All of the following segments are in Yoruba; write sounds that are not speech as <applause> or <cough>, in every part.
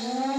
Mm-hmm.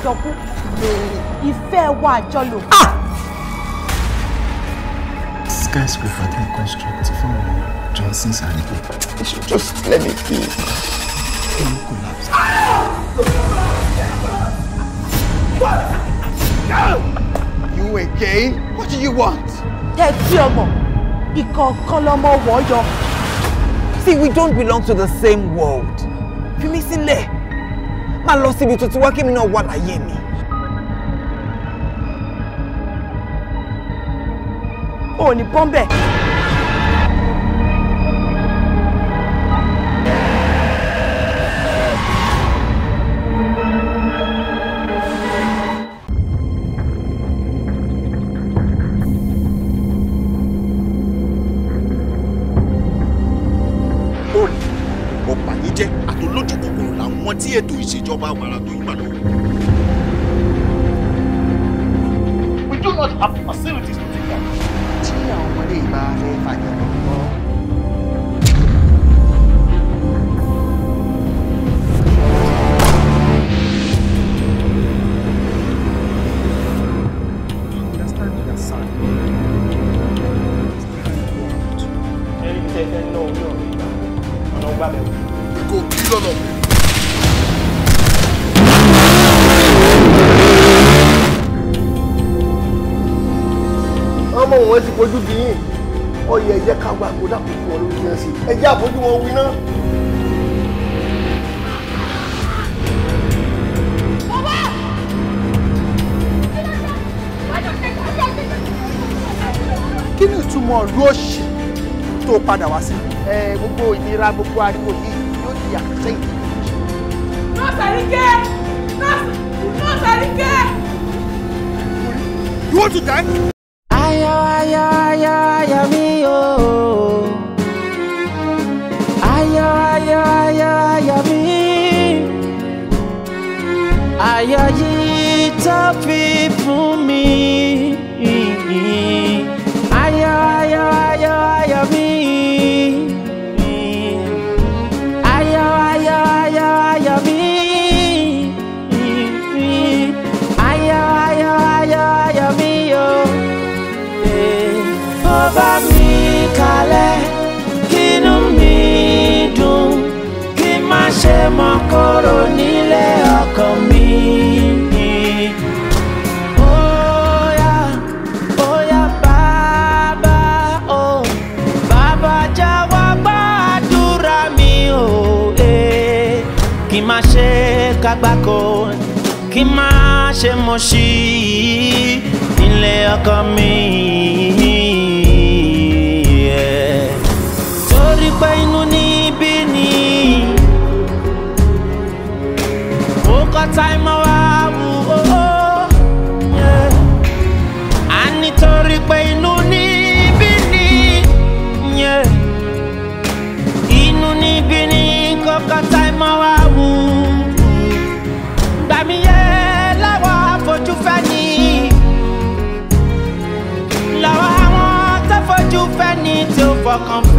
àjọkú lèrè ìfẹ́ wa àjọlò. Ah! skyscraper dey construct fún Johnson saniko. you should just let me be. it will collapse. you again? what do you want? tẹ́tí ọmọ ìkọ̀ọ̀kan lọmọ wọ̀ yọ. see we don't belong to the same world. fi mí sílẹ̀ má lọ síbi tó ti wá kí mi náà wà láyé mi. òní bọ́m̀bẹ̀. fojú di yín ọyẹ ẹjẹ ká gba àgbò dàpọ̀ fún ọ lórí yẹn sí ẹjẹ àfojú wọn wí náà. kí ni ìtumọ̀ ọ̀rọ̀ òṣì tó padà wá sí. ẹ gbogbo ìnira gbogbo ariwo yìí àgbákò kí má ṣe mọ̀ sí ilé ọkọ mi. torí pé inú níbí ni ó kọ́ táìmọ́. Welcome.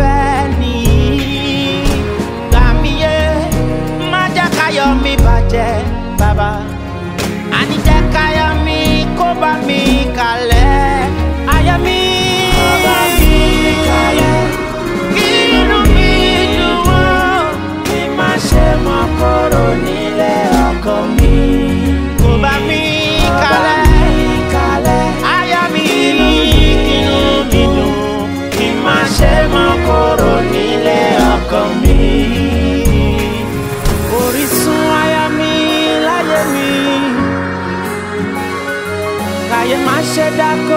когда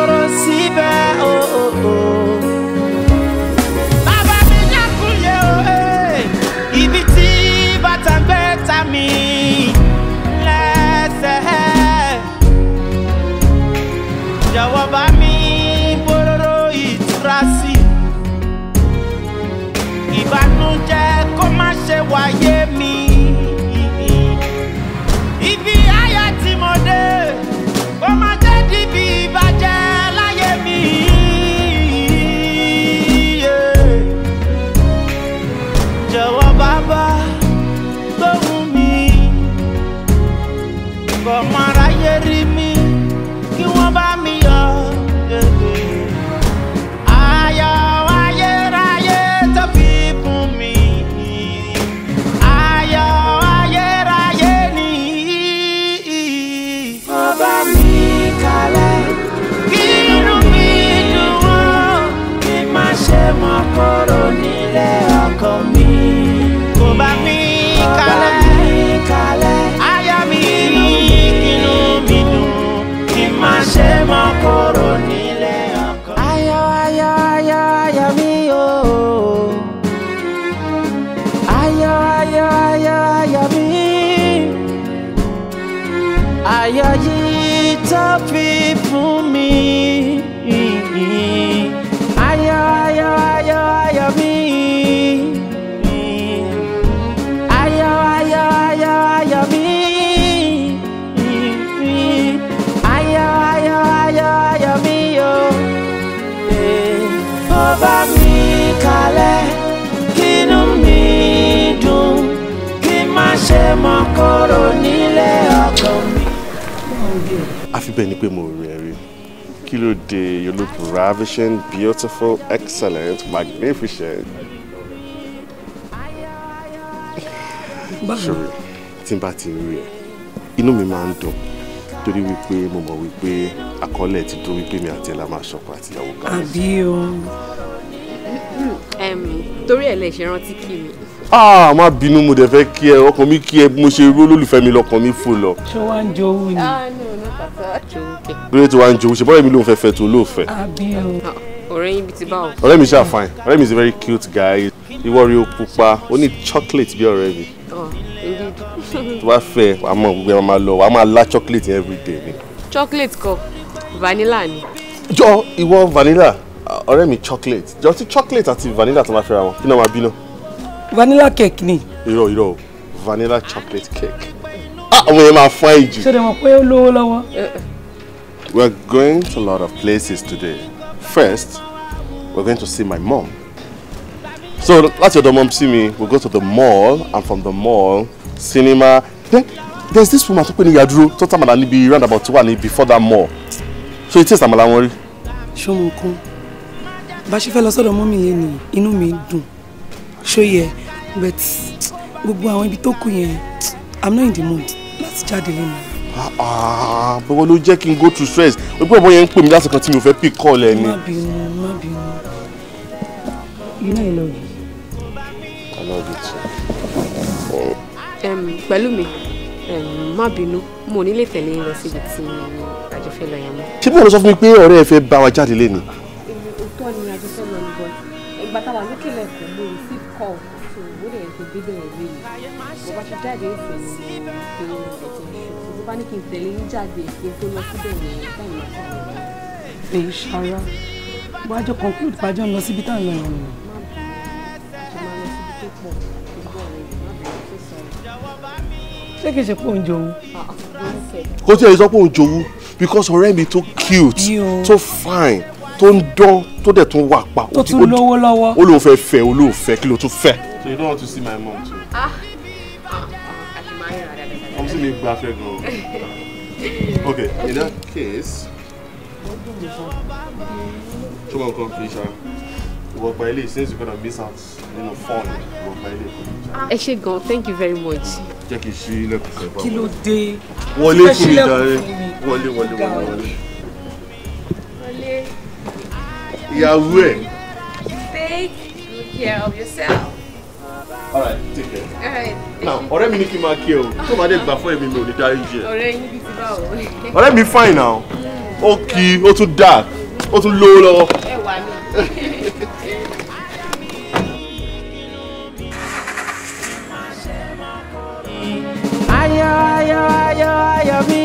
bẹ́ẹ̀ ni pé mo rí ẹ kí ló dé you look ravishing beautiful excellent magnificent. ṣòro tí n bá ti rí ẹ inú mi máa ń dùn torí wípé mo mọ̀ wípé àkọlé ti dún wípé mi àti ẹ̀ la máa ṣọkọ àtìyàwó kan. àbí o. torí ẹ̀ lè ṣe rántí kí mi ah má bínú mo dẹ̀ fẹ́ kí ẹ ọkàn mi kí ẹ mo ṣe rú olólùfẹ́ mi lọ́kàn mi fò lọ. ṣé wàá ń jowú ni. Ah, lórí tí wàá ń jòun ṣe bọ́ọ̀lù mi ló ń fẹ́ fẹ́ tó ló fẹ́. ọ̀rẹ́ yín bíi ti báwo. ọ̀rẹ́ mi ṣáà fine ọ̀rẹ́ mi is a very cute guy ìwọ rí o pupa ó ní chocolate bí ọ̀rẹ́ mi. Oh, <laughs> tó bá fẹ́ wàá mọ gbogbo ẹ̀ máa lọ wàá máa lá chocolate yẹn everyday ni. chocolate kọ́ vanilla ni. jọ ìwọ vanilla ọ̀rẹ́ mi chocolate jọ ti chocolate àti vanilla tó máa fẹ́ra wọn kí náà máa bínú. vanilla cake ni. irọ́ irọ́ vanilla chocolate cake àwọn yẹn máa fún ẹ jù. ṣé mo pé ó lówó lọ́wọ́. we are going to a lot of places today first we are going to see my mom so láti ọ̀dọ̀ mom sí mi we go to the mall and from the mall cinema then there is this woman tó pè ní yaduro tó tàmàlà níbi round about wà ní before that mall so it is àmàlà wọn rí. ṣọmọ kan bá ṣe fẹ́ lọ sọ́dọ̀ mọ́mì lé ní inú mi dùn ṣó yẹ but gbogbo àwọn ibi tó kù yẹn i'm not in the mood láti jáde lẹ́nu. Ah, ah, bọ́wọ́ ló jẹ́ kí n go through stress o gbọ́dọ̀ bọ́yẹn ń pè mí láti kan tí mi ò fẹ́ pick call ẹ ni. má bínú má bínú you know I love I love you too. Um, pẹ̀lú mi má bínú mo ní lè tẹ̀lé lọ síbi tí àjọ fẹ́ lọ yẹn mọ́. ṣé bí wọn lọ sọ fún mi pé ọ̀rẹ́ ẹ fẹ́ bá wa jáde lé ni. òótọ́ ni àjọ fẹ́ lọ nìbọn ìgbà táwa lókè lẹ́kọ̀ọ́ mo receive call tó ìwúrẹ̀ ẹ̀ tó débẹ̀ ẹ̀ lé mi bó bá ṣe jáde ìfẹ́ mi ní kí n tẹ̀lé yín jáde kí n tó lọ síbẹ̀ ní táwọn ọ̀sán rẹ̀. èyí ṣara wájú conclude pàjọ lọ síbi táwọn ọ̀rọ̀ nù. ṣé kìí ṣe pé òun jowú. ó ti ẹ̀ sọ pé òun jowú because ọ̀rẹ́ mi tó cute tó fine tó ń dán tó dẹ̀ tó wà pa. tó tún lówó lọ́wọ́. ó fẹ́ fẹ́ kí ló tún fẹ́. so you don't want to see my mom too. ah ah àṣìmáyà rẹ̀ rẹ̀ rẹ̀. ọmọ sí mi gbafẹ́ gan-an. Okay, in that case, Chuma come finish her. Work by late since you're gonna miss out, you know, fun. Work by late. Actually, God, thank you very much. Jẹ́ kí n ṣí ilẹ̀kùn sẹ́gbà. Kí ló dé? Wọlé fún mi jàre. Wọlé wọlé wọlé wọlé. Wọlé. Ìyàwó Take care of yourself. All right, take care. All right. Now, already, mi ní kí n máa kí ẹ o. Tó bá dé gbà ọ̀rẹ́ mi fine now ó kí ó tún dark ó tún lówó lọ́wọ́. ayọ̀ ayọ̀ ayọ̀ ayọ̀ mi.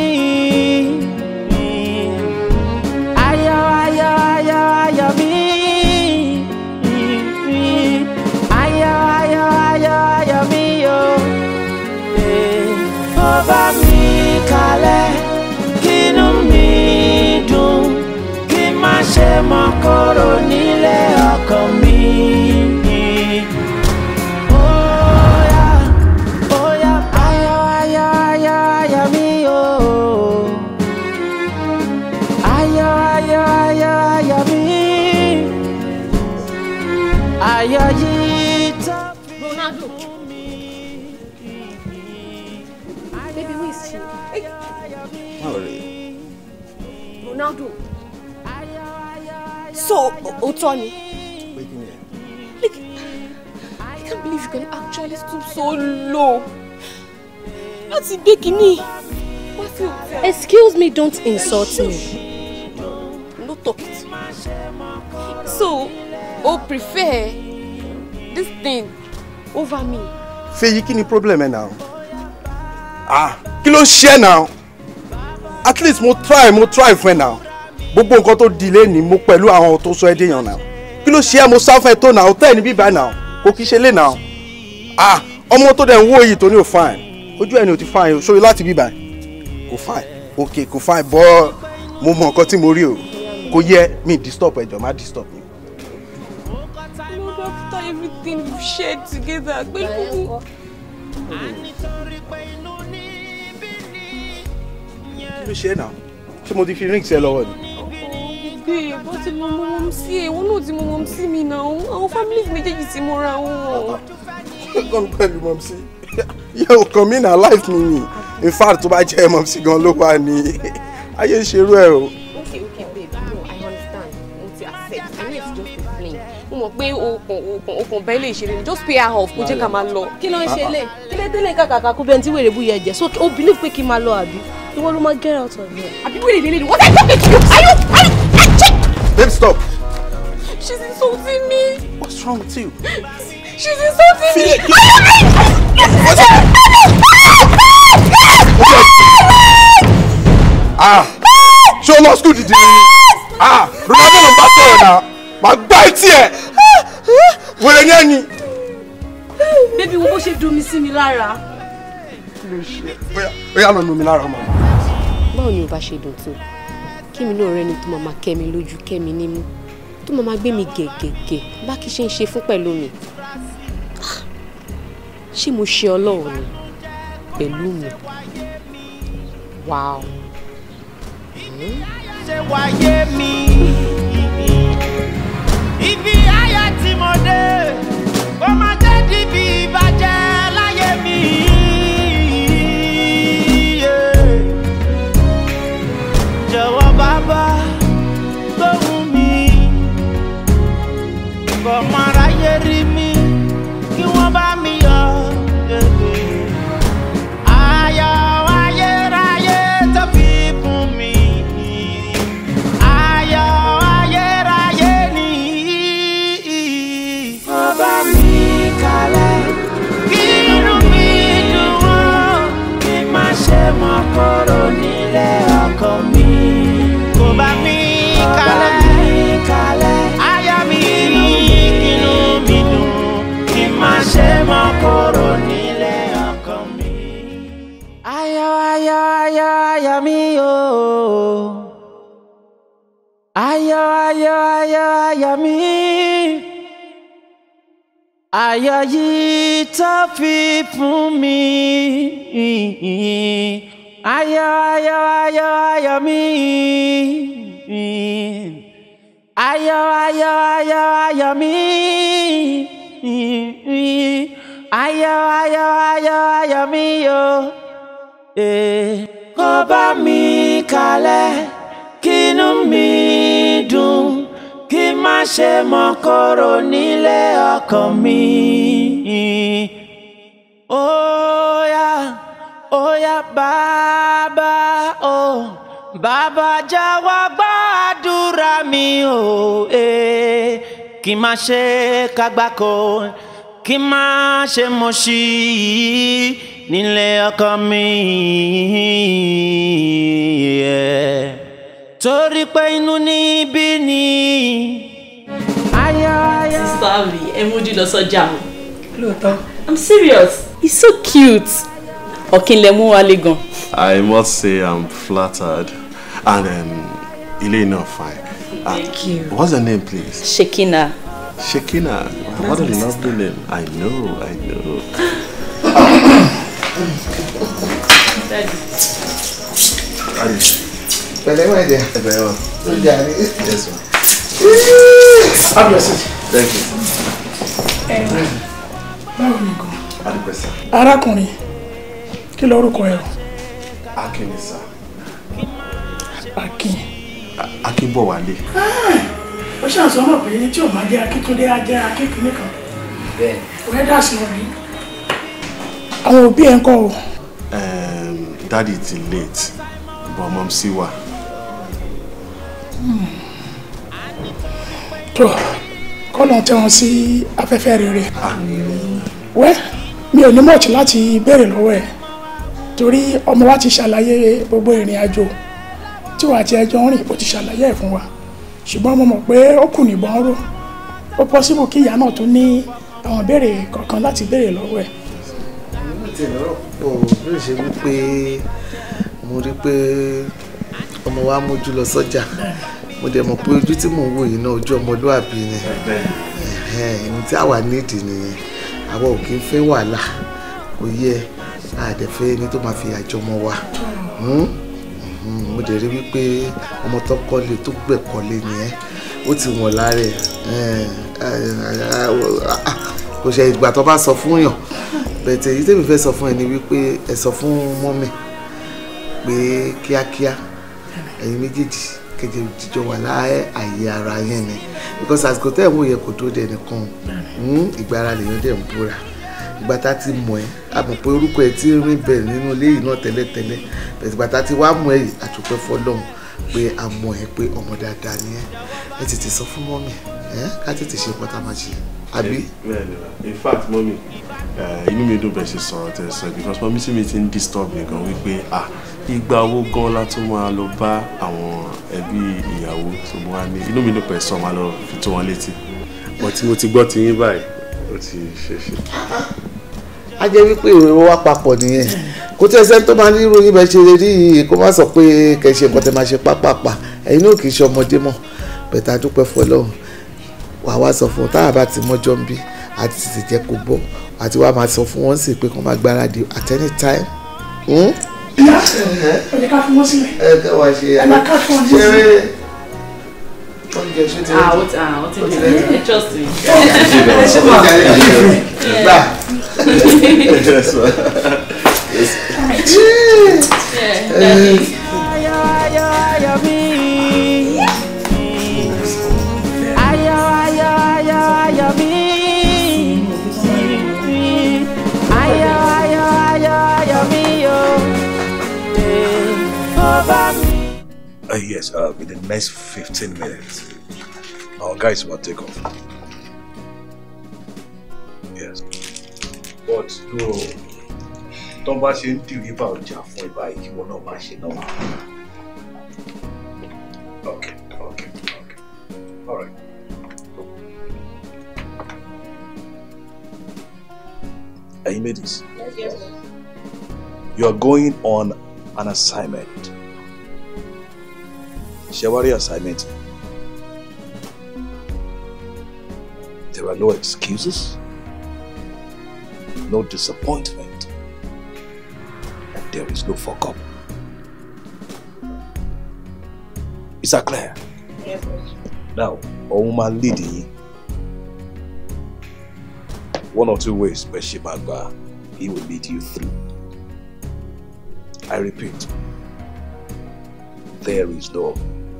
ṣe mọ́ kúrò so òótọ́ ni. like I can't believe you can actually stoop so low láti gbé kínní wá sí òótọ́. excuse me don't insult me. no talk it so o prefer this thing over me. fèyí kí ni problem ẹ náà ah kí ló ń ṣe náà at least mo try mo try fún ẹ náà gbogbo nǹkan tó di lẹ́ni mo pẹ̀lú àwọn tó sọ ẹ́ dèèyàn náà kí ló ṣe é mo sáfẹ́ tó náà tẹ́ ní bíbá náà kò kí ṣe lé náà ah ọmọ tó dẹ̀ ń wó yìí tó ní ò fine ojú ẹni ò ti fine o sórí láti bíbá kò fine ok kò fine bọ́ mo mọ nǹkan tí mo rí o kò yẹ mi disturb ẹjọ má disturb mi. everything we shared together pẹ̀lú. kí ló ṣe é náà ṣé mo ti fi ring sí lọ́wọ́ ni babe ó ti mọ mọ mọ sí ẹ òun náà ti mọ mọ sí mi náà àwọn families méjèèjì ti mọ ra wọn. ọkàn pẹ̀lú mọ̀ sí yẹ ọkàn mi náà life mi ni in fact tó bá jẹ́ mọ̀ sí gan ló wà ní ayé ń ṣerú ẹ̀ o. okay okay babe no i understand mo ti accept i know it's just a fling mo mọ̀ pé okùn okùn okùn bẹ́ẹ̀ lè ṣeré ni just pay her off kó jẹ́ ká máa lọ. kí ló ń ṣe lè kí lè délé kàkàkà kó bẹ́ẹ̀ tí wèrè bú yẹ jẹ so believe pé kí n máa lọ àbí ìwọ ló máa get out of here. àbí wèrè lélẹ́ni what i talk to you are you are you. Babe, stop. She's insulting me. What's wrong with you? She's insulting me. It. What's up? What's up? Ah. Ṣé o lọ school didi ni? Ah, Ronaldo ló ń bá sọ̀rọ̀ náà. Màá gbá etí ẹ̀. Wèrè ni ẹni. Bébí wo bó ṣe dùn mí sí mi lára. Kí ló ṣe? Bóyá lọ nu mi lára màmá kémi náà rẹ́ni tó máa kẹ́ mi lójú kẹ́ mi nímú tó máa gbé mi gẹ̀gẹ̀gẹ̀ bá kí ṣe ń ṣe fún pẹ̀lú mi ah, ṣé mo ṣe ọlọ́run pẹ̀lú mi wow. Hmm? ṣe wáyé mi ibi àyà tí mo dé kó má jẹ́ dìbì ìbàjẹ́ láyé mi. for my ayọ̀ mi o. Ayọ̀ ayọ̀ ayọ̀ ayọ̀ mi. Ayọ̀ yìí tó fi fún mi. Ayọ̀ ayọ̀ ayọ̀ ayọ̀ mi. Ayọ̀ ayọ̀ ayọ̀ ayọ̀ mi. Ayọ̀ ayọ̀ ayọ̀ ayọ̀ mi o. Eh ó bá mi kalẹ̀ kínú mi dùn kí má ṣe mọ kóró nílé ọkàn mi. Óyá óyá bàbá o bàbá jọ̀wọ́ gbàdúrà mi o kí má ṣe kágbákò kí má ṣe mọ̀ sí i nílé ọkọ mi yẹ torí pé inú níbí ni. sísá mi ẹ mójú lọ sọ́jà mi. lóòótọ́. I'm serious he's so cute. ọ̀kìn lẹ mú wálé gan. I must say I'm flattered and um, ilé náà fine. Thank uh, you. What's your name, please? Shekina. Shekina. Wow, what a lovely name. I know, I know. <laughs> Pẹ̀lẹ́ my dear. Ẹ bẹ̀rẹ̀ wa. Ó jà ní. Yes ma. Have your seat. Thank you. Báwo ni gan? Adúpẹ́ sá. Arákùnrin, kí lorúkọ ẹ o? Akin ni sá. Akin. Akin bọ̀ wálé. Ah, ó ṣàǹsọ́mọ̀ pé tí ò máa jẹ́ Akíntúndé á jẹ́ Akínkínní kan. Bẹ́ẹ̀ni. Rẹ́dà sí wọn rí àwọn òbí ẹ̀ ń kọ́ o. dádì ti late but mom sí wa. tó kọ́nà tẹ wọn sí afẹ́fẹ́ rere. wẹ́ mi ò ní much láti béèrè lọ́wọ́ ẹ̀ torí ọmọ wa ti ṣàlàyé gbogbo ìrìn àjò tí wàá ti ẹjọ́ ń rìn ó ti ṣàlàyé ẹ̀ fún wa ṣùgbọ́n mo mọ̀ pé ó kù níbọn ró ó pọ́sibù kí ìyá náà tún ní àwọn ìbéèrè kọ̀ọ̀kan láti béèrè lọ́wọ́ ẹ̀ tèmi rò pọ̀ bí ó ṣe wípé mo rí pé ọmọ wa mójú lọ sọ́jà mo dẹ̀ mọ̀ pé ojú tí mò ń wò yìí náà ojú ọmọlúwàbí ni ẹ̀hìn tí àwa nídìí nìyẹn àwa ò kí ń fẹ́ wàhálà kò yẹ àdẹ̀fẹ́ ẹni tó máa fi àjọ ọmọ wa mo dẹ̀ rí wípé ọmọ tó kọ́lé tó gbẹ̀kọ́lé nìyẹn ó ti wọ̀n lára ẹ̀ kò ṣe ìgbà tó bá sọ fún yàn bẹ̀tẹ̀ èyí tèmi sọ fún ẹ ni wípé ẹ sọ fún mọ́mì pé kíákíá ẹ̀yin méjèèjì kẹjẹ jíjọ wà láàyè àyè ara yẹn ni because àsìkò tẹ́ ẹ̀ wò yẹ kò tó dẹ̀ nìkan hmm, ìgbà ara lèèyàn ń búra ìgbà ti mọ̀ ẹ́ a pé orúkọ ẹ ti rìn bẹ̀ nínú ilé yìí náà tẹ́lẹ̀tẹ́lẹ̀ bẹ̀tẹ̀ ìgbà ti wá mọ̀ ẹ́ yìí àtúpẹ́ fọlọ́hún pé a mọ̀ ẹ́ pé ọmọ dáadáa ni ẹ́ ẹ tètè sọ fún mọ́mì ẹ́ ká tètè ṣe pọ́tà máa ṣe àbí. in fact mommy. Eh, inú mi dùn bẹ́ẹ̀ ṣe sọ̀rọ̀ tẹ́ sọ because mọ́mí sí mi ti ń disturb mi gan wípé ah ìgbà owó gan la tún máa lọ bá àwọn ẹbí ìyàwó tó mú wa ní inú mi dùn pẹ̀ sọ máa lọ fi tó wọn létí. mo ti mo ti gbọ́ ti yín báyìí ó ti ṣe ṣe. a jẹ́ wípé ìròyìn wá papọ̀ nìyẹn kò tí ẹsẹ̀ tó máa ní ìròyìn bẹ́ẹ̀ ṣe lè rí i kó má sọ pé kẹ̀ ṣe nǹkan tẹ́ máa ṣe pápápá ẹ̀yin náà kì í ṣe ọmọdé mọ́ bẹ̀tà dúpẹ́ fọlọ́run wàá wá sọ fún un táà bá ti mọ́jọ́ ń bí àti tètè jẹ́ kó bọ́ àti wàá máa sọ fún wọn sì pé kó máa gbáradì at any time. Hmm? ìyá ọ̀dẹ̀ ká fún wọn sílẹ̀ ẹ kẹ́ wàá ṣe ẹ ká fún wọn sílẹ̀ oúnjẹ ṣé ti ah, rẹ jù ah, ó ti rẹ jù ẹ trust me ẹ ṣe bọ gbà. <laughs> Yes. Yeah, yes, uh, within the next 15 minutes, our guys will take off. Yes. But no, tó bá you ń dìrí bá a fún You will not máa ṣe náà. Okay, okay, okay. All right. Are you ladies? Yes, yes. You are going on an assignment. Shawari assignment. There are no excuses, no disappointment, and there is no fuck up. Is that clear? Yes, Now, Now, Oma leading one or two ways where Shibagba, he will lead you through. I repeat, there is no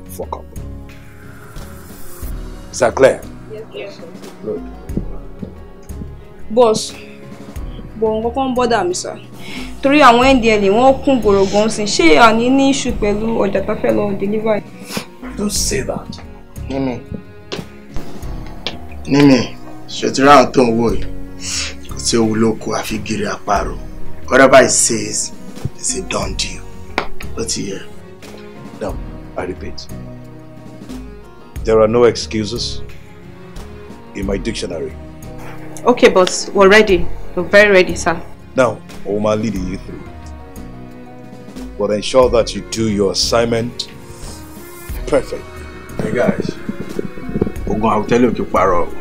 fuck up. Is that clear? Yes, yes. Good. Boss, bọ̀ nǹkan kan bọ́dà mi sà. Torí àwọn NDL wọ́n kún bòrògàn sí ṣé àní ní issue pẹ̀lú ọjà tá fẹ́ lọ deliver. Don't say that. Nimi. Nimi. Shut àwọn tó ń Because yìí kò sí owó lóko àfi gírí Whatever it says it's a done deal. But here, yẹ. Dàbọ̀. I repeat, there are no excuses in my dictionary. Okay, boss, we're ready. We're very ready, sir. Now, Omar, leading you through. But ensure that you do your assignment perfect. Hey guys, Ogun, I'll tell you to paro.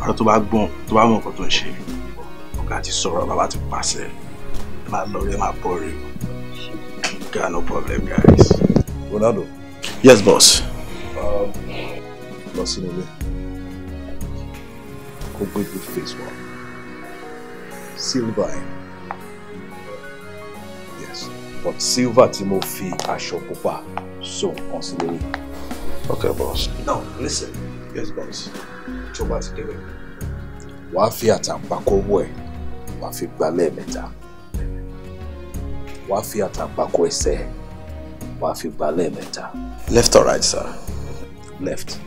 Àrò tó bá gbọ́n, tó bá mọ nǹkan tó ń ṣe. Ọ̀gá ti sọ̀rọ̀, bàbá ti pàṣẹ. Má lọ rẹ̀, má bọ̀ Got no problem, guys. Ronaldo. Yes, boss. Um, boss in a way. Completely face one. Silver. Yes. But silver tí mo fi aṣọ pupa so nǹkan sí Okay, boss. Now, listen. Yes, boss. Tó bá ti débẹ̀. Wàá fi àtàǹpàkò wọ̀ ẹ̀, wàá fi gbá lẹ́ẹ̀mẹ́ta. left or right sir. left.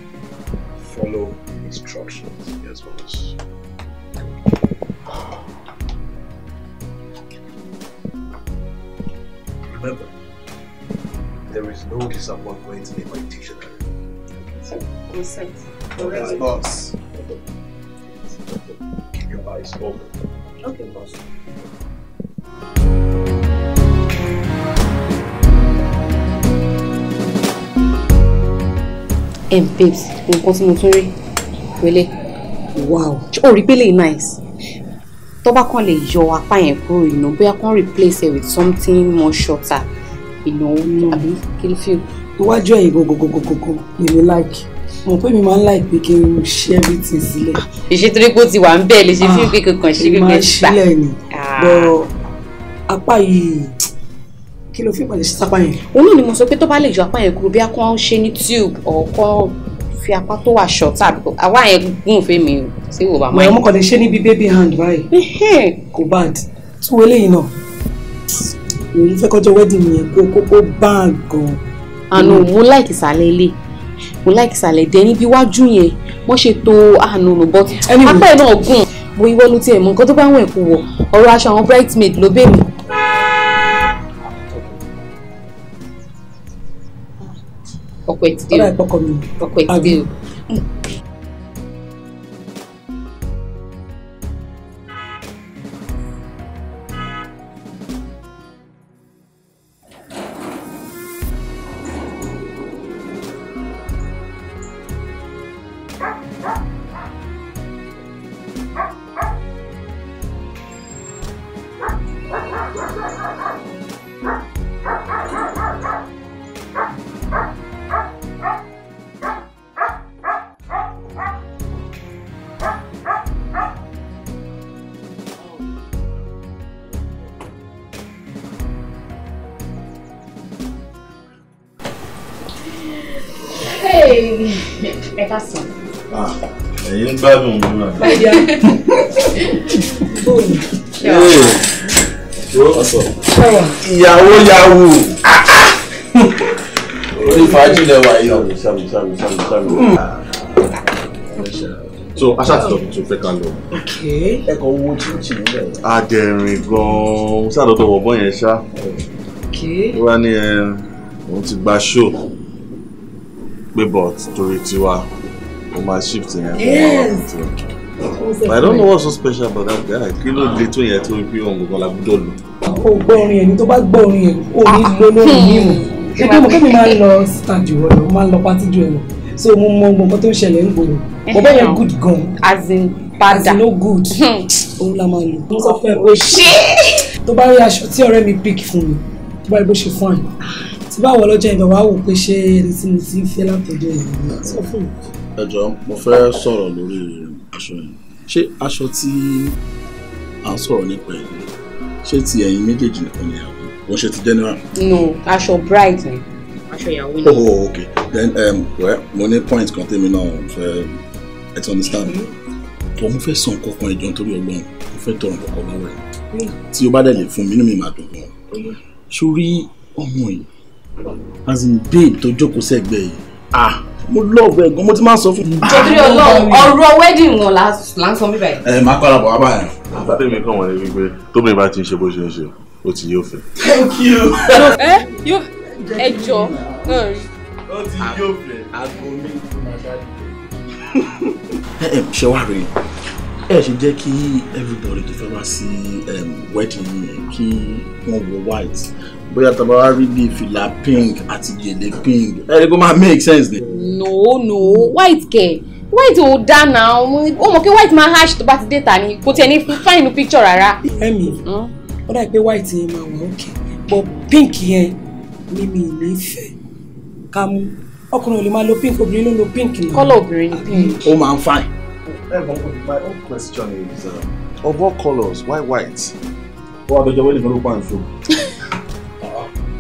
follow instructions yes boss. remember there is no disappointment in my dictionary. Consent. Correct. boss. Keep your eyes open. Okay, boss. ẹ̀ babes nǹkan tí mo tún rí pẹ̀lẹ́ wow ó rí pẹ̀lẹ́ nice tó bá kàn lè yọ apá yẹn kúrò ìnà bóyá kàn replace it with something more shorter ìnà àbí kí ló fi. iwájú ẹ̀yìn gogogogogogo èmi like mo pé mi máa ń like pé kí n ṣe everything sílẹ̀. Ah, ìṣètòrí pé ó ti wà ń bẹ́ẹ̀ lè ṣe fíìmù kékeré kan ṣe kékeré gbà. ìmáa ṣílẹ̀ ni ah. bọ́ apá yìí kí ló fi pẹ̀lú sí sápá yẹn. òun ni mo sọ pé tó bá lè jọ apá yẹn kúrò bí akọ́ ṣe ní tube ọ̀kọ́ fi apá tó wà ṣọ tàbí àwa yẹn gún fún mi sí wò bá mọ̀ ọmọkàn lè ṣe níbi baby hand báyìí kò bad tí wọ́n eléyìí náà òun fẹ́ kọjọ wedding yẹn kó kó kó bá a gan. àná mo láìkì sàlẹ̀ ilé mo láìkì sàlẹ̀ dé níbi iwájú yẹn wọ́n ṣe to àánú nù bọ́ọ̀tì apá ẹ̀ náà gùn bóyá wọ́n ló tiẹ̀ mọ nǹkan tó bá wọn ẹ̀kú wọ̀ ọ̀rọ̀ aṣọ àwọn bridesmaid ló bẹ̀ mí ọkọ ẹ ti dé o ọkọ ẹ ti dé o. gbádùn òun náà. ìyàwó yahoo orí fàájì lẹwà yìí. sami sami sami sami sami hmm. so aṣa ti tọ́ tó fẹ́ ká lọ. ẹ̀kọ́ owó tí ó ti ń bẹ̀. adẹ̀rìn gan-an ó ṣàdọ̀dọ̀ wọ̀bọ̀ yẹn ṣá. ó wá ní ẹ eh, òun ti gba ṣó pé torí tiwa máa shift yẹn fún wa I don't know what's so special about that guy kí ló le tó yẹn tó ń fi ohun gbogbo la gbọ́dọ̀ lò. o gbọ́ orin yẹn ni tó bá gbọ́ orin yẹn o ní lọ lórí mímu ṣé mo kébì máa ń lọ stand jù ọ lọ mo máa ń lọ pátí jù ẹ lọ so mo mọ nǹkan tó ń ṣẹlẹ̀ ń gbòòrò mo bẹ́ẹ̀ yẹn good gan. as in bad. as in no good hmm. òun la máa lò. mo sọ fẹ́ o ṣe. tó bá rí aṣọ tí ọ̀rẹ́ mi pick fún mi tó bá rí bó ṣe fún àná tí báwo lọ́jọ́ ìbẹ̀wò á wò pé ṣé ẹni tí mo ti ń fẹ́ látọ̀dọ̀ ẹ̀ sọ fún mi ẹ jọ mo fẹ́ sọ̀rọ̀ lórí aṣọ yẹn ṣé aṣọ tí à ń sọ̀rọ̀ nípa ẹ̀ ṣé ti ẹ̀yin méjèèjì nìkan ni àwọn wọ́n ṣe ti general. no aṣọ bright ni aṣọ ìyàwó ni. oh, oh okay. then um, well, mo ní point kan tèmi náà fẹ́ ẹ ti understand bọ́ mm-hmm. mo fẹ́ san kankan ìjọ nítorí ọlọ́run mo fẹ́ tọrọ kankan lọ́wọ́ ẹ̀ mm. tí o bá dẹ̀ lè fún mi inú mi máa dùn gan-an sórí mm-hmm. ọmọ yìí as in babe tó jókòó sẹ́gbẹ̀ẹ́ yìí ah mo love ẹ gan mo ti máa ń sọ fún. torí ah, Ọlọ́run ọ̀rọ̀ wedding wọn là ń sọ mí báyìí. ẹ máa padà bọ̀ wá báyìí. àbáté mi kàn wọ́n ní wípé tómi bá ti ń ṣe bó thank you. ẹ yóò ẹ jọ náà rí. ó <laughs> ẹ ṣe jẹ́ kí everybody tó fẹ́ wá sí um, wedding yìí kí wọ́n wọ white bóyá tó bá rí bí fìlà pink àti gèlè pink ẹ rí kó máa make sense ni. no no white kẹ white ò dá náà ó mọ̀ pé white máa hash tó bá ti dé ta ni kò tiẹ̀ ní fáìnù picture rárá. ẹ̀mí ó dà pé white yẹn máa wà òkè but pink yẹn ni mi ì ní fẹ́ ká mú ọkùnrin ò lè máa lo pink obìnrin ló ń lo pink náà. kọ́lọ̀ obìnrin ni pink. ó máa ń fine. my own question is uh, of all colours why white. ó wàá dọjọ́ wẹ́lẹ̀ lórúkọ àǹfọ̀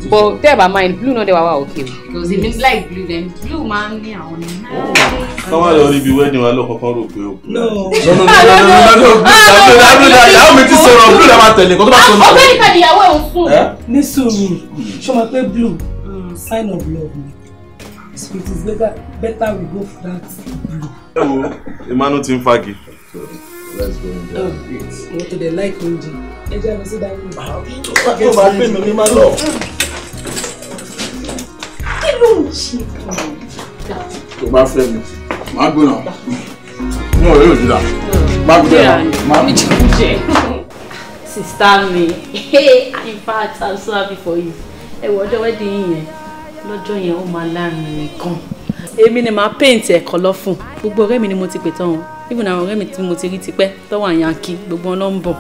but there by mind blue náà dẹ̀ wá wá okay because if it's like blue then blue man ń ní àwọn ní. káwá lọ rí ibi wedding wa lọ́kọ̀ọ́kọ́ rò pé o. no no no no no ìyàwó mi ti sọ̀rọ̀ blue làwọn àtẹ̀lé kó tó bá sọ̀rọ̀. ọgbẹ́ni kàdé ìyàwó ẹ̀ ń fún. ní sùúrù ṣọ ma pé blue sign of love ni so it is better better we go for that blue. ẹ wo emmanuel ti ń fagi. Let's go and do it. What do they like, Oji? Ẹ jẹ́ àmì sí dáhùn. Àwọn ọmọ àgbẹ̀ mi ni máa lọ ló ń ṣe kàn án. tó bá fẹ́ mi màá gbóná mo ò rí òjìlá má gbé ẹ má mi jẹ. sista mi in fact i'm so happy for you ẹ wọ ọjọ́ wẹ́dí yẹn lọ́jọ́ yẹn ó máa lárinrin kan èmi ni màá paint ẹ̀ kọ́ lọ́fun gbogbo ọ̀rẹ́ mi ni mo ti pè tán o even àwọn ọ̀rẹ́ mi tí mo ti rí tipẹ́ tọ́wọ́ àyànkí gbogbo wọn ló ń bọ̀.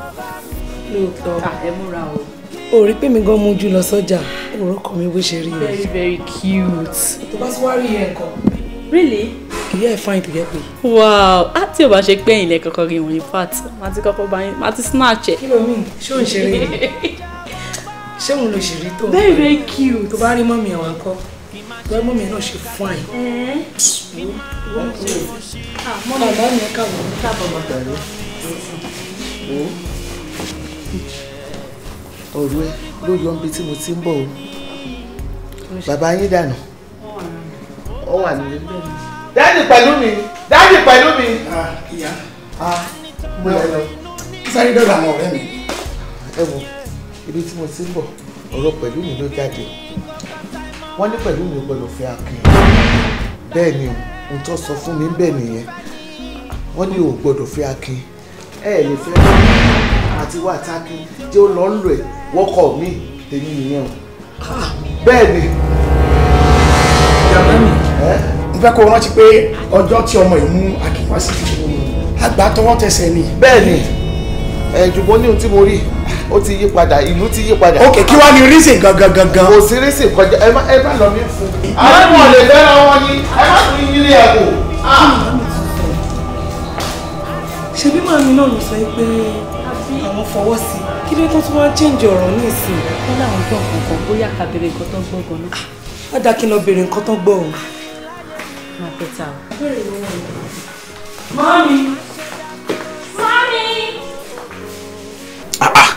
lóòótọ́ ah, ẹ múra o o rí pé mi gan mú jù lọ sọ́jà òró mi bó ṣe rí i. very very cute. tó bá tún wá rí ẹ kọ. really. ìyá ẹ fine tó yẹ pé. wow á tí ò bá ṣe pé ìlẹ̀ kankan rí wọn in fact màá ti kọ́kọ́ bá yín ti snatch ẹ. kí ló mìíràn ṣé òun ṣe rí i <laughs> ṣé òun lè ṣe rí tó. very very cute. tó bá rí mọ́mì àwọn akọ bẹ́ẹ̀ mọ́mì náà ṣe fine. Ah, mọ́mì náà kàwé ọ̀rọ̀ ẹ ló yọ níbi tí mo ti ń bọ̀ o bàbá yín dànù ọ wà nílé dáàdì pẹ̀lú mi dáàdì pẹ̀lú mi. Ah, ìyá ah, mo lọ lọ sáré dọ̀rọ̀ àwọn ọ̀rẹ́ mi. ẹ wo ibi tí mo ti ń bọ̀ ọ̀rọ̀ pẹ̀lú mi ló jáde wọ́n ní pẹ̀lú mi ò gbọ́dọ̀ fẹ́ akin bẹ́ẹ̀ ni ohun tó sọ fún mi ń nìyẹn wọ́n ní ò gbọ́dọ̀ fẹ́ akin ẹ ẹ̀ lè fẹ́ àti wà tákin tí ó lọ ń lò ẹ̀ wọ́kọ̀ mi tèmi nìyẹn o ah, bẹ́ẹ̀ ni. mo fẹ́ kó o rántí pé ọjọ́ tí ọmọ yìí mú àkìwá sí àgbà tọwọ́ tẹsẹ̀ ni. bẹ́ẹ̀ ni ẹ̀jùbọ́ ní ohun tí mo rí ó ti yí padà ìlú ti yí padà. ok kí wàá ní reason gangan gangan. kò sí reason kọjá ẹ má ẹ má lọ mí fún. àwọn ọmọ lè fẹ́ràn wọn ni ẹ má tún yílé ẹ̀kọ́. ṣebí màmí náà ló sọ pé àwọn fọwọ́ sí i kí ló tó tún wá change ọ̀rọ̀ ní ìsìn. wọ́n láwọn gbọ́ nǹkan kan bóyá ká béèrè nǹkan tó ń gbọ́ gan náà. wọ́n ah, dá kí n lọ béèrè nǹkan tó ń gbọ́ òun. Ah, máa fẹ́ o. mọ́mí. mọ́mí. Ah,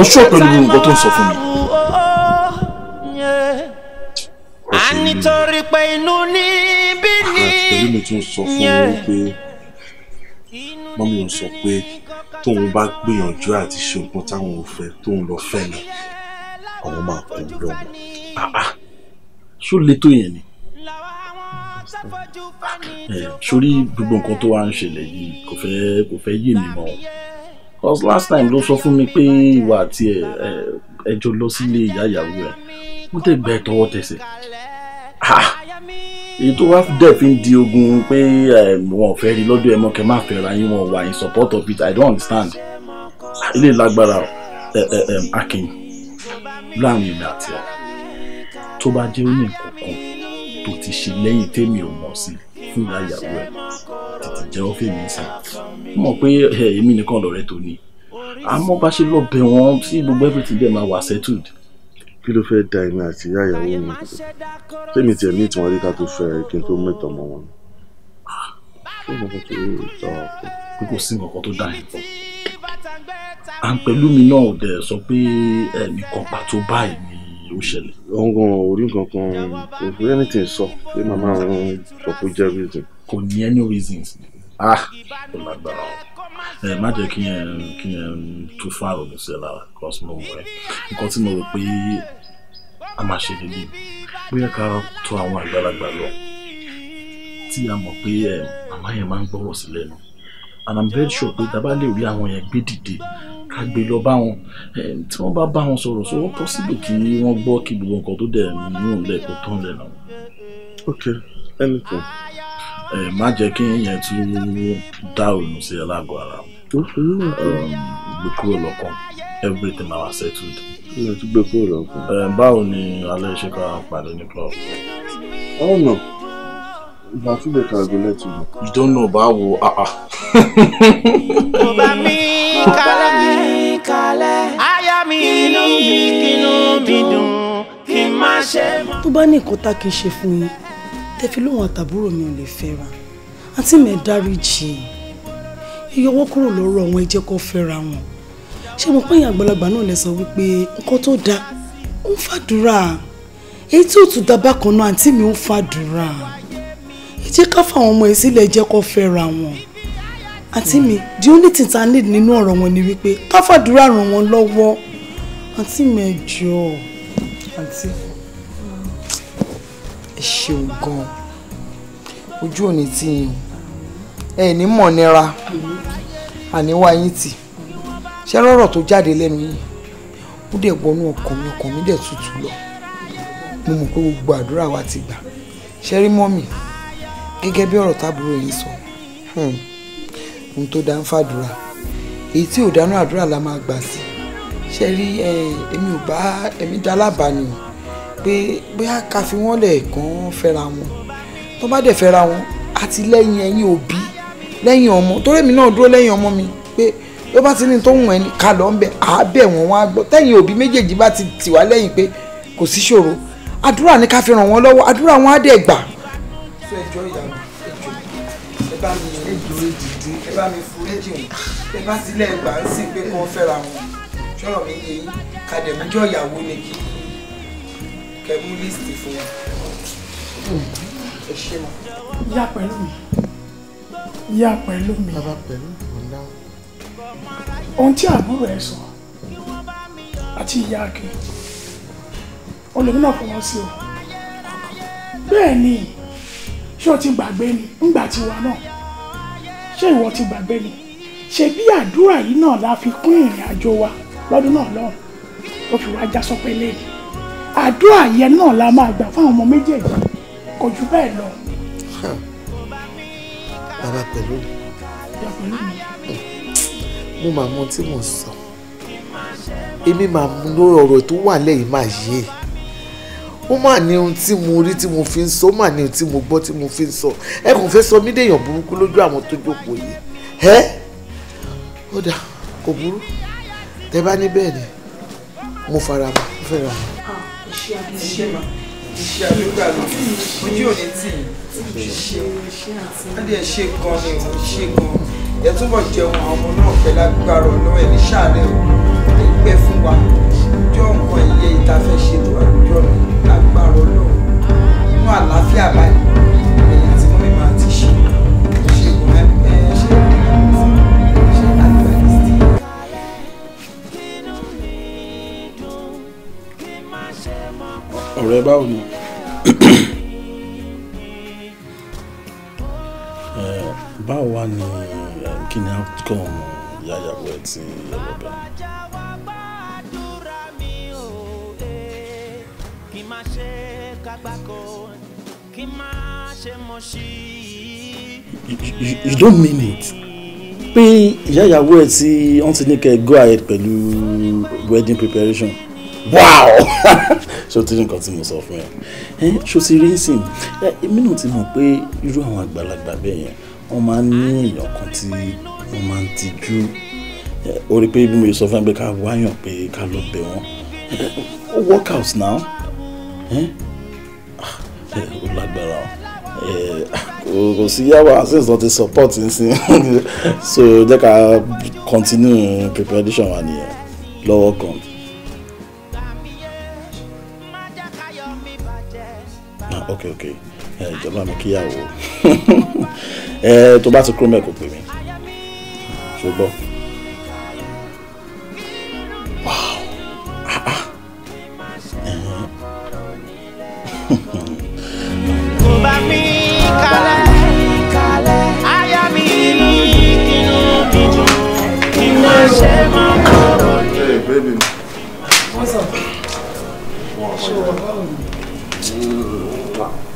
o ṣọ́ pẹ̀lú nǹkan tó ń sọ fún mi. a nítorí pé inú níbí ni. àpẹẹrẹ mi tún sọ fún mi pé mọ́mí ò sọ pé tóun bá gbìyànjú àti ṣe nǹkan táwọn ò fẹ́ tóun lọ fẹ́ ni àwọn máa kún un lọ́wọ́ ah, ah. ṣó le tó yẹn ni eh, sórí gbogbo nǹkan tó wá ń ṣẹlẹ̀ yìí kò fẹ́ kò fẹ́ yé mi mọ́ cause last time ló sọ fún mi pé ìwà àti ẹjọ́ lọ sílé ìyá ìyàwó ẹ̀ wọ́n tẹ̀ gbẹ́ tọwọ́ tẹsẹ̀ ah! èyí tó wá dẹ̀ fi ń di ogun pé eh, wọn ò fẹ́ rí lọ́dọ̀ ẹ mọ́ kẹ́ má fẹ́ yín wọn wà in support of it i don't understand ilé lágbára eh, eh, akin láàrin ìgbà àti ẹ tó bá jẹ́ oní nǹkan tó ti ṣe lẹ́yìn tèmi ò mọ̀ sí fúnra ìyàwó ẹ tètè jẹ́wọ́ fèmí sàn mọ̀ pé èmi nìkan lọ̀rẹ́ tó ní àmọ́ bá ṣe lọ bẹ̀ wọ́n sí gbogbo everything dẹ̀ máa wà settled kí ló fẹ́ẹ́ da èmi àti ìyá ìyàwó mi tèmi tiẹ̀ ní ìtàn àríkà tó fẹ́ kí n tó mẹ́tọ̀ ọmọ wọn. ṣé mo kàn tó ta ọkọ. pé kò sí nǹkan tó dá yẹn pọ̀ à ń pẹ̀lú mi náà ò dẹ̀ sọ pé ẹ̀mí kan pàtó báyìí ni ó ṣẹlẹ̀. ọ̀ngàn orí kankan kò fi anything sọ pé màmá òun sọ pé jẹ́ reason. kò ní any reasons. ah kò lágbára o. Eh, má jẹ́ kí yẹn kí yẹn um, tó fún àròmí sí ẹ lára because mo wọ nǹkan tí mo rò pé a máa ṣe níbí bóyá ká tó àwọn àgbàlagbà lọ tí a mọ̀ pé eh, màmá yẹn máa ń gbọ́rọ̀ sí lẹ́nu and i'm very sure pé dábàá lè rí àwọn yẹn gbé dìde ká gbé lọ bá wọn eh, tí wọ́n bá bá wọn sọ̀rọ̀ sọ wọ́n pọ́sibù kí wọ́n gbọ́ kí gbogbo nǹkan tó dẹ̀ nínú ilẹ̀ kó tán lẹ́nu. okay anything ẹ má jẹ́ kí yẹn tún dá òun sí ẹ lágọ̀ọ́ ara um, gbé kúrò lọ́kàn everything our settled. mo ti gbé kúrò lọ́kàn. báwo ni alẹ́ ṣe ká pàdé ní club. ọ̀nà ìgbà tí lè kàgbé lẹ́tùn. you don't know báwo. Ah, ah. kò bá mi kalẹ̀ àyà mi inú mi dùn kí n má ṣe. tó bá ní nǹkan tá kì í ṣe fún yín tẹ́fi lóhun àtàbúrò mi ò lè fẹ́ra àǹtí mi dáríjì ẹ yọwọ́ kúrò lọ́rọ̀ wọn ẹ jẹ́ kó fẹ́ra wọn ṣé mo pẹ́yìn àgbàlagbà náà lẹ sọ wípé nǹkan tó dáa ń fàdúrà èyí tí ò tún da bákan náà àǹtí mi ń fàdúrà ẹ jẹ́ ká fáwọn ọmọ ẹ sílẹ̀ ẹ jẹ́ fẹ́ra wọn àǹtí mi the only thing ta need nínú ọ̀rọ̀ wọn ni wípé ká fàdúrà ràn wọ́n lọ́wọ́ àǹtí mi ẹ jọ̀ọ́ àǹtí mi ẹ ṣeun gan ojú òní ti yìn ẹ ní mọ̀ nira àníwá yín tì ṣé rọ̀rọ̀ tó jáde lẹ́nu yìí ó dẹ̀ gbọ́nú ọkàn mi ọkàn mi dẹ̀ tutù lọ mo mọ̀ pé gbogbo àdúrà wa ti gbà ṣe rí mọ́mì gẹ́gẹ́ bí ọ̀rọ̀ tábúrò yìí sọ hmm. ohun tó dá ń fàdúrà èyí tí ò dáná àdúrà la máa gbà sí ṣe rí èmi ò bá ẹ̀mí dá lábàá nìyẹn pé bóyá ká fi wọ́n lẹ̀ kàn fẹ́ra wọn tó bá dẹ̀ fẹ́ra wọn àti lẹ́yìn ẹ̀yìn òbí lẹ́yìn ọmọ torí mi náà dúró lẹ́yìn ọmọ mi pé ló bá ti ní tó wùn ẹni ká lọ ń bẹ àábẹ̀ wọn wọn á gbọ́ tẹ́yìn òbí méjèèjì bá ti tì wá lẹ́yìn pé kò sí ṣòro àdúrà ni ká fi ràn wọ́n lọ́wọ́ àdúrà wọn á dẹ̀ gbà. ṣé mi ẹjọ́ ìdìdín mi foríjì ìyàwó ni kí ẹ mú líìsì fún wọn. ẹ ṣe mọ. ìyá pẹ̀lú mi ìyá pẹ̀lú mi. bàbá pẹ̀lú ọ̀la. ohun tí àbúrò ẹ sọ àti ìyá akin olómi náà fọwọ́ sí o bẹ́ẹ̀ ni ṣé o ti gbàgbé ni ńgbà tiwa náà ṣé ìwọ ti gbàgbé ni ṣe bí àdúrà yìí náà la fi kún ìrìn àjò wa lọ́dún náà lọ́hùn ó fi wá já sọpẹ́ lẹ́yìn àdúrà yẹn náà la máa gbà fáwọn ọmọ méjèèjì kò jù bẹ́ẹ̀ lọ. bàbá pẹ̀lú mo máa mọ tí mo sọ èmi máa lo ọ̀rọ̀ tó wà lẹ́yìn máa yé ó mà ní ohun tí mo rí tí mo fi ń sọ ó mà ní ohun tí mo gbọ́ tí mo fi ń sọ ẹ kò fẹ́ sọ mí déèyàn burúkú lójú àwọn tó jókòó yìí ẹ́ ó dà kò burú tẹ bá ní bẹ́ẹ̀ ni mo fara mọ́ fẹ́ràn ṣe ma ṣe ẹ túbọ̀ jẹun àwọn ọmọ náà pẹ̀lú agbára ọ̀nà ẹ̀ ní sàárẹ̀ ò ní pẹ́ fún wa ojú ọ̀nkan ìyẹ́ ìta fẹ́ ṣe tó ọ̀nà inú àlàáfíà báyìí. ọ̀rẹ́ báwo ni <coughs> eh, báwo wá ni eh, kí ni outcome yáyàwó ẹ ti ọlọ́bẹ̀. You, you don't mean it pé ìyáyàwó ẹ tí wọ́n ti ní kẹ́ go ahead pẹ̀lú wedding preparation wow <laughs> ṣé o ti rí nǹkan tí mo sọ fún ẹ ẹ ṣó ti rí sìn ẹ èmi náà ti mọ̀ pé irú àwọn àgbàlagbà bẹ́ẹ̀ yẹn wọ́n máa ń ní èèyàn kan tí wọ́n máa ń tijú ó rí pé bí mo sọ fún ẹ pé ká wáyàn pé ká lọ bẹ̀ wọ́n work out now ó lágbára kò sí yàwó access lọ ti support nsìn <laughs> so jẹ́ ká continue preparation wa nìyẹn lọ́wọ́ kan. ok ok ẹ ìjọba mi kíyàwó <laughs> ẹ tó bá ti kúrò mẹ́kọ̀ọ́ pè mí wow ah <laughs> ṣe máa Hey baby. What's up? Wow, sure.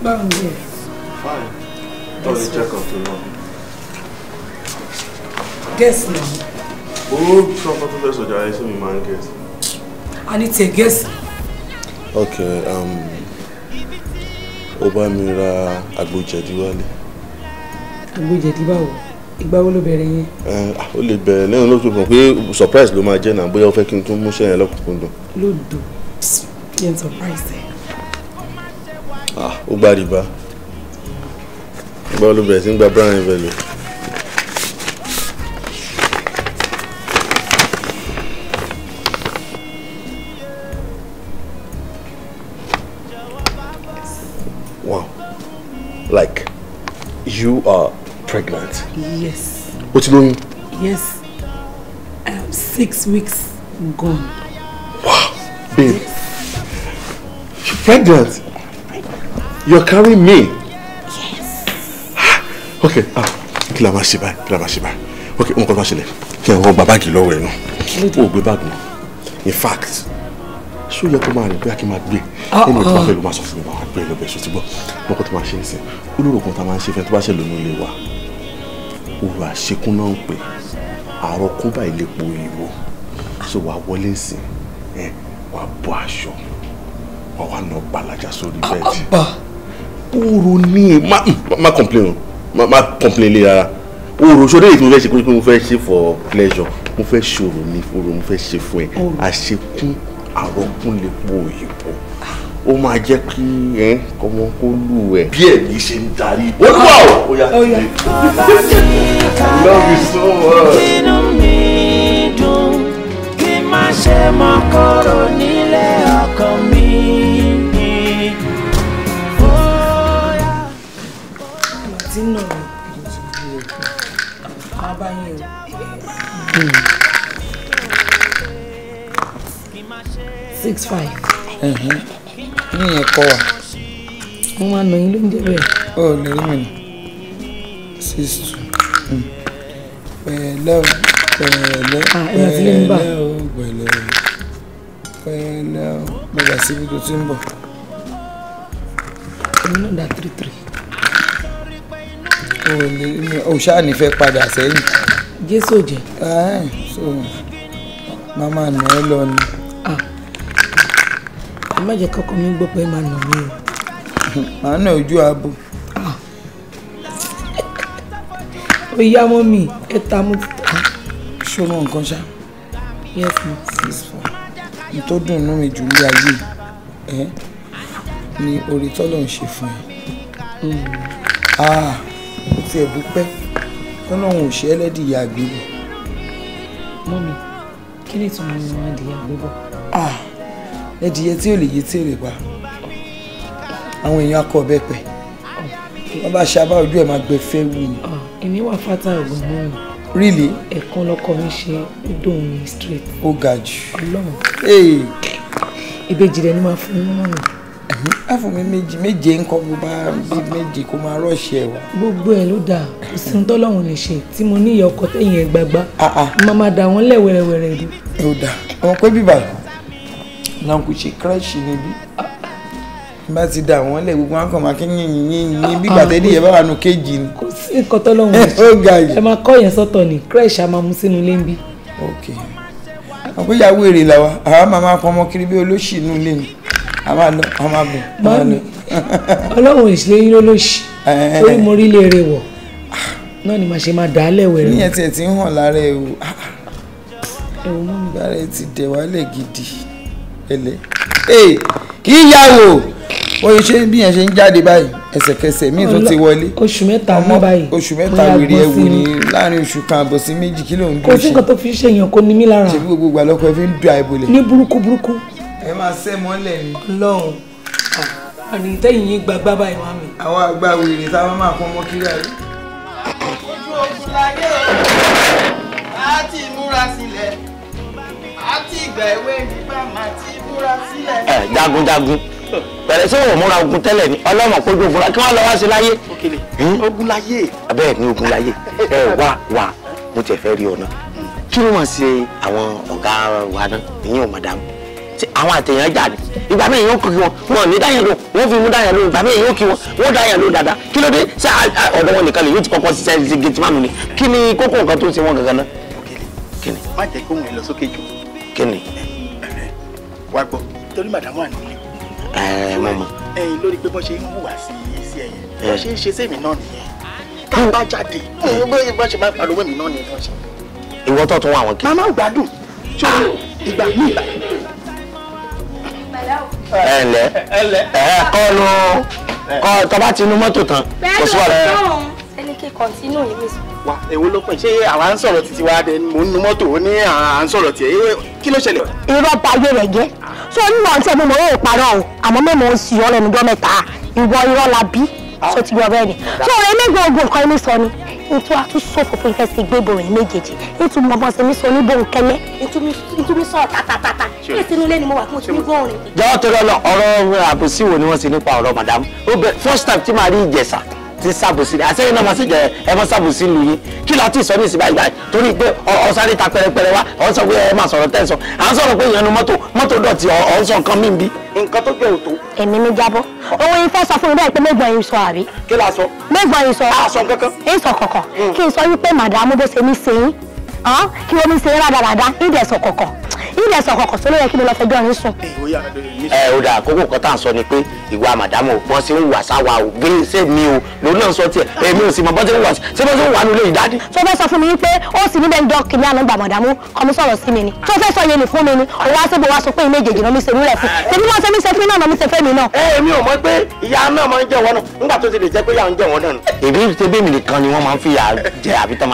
Báwo ni ẹ? Fine. Tọ́lá check up tó lọ. Guess na. Ó sọ́kọ́ tó fẹ́ sọ̀jà ayé sí mi máa ń guess. A ní tiẹ̀ guess. Ok, ó um, bá mi ra agbójẹ̀dí wálé. Agbójẹ̀dí báwo? Ìgbà wo ló bẹ̀rẹ̀ yẹn? Eh, ah, ó lè bẹ̀rẹ̀ lẹ́yìn lóṣù kan pé surprise ló máa jẹ́ náà bóyá ó fẹ́ kí n tún múṣẹ́ yẹn lọ́kùnkúndùn. Lódò, surprise ẹ̀. Ah, ó gba rìbá ìgbà sí ń gba brown envelope. wow like you are pregnant. yes. o ti lóyún. yes um, six weeks gone. wow babe yes. you pregnant you're carrying me. yes. Ah, okay. ah kí la máa ṣe báyìí kí la máa ṣe báyìí ok nǹkan máa ṣẹlẹ̀ kí ẹ wọ́n gba báàgì lọ́wọ́ in fact ṣó yẹ kó máa rìn bóyá kí n máa gbé ah, ẹni tó bá ah. fẹ́ ló máa sọ fún mi máa gbé lọ́bẹ̀ ṣó ti gbọ́ mọ́kò tó máa ṣe é sìn olóró kan tá a máa ń ṣe fẹ́ tó bá ṣe lónìí ilé wa òru àṣekún náà ń pè àárọ̀ kún so wàá wọlé sìn ẹ oòrùn ni má má complain o má má complain lé rárá oòrùn ṣọdẹ èyí tí mo fẹ́ ṣe pé mo fẹ́ ṣe for pleasure mo fẹ́ ṣòro ni oòrùn mo fẹ́ ṣe fún ẹ àṣekún àrọ́kún òyìnbó ó máa jẹ́ kí ẹ ọmọ kó lù ẹ. bí ẹ̀mí ṣe ń darí olúwa o. love you so much. inú mi dùn kí n má ṣe mọ́ kóró six five. ní yẹn kọ wa. wọ́n máa nà yín ló ń jẹ́ bẹ́ẹ̀. ó lè rí mi nà six two hmm. pẹ̀lẹ́ o pẹ̀lẹ́ ah, pẹ̀lẹ́ o pẹ̀lẹ́ o pẹ̀lẹ́ o mo gbà síbi tó ti ń bọ̀. èmi náà dá three three. ó lè rí mi o ṣáà ní padà sẹ́yìn. jésù jẹ. màmá nà ẹ lọ ni ẹ má jẹ́ kọ́kọ́ mi gbọ́ pé ẹ máa nà mí o. màá nà ojú abo. ó yá mọ́ mi ẹ ta mú. ṣòro nǹkan ṣá. yes ma. six four. n tó dùn inú mi jù ní ayé ẹ ni orí tọ́lọ̀ ń ṣe fún ẹ. mo hmm. ah, ti ẹ̀ dúpẹ́ tọ́lọ́hún ò ṣe ẹlẹ́dìyà àgbébọ̀. mọ́mi kí ni ìtumọ̀ ìwọ̀n adìyà àgbébọ̀. Ah ẹdìyẹ tí ò lè yé tí ò lè pa àwọn èèyàn akọ ọbẹ pẹ wọn bá ṣe abá ojú ẹ máa gbẹ fẹ wù ni. èmi wà fata ògùn náà. rìlì. ẹ̀kan lọkọ mi ṣe dùn mí straight. ó ga jù. ọlọ́run ìbejì rẹ ni máa fún mi mọ́nà. á fún mi méje méje ńkọ́ bó bá bí méje kó máa rọ̀ṣẹ̀ wa. gbogbo ẹ ló dáa kò sí ní tọ́lọ́run lè ṣe tí mo ní ìyá ọkọ tẹ̀yìn ẹ̀ gbagbá. Ah, ah. màmá dà wọ́n lẹ̀ ni. ó dáa àwọn pé bíbá yìí náà kò ṣe kírẹ́ṣì níbí bá ti dà wọ́n lẹ̀ gbogbo wọn kàn máa kí yín yín yín bí gbàtẹ́dì ah, yẹn bá wà nù kéjì ni. kò sí nǹkan tó lọ́wọ́ <laughs> ẹ máa kọ́ yẹn sọ́tọ̀ ni kírẹ́ṣì a máa mú sínú ilé ń bí. ok àpéyàwó èrè làwa àwa máa máa pọnmọ kiri bí olóṣì inú ilé ni a máa lọ a máa bọ̀ a máa lọ. ọlọ́run ìṣeré yín lólóṣì eh. orí mo rí léèrè wọ̀ náà ni màá ṣe máa dà á lẹ̀wẹ̀ rẹ̀. níyẹn tiẹ̀ ti ń hàn lára ẹ̀ o. ẹ̀wọ̀n mọ́ mi. lára ẹ̀ ti dẹ̀ wálẹ̀ gidi ele ee kì í ya wò oye ṣe bí yẹn ṣe ń jáde báyìí ẹsẹ̀kẹsẹ̀ míì tó ti wọlé oṣù mẹ́ta mú báyìí oṣù mẹ́ta wèrè ẹwù ni láàrin oṣù kan àbọ̀ sí méjì kí ló ń dùn ṣe kò sí nǹkan tó fi ṣe èèyàn kò ní mí lára ṣe bí gbogbo àlọ́kọ ẹ fi ń du àìbolẹ̀. ní burúkú burúkú. ẹ máa sẹ́ mọ́lẹ̀ ni. ọlọ́run àníntẹ́yìn yín gbagbá báyìí wá mi. àwọn àgbà wèrè táwọn a ti múra sílẹ̀ a ẹ jagunjagun bẹ̀rẹ̀ sí òun múra ogun tẹ́lẹ̀ ni ọlọ́mọ kójú ogun la kí wọ́n lọ wá sí láyé. Hm? ogun láyé. bẹ́ẹ̀ ni ogun láyé ẹ wá wá mo tẹ̀ fẹ́ rí ọ náà kí ló máa ṣe àwọn ọ̀gá wa náà ìyẹn ò madam àwọn àtẹ̀yàn jà ní ìgbà míì yóò kí wọn wọn ò ní dáyàn lò wọn fi mú dáyàn lò ìgbà míì yóò kí wọn wọn dáyàn lò dáadáa kí ló dé ṣé ọ̀dọ̀ wọn nìkan lè yóò ti kọ́kọ́ ṣiṣẹ́ ṣe gẹ̀tì mánu ni kí ni kókó nǹkan tó ń ṣe wọn gangan náà. má jẹ́ kóhùn ẹ̀ lọ sókè jù. kí ni wá gbọ́ torí màdàmú àná ilé. ẹ mọ mọ. ẹyin lórí pé bọ́n ṣe ń hùwà sí sí ẹyin bọ́n ṣe ń ṣe sẹ́mi náà nìyẹn tá a bá jáde bọ́n ṣe máa ń pariwo mi náà nìyẹn bọ́n ṣe. ìwọ tó tún wà wọn kí. màmá gbádùn tó ìgbà mí ẹ ǹlẹ́ ẹ kọ́ ló kọ́ tọ́ ti inú mọ́tò tán bẹ́ẹ̀ ló ń tún ẹni kí kọ́ńtínú yìí mi sọ wa èwo ló pè ṣé àwa ń sọ̀rọ̀ títí wa dé mò ń nu mọ́tò ó ní à ń sọ̀rọ̀ tiẹ̀ kí ló ṣẹlẹ̀. irọ́ ba ayé rẹ̀ jẹ́ tí ó ní wọn tí ẹ̀mú mọ̀rẹ́ o àmọ́ mẹ́mọ̀ ó sì ọ̀rọ̀ ẹ̀mídọ́ mẹ́ta ìwọ irọ́ la bí tó ti yọ bẹ́ẹ̀ ni tí ọ̀rọ̀ ẹ̀mí gbogbo nǹkan ẹ̀mí sọ ni ètò àtúnṣòfò fún ìfẹsẹ̀ ìgbébò rẹ̀ méjèèjì ètò mọ̀mọ́ sẹ́mi sọ ní bòńkẹ́lẹ́ ètò mi sọ tàtàtàtà èsì nílé ni mo wà fún ti ní gbọ́n rẹ̀. jọ̀wọ́ torí ọ̀rọ̀ àbòsí wo ni wọ́n ti nípa ọ̀rọ̀ madam first time tí màá rí ìjẹ̀sà ti ṣàbòsí ni àṣẹyìn náà máa sì jẹ ẹ mọ ṣàbòsí lu yín kí la ti sọ ní ìsìnbáyìí báyìí torí pé ọ̀sáré ta pẹrẹpẹrẹ wa ọ̀ ń sọ pé ẹ máa sọ̀rọ̀ tẹ̀sán à ń sọ̀rọ̀ pé ìyanu mọ́tò mọ́tò dọ̀tí ọ̀ ń sọ nǹkan mí bí. nǹkan tó jẹ́ òtó. èmi mi jábọ́ òun yìí fẹ́ sọ fún mi bẹ́ẹ̀ pé mẹ́gbọ̀n yìí sọ àbí. kí la sọ. mẹ́gbọ̀n yìí sọ. a sọ kankan. èyí sọ kankan. Hmm. kí n sọ wípé màdàmú bó ṣe ní sèyí kí wọ́n mi ṣe rádaràda ìdẹ̀ sọ̀kọ̀kọ̀ ìdẹ̀ sọ̀kọ̀kọ̀ sóló yẹ kí mo lọ fẹjọ́ rẹ sùn. ẹ o da àkókò kan tá à ń sọ ni pé ìwà màdámù ò bọ́ sí ń wà sáwa ò gbé ṣé mi ò lòun náà sọ tiẹ̀ èmi ò sì mọ̀ bọ́ sí ń wà ṣé bọ́ sí ń wà nù lè dádì. tó fẹ́ sọ fún mi pé ó sì níbẹ̀ ń dọ́kì ní ànúgbà màdámù kọ́mú sọ̀rọ̀ sí mi ni tó fẹ́ sọ yẹn nì fún mi ni òun wá sóbò wá sọ pé ìmé ìjèjì náà mi ṣe nílẹ̀ fún tèmi wọ́n ṣe mi ṣe fún náà mi ṣe fẹ́ mi náà. ẹ èmi ò mọ̀ pé ìyá náà máa ń jẹ wọn náà nígbà tó ti lè jẹ pé ìyá ń jẹ wọn náà. èmi tẹ́bí mi nìkan ni wọ́n máa ń fi ìyà jẹ àbí tó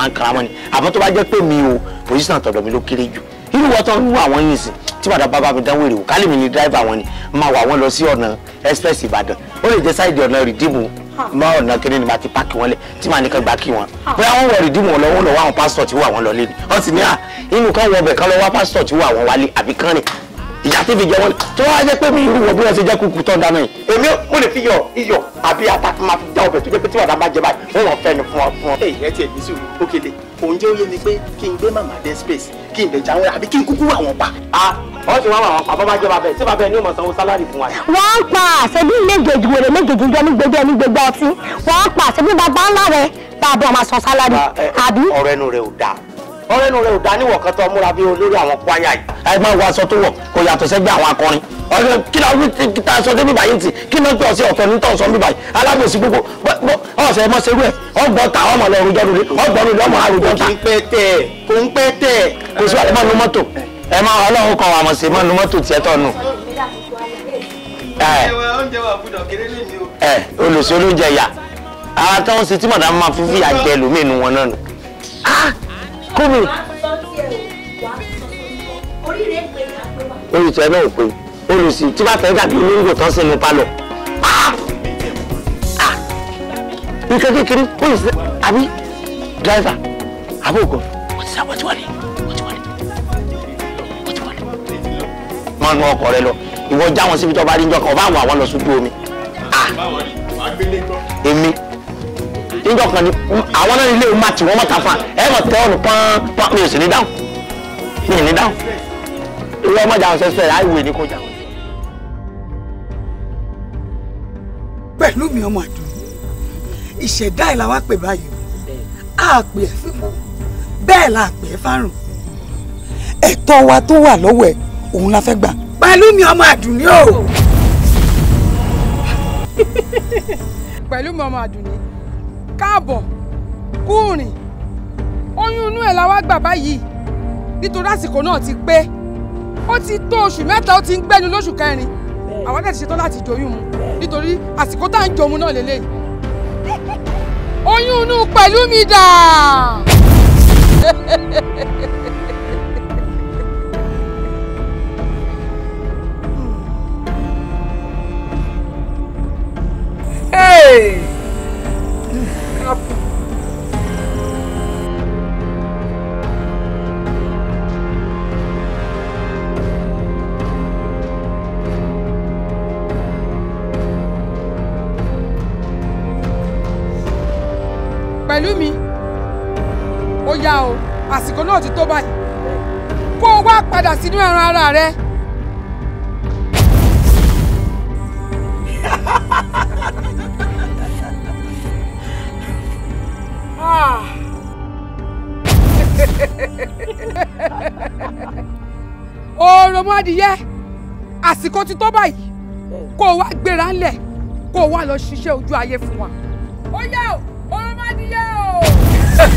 yín o pòsíṣàn tọ̀dọ̀ mi ló kéré jù irú wọn tó ń wú àwọn yìí sìn tí bàdà bàbá mi dánwò èrè wò kálí mi ni dráìvà wọn ni máa wà wọn lọ sí ọ̀nà express ìbàdàn ó lè jẹ́ sáìdì ọ̀nà rìdíìmù mọ ọ̀nà kí ni màá ti páàkì wọn lẹ̀ tí màá nìkan gbà kí wọn bóyá wọn wọ rìdíìmù wọn lọ́wọ́ lọ́wọ́ àwọn pásítọ̀ tí wọ́n àwọn lọ lẹ́nu wọ́n sì ní à ah, inú kan wọ ọbẹ̀ kan lọ́wọ́ pásítọ̀ tí wọ́n àwọn wálé àbí kan rìn ìyá tó fi jẹ wọn tó wá jẹ pé mi irú wọn bí wọn ṣe jẹ kúkú tán dáná yìí. èmi mo lè fi yọ iyọ̀ àbí ata máa fi dá ọbẹ̀ tó jẹ pé tí wàdà máa jẹ báyìí wọn fẹnu fún ọ. ẹ ẹ tiẹ̀ ní sùúrù òun jẹ́ oyè ni pé kí n gbé màmá dé space kí n bẹ̀ jáwé àbí kí n kúkú wà wọ́n pa. a wọ́n ti wá wà wọ́n pa bàbá jọba tí bàbá ẹni ò mọ̀ sanwó sálárì fún wa. wọ́n pa àṣẹbí méjèèjì wèrè méjèèjì jọ ní gbẹgbẹ ní gbẹgbẹ ọtí wọ́n pa àṣẹbí bàbá ńlá rẹ bàbá ọmọ sọ sálárì àbí. ọ̀rọ̀ ẹnu rẹ ò dáa ọ̀rẹ́ inú rẹ ò dá níwọ̀ kan múra bí olórí àwọn kwaya yìí. àìgbọ́n wa tó wọ kò yàtọ̀ sẹ́gbẹ́ àwọn akọrin ọ̀rẹ́ kí wí ta aṣọ dé bíbáyìí ntì kí náà tó ọ̀sẹ̀ ọ̀fẹ́ nítọ̀ sọ bíbáyìí alábòsí gbogbo ọ̀sẹ̀ mọ́ serú ẹ̀ ọgbọ́n ta ọmọ lọ rújọ́ lórí ọgbọ́n lórí ọmọ àrùjọ́ ta. kò ń pẹ́ tẹ̀ kò ń pẹ́ tẹ̀. kò sí wà kú mi. olùtọ́ ẹ náà ò pé olùsí tí bá fẹ́ dàbí olóńgbò tán sínú palọ̀ ah! ah! nǹkan kékeré olùsí àbí dráìvà àbúkọ ó ti sá wọ́n ti wọlé ó ti wọlé ó ti wọlé. máa nu ọkọ rẹ lọ ìwọ já wọn síbi tó bá rí njọ kan ọba àwọn àwọn lọ sójú omi. Ah! èmi níjọ́ kan ni àwọn náà nílé má tì wọ́n mọ́ta fún ẹ mọ̀ tẹ́ ọ̀nù pọ́n pọ́n mi ò sì ní dáhùn mi ò ní dáhùn ìwé ọmọdé àwọn sẹ́sẹ́ rẹ̀ àìwé ní kò jà pẹ̀lú mi ọmọ àdùn ìṣẹ̀dá ẹ̀ la wá pè báyìí a pè ẹ́ fífún bẹ́ẹ̀ la pè ẹ́ fárùn ẹ̀tọ́ wa tó wà lọ́wọ́ ẹ̀ òun la fẹ́ gbà. pẹ̀lú mi ọmọ àdùn o. pẹ̀lú mi ọmọ àdùn káàbọ̀ kú rìn oyún inú ẹ̀ la wá gbà báyìí nítorí àsìkò náà ti pé ó ti tó oṣù mẹ́ta ó ti ń gbẹ́nu lóṣù kẹrin àwọn dẹ̀ ti ṣetán láti joyún mu nítorí àsìkò tá à ń jomu náà lélẹ́yìí oyún inú pẹ̀lú mi dà. <laughs> Hmm. Hey! pẹ̀lú mi ó yá o àsìkò náà ti tó báyìí kó o wá padà sínú ẹran ara rẹ. Ah. <laughs> oòrùn mọ́ adìyẹ àsìkò ti tó báyìí kó o wá gbéra ńlẹ̀ kó o wá lọ ṣiṣẹ́ ojú ayé fún wa ó yá o.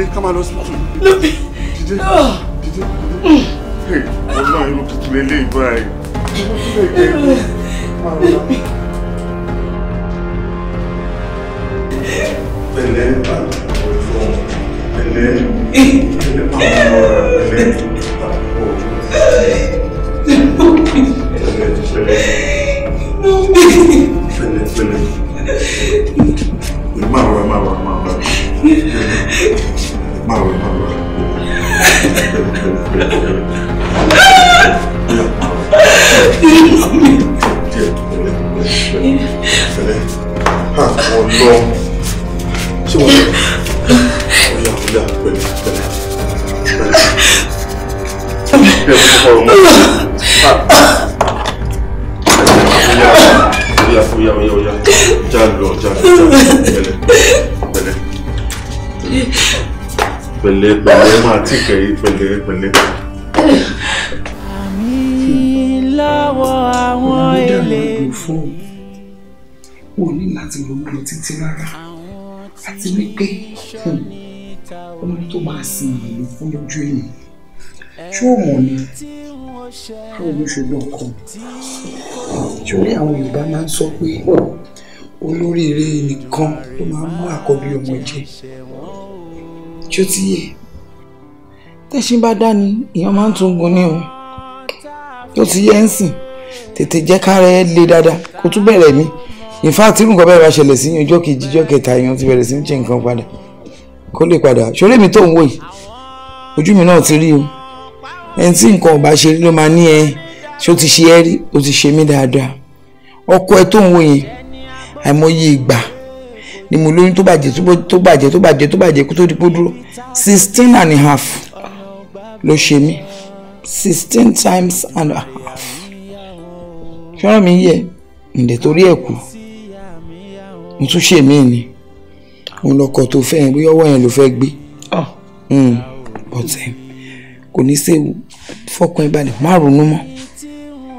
dìde ká máa lọ hospital. lóbi dìde dìde dìde ọlọ́run inú tuntun lè lé ìgbà ẹ̀ pẹ̀lẹ́ àtọ̀fọ̀ pẹ̀lẹ́ pẹ̀lẹ́ pàmò pẹ̀lẹ́ àtọ̀fọ̀ pẹ̀lẹ́ pẹ̀lẹ́ pẹ̀lẹ́ pẹ̀lẹ́ máa rọra máa rọra máa rọra máa wẹ̀ máa wẹ̀. Fẹ̀lẹ́, ha wọ́n lọ. Ṣé wọ́n lọ? Ọ̀yà ọ̀yà pẹ̀lú pẹ̀lú. Bí ẹ̀kọ́ kọ̀ọ̀rọ̀ mọ́. Ọ̀yà ọ̀yà ọ̀yà ọ̀yà. Já lọ, já lọ, já lọ pẹ̀lẹ́ pẹ̀lẹ́ máa tì kẹ́yìn pẹ̀lẹ́ pẹ̀lẹ́. àmì lọ́wọ́ àwọn èlé. o ní láti ronú títí rárá àti wípé ọmọ tó máa sin ìlú fún lójú èyí ṣé o mọ̀ ni ṣé o ló ṣe àwọn Yorùbá máa ń sọ pé olóríire nìkan ló máa ń mú àkọ́bí ọmọ jẹ ṣó ti yẹ tẹ́sí bá dání èèyàn máa ń tún gun ní o tó ti yẹ ń sìn tètè jẹ́ ká rẹ̀ le dáadáa kó tún bẹ̀rẹ̀ mi in fact irú nǹkan bẹ́ẹ̀ bá ṣẹlẹ̀ sí ọjọ́ kejì ọjọ́ kẹta èèyàn ti bẹ̀rẹ̀ sí ń ṣe nǹkan padà kó lè padà ṣoré mi tó ń wò yìí ojú mi náà ti rí o ẹni tí nǹkan ọba ṣe rí ló máa ní ẹ ṣó ti ṣe ẹ rí o ti ṣe mí dáadáa ọkọ ẹ tó ń wò yẹn àìmọye ìgbà ni mo lóyún tó bàjẹ́ tó bàjẹ́ tó bàjẹ́ tó bàjẹ́ kó tó di pé dúró sixteen and a half ló ṣe mí sixteen times and a half fẹ́ràn mi yẹ ǹdẹ̀ torí ẹ̀ kú mo tún ṣe mí ni mo lọkọ̀ tó fẹ́ yẹn bóyá ọwọ́ yẹn ló fẹ́ gbé ah. hmm. but eh, kò ní sèwò fọkàn ìbàlẹ̀ má ronú mọ́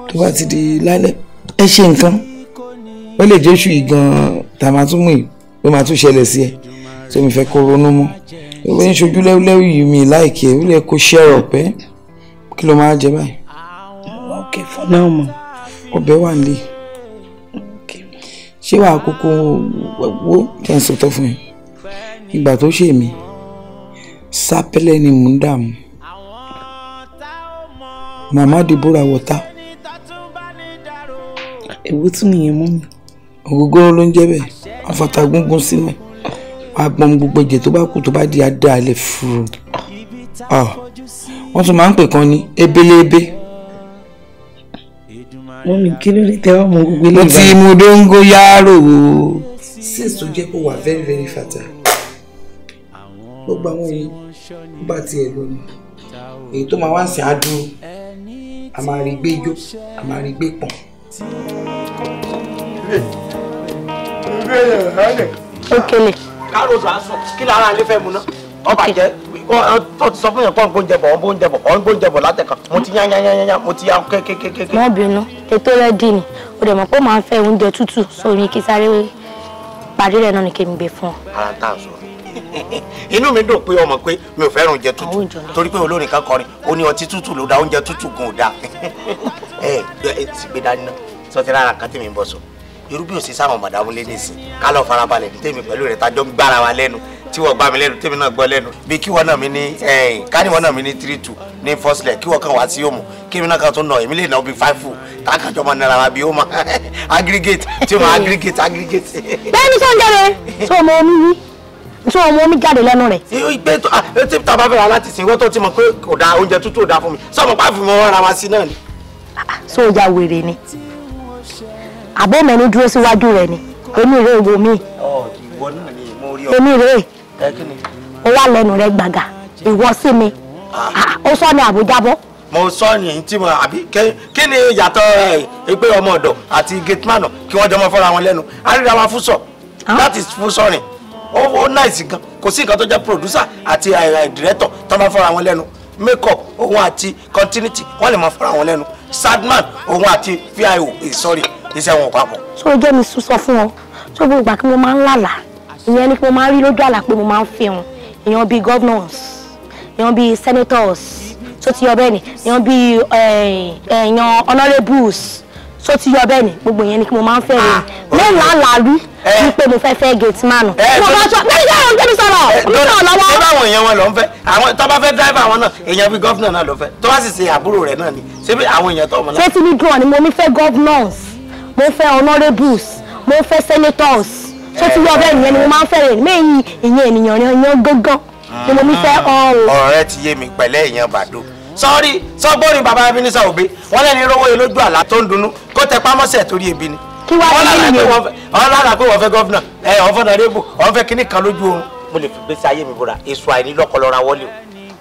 tó bá ti di lálẹ́ ẹ ṣe nǹkan ó lè jẹ́ oṣù yìí gan-an tàmátúmù yìí ló máa tún ṣẹlẹ̀ sí ẹ tó mi fẹ́ kó ronú mọ́ ìwé ń ṣojú lẹ́wúlẹ́wú yìí mi láìkí ẹ̀ wílẹ̀ kó ṣẹ́rọ̀ pẹ́ kí ló máa jẹ báyìí. ok for now ọbẹ̀ wà nílé ṣé wàá kókó wo jẹ́ ń sọtọ́ fún ẹ ìgbà tó ṣe mí sápẹ́lẹ́ ni mò ń dààmú màmá Deborah wọ̀tá. èwo tún nìyẹn mọ́ mi. ògógóró ló ń jẹ́ bẹ́ẹ̀ wọn fata gúngún sínú ẹ wọn agbọn gbogbo ẹ̀jẹ̀ tó bá kù tó bá di adá alẹ fúru wọn tún máa ń pè kan ní ebelebe. wọn ní kí ló dé tẹ ọmọ gbogbo ilé ìbá. mo ti mu dóńgó yárò o. tó jẹ́ kó wà very very fertile gbogbo àwọn yìí ó bá tiẹ̀ lónìí èyí tó máa wá sí adúrú a máa rí gbé jó a máa rí gbé pọ̀n. Hey. Okele. Kárọ̀tù aṣọ kí lára ilé fẹ́ mu ná. Ọba jẹ́ ọ ti sọ fún yẹn kọ́ gbóúnjẹ bọ̀ gbóúnjẹ bọ̀ ọ̀ gbóúnjẹ bọ̀ látẹ̀kan mo ti yán yán yán yán mo ti yán ni kí n gbé fún ọ. Ara tá a sọ <laughs> inú mi dùn pé ọmọ pé mi ò fẹ́ràn oúnjẹ tútù torí pé olórin kan kọrin ó ní ọtí tútù ló da oúnjẹ tútù gan ò da <laughs> ẹ ẹ sì gbé dání náà sọtí rárá kan tí mi ń bọ̀ sọ irú bí òsì sáwọn màdàmú lé nìsín ká lọ farabalẹ̀ ní tèmi pẹ̀lú rẹ̀ tájọ́ ń gbára wa lẹ́nu tí wọ́n gbá mi lẹ́nu tèmi náà gbọ́ lẹ́nu bí kí wọ́n náà mi ní ẹ̀yìn eh, ká ní wọ́n náà mi ní three two ní first leg kí wọ́n kàn wá sí òmù kí mi náà kàn tún nà èmi lè nà ó bí five full tákàjọ́ máa nara wa bí ó máa <laughs> aggregate tí ó máa aggregate aggregate. bẹ́ẹ̀ni sọ́njẹ́rẹ́ tó ọmọ omi yìí tó ọmọ omi jáde lẹ́nu rẹ̀. ìgbé ah, tí tàbá bẹ̀rẹ̀ aláti sìn wọ́n tó ti pé kò da oúnjẹ tútù ò da fún mi sọ́mọ́ pàfùmọ́ ra wa sí náà ni. Ah, àbó mẹ́ni dúró síwájú rẹ̀ ni èmi rè wo mi èmi rè ó wà lẹ́nu rẹ̀ gbàgà ìwọ sí mi ah. Ah, ó sọ ní àbújá bọ́. mo sọ yìnyín tí mo àbí kí ni ìyàtọ̀ ẹgbẹ́ ọmọ ọ̀dọ̀ àti gateman kí wọ́n jọmọ fọ́ra wọn lẹ́nu àríra wa fún sọ láti ah. fún sọrin ó náìsì gan kò sí nǹkan tó jẹ́ producer àti director tó máa fọ́ra wọn lẹ́nu makeup òun àti continuity wọ́n lè máa fọ́ra wọn lẹ́nu sadman òun àti fio eh, sorry iṣẹ́ wọn ò papọ̀. sọ jẹ́ mi sọ fún ọ tó gbogbo ìgbà kí mo máa ń lálàá ìyẹn ni pé mo máa ń rí lójú àlá pé mo máa ń fi hàn èèyàn bíi governors èèyàn bíi senators tó ti yọ bẹ́ẹ̀ ni èèyàn bíi èèyàn eh, eh, honourables tó ti yọ bẹ́ẹ̀ ni gbogbo ìyẹn ni kí mo máa ń fẹ́ rẹ̀ ah, lẹ́yìn lálàárí eh. ni pé mo fẹ́ fẹ́ gate man. mo bá jọ lẹ́yìn tí àwọn tẹ́mi sọ̀rọ̀ mi náà lọ́wọ́. ẹ báwọn èèyàn wọn lọ ń fẹ́ àwọn tó bá fẹ́ driver wọn náà èèyàn bíi gọ́fìnà náà ló fẹ́ tó bá sì ṣe àbúrò rẹ̀ náà ni ṣé àwọn èèyàn tó wọn náà. ṣé mo fẹ́ honourables mo fẹ́ senators tó ti yọ bẹ́ẹ̀ nìyẹn ni mo máa ń fẹ́ rẹ̀ mẹ́yìn ìyẹn ènìyàn rẹ̀ yan gángan ni mo mi fẹ́ ọ̀rọ̀. Ah, ọ̀rọ̀ rẹ ti yé mi pẹ̀lẹ́ ìyẹn bàdó sọ́ọ́rí sọ́gbọ́nrin bàbá abinisa òbí wọ́n lẹ́ni rówó yẹn lójú àlá tó ń dunnú kó tẹ pámọ́sẹ̀ torí ebi ni. kí wàá ní ìyẹn ọlọ́run àpé wọ́n fẹ́ gọ́fìnà ẹ̀ ọ̀fẹ́ nàrẹ́bù ọ̀fẹ́ kínní kan lójú oorun mo lè fi gbèsè ayé mi bora èso àìnílọ́kọlọ́ra wọlé o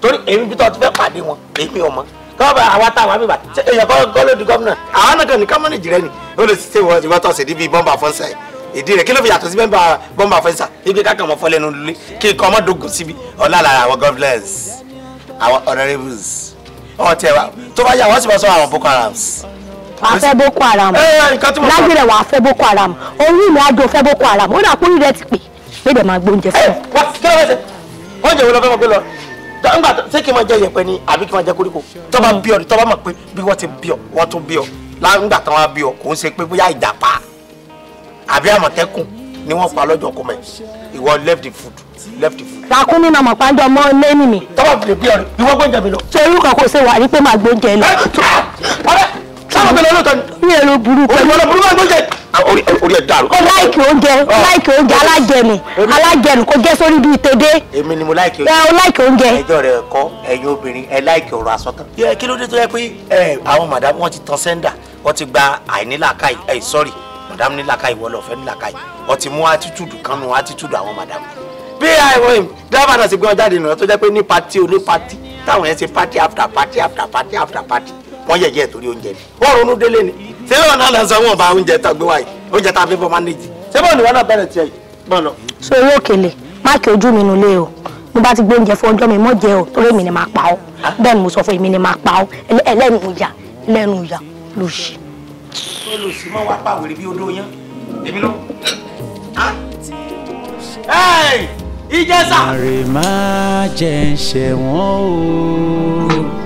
torí èmi bí tó ti fẹ́ pàdé wọn èmi ọmọ tọ́ba àwa táwọn àbíbà èèyàn kọ́ gọ́lódì gómìnà àwọn náà kàn ní kámọ́nì jìrẹ́ ni ó lè ṣe wọ́n ìwọ́n tọ̀sẹ̀ níbi bọ́mbà fọ́nsà ìdí rẹ̀ kí ló fi yàtọ̀ sí bẹ́ẹ̀ bọ́mbà fọ́nsà ibi kákan mọ́ fọ́lẹ́nu lulẹ̀ kí ikọ̀ ọmọ dogun síbi ọ̀la lára àwọn governors àwọn honourables ọ̀hún tiẹ̀ wa tó bá yà wọ́n sì bọ́ sọ àwọn Boko Harams wàá fẹ́ Boko Haram lágbèrè wàá fẹ́ Boko Haram orí mi àjò fẹ́ Boko Haram ó dà kó rí rẹ ti pè é lè dẹ̀ máa gbóúnjẹ fún ọ. kí ló fẹ́ ṣe oúnjẹ wo lọ nígbà tí kì í máa jẹ yẹ̀pẹ̀ ni àbí kì í máa jẹ koríko tó bá bí ọ ni tó bá mọ̀ pé bí wọ́n ti bí ọ wọ́n tún bí ọ láńgbà tí wọ́n bí ọ kò ń ṣe pé bóyá ìjàpá àbí àmọ̀tẹ́kùn ni wọ́n pa lọ́jọ́ kọ́mẹ̀ ìwọ left the food left the food. ràkúnmí náà mọ̀ pàjọ mọ́ lẹ́nu mi. tọ́wọ́ fi lè bí ọ ni ìwọ gbọ́njẹ mi lọ. torí kò kò ṣe wà ní pé màá gbóúnjẹ lọ sábà bẹ̀rẹ̀ olóòótọ́ ni. mi ò lo burúkú. orí ọlọ burúkú àgbọ̀njẹ ah, orí eh, ẹ̀ dàrú. ó láìkì oúnjẹ ah. láìkì oúnjẹ alájẹnu alájẹnu kò jẹ́ sórí bíi tèdè. èmi ni mo láìkì oúnjẹ. ẹ o láìkì oúnjẹ. ẹjọ́ rẹ̀ kọ́ ẹ̀yin obìnrin ẹ láìkì ọ̀rọ̀ àsọtán. yẹ kí ló dé tó yẹ pé ẹ àwọn màdàmú wọn ti tan sẹ́ńdà wọn ti gba àìnílàkàì ẹ sọ́ọ̀rì màdàmú nílàkàì wọ́n lọ́ọ́ fẹ́ nílàkàì wọ́n ti mú attitude kan nu attitude àwọn màdàmú bí àwọn dábàá náà ti gbé wọn jáde nù tó jẹ́ pé ní pati oní pati táwọn yẹn ṣe pati after pati after pati after pati wọ́n yẹ̀yẹ́ torí oúnjẹ ni wọ́n ronú délé ni ṣé wọn náà lọ sọ wọn bá oúnjẹ tá gbé wáyé oúnjẹ tá a fi fọ mánéjì ṣé bọ́ọ̀ ni wọn náà bẹ̀rẹ̀ tiẹ̀ yìí bọ́ọ̀ lọ. so owó òkèlè máàkì ojú mi nulẹ̀ o mo bá ti gbé oúnjẹ fún ọjọ́ mi mọ́ jẹ o torí èmi ni máa pa ọ́ bẹ́ẹ̀ mo sọ fún èmi ni máa pa ọ́ ẹlẹ́nu ìyá ẹlẹ́nu ìyá ló ṣe. ó lò mọ́ wá pàwèrè bí odó yán èmi lọ. ìjẹsà. àrè má jẹ́ ń ṣe o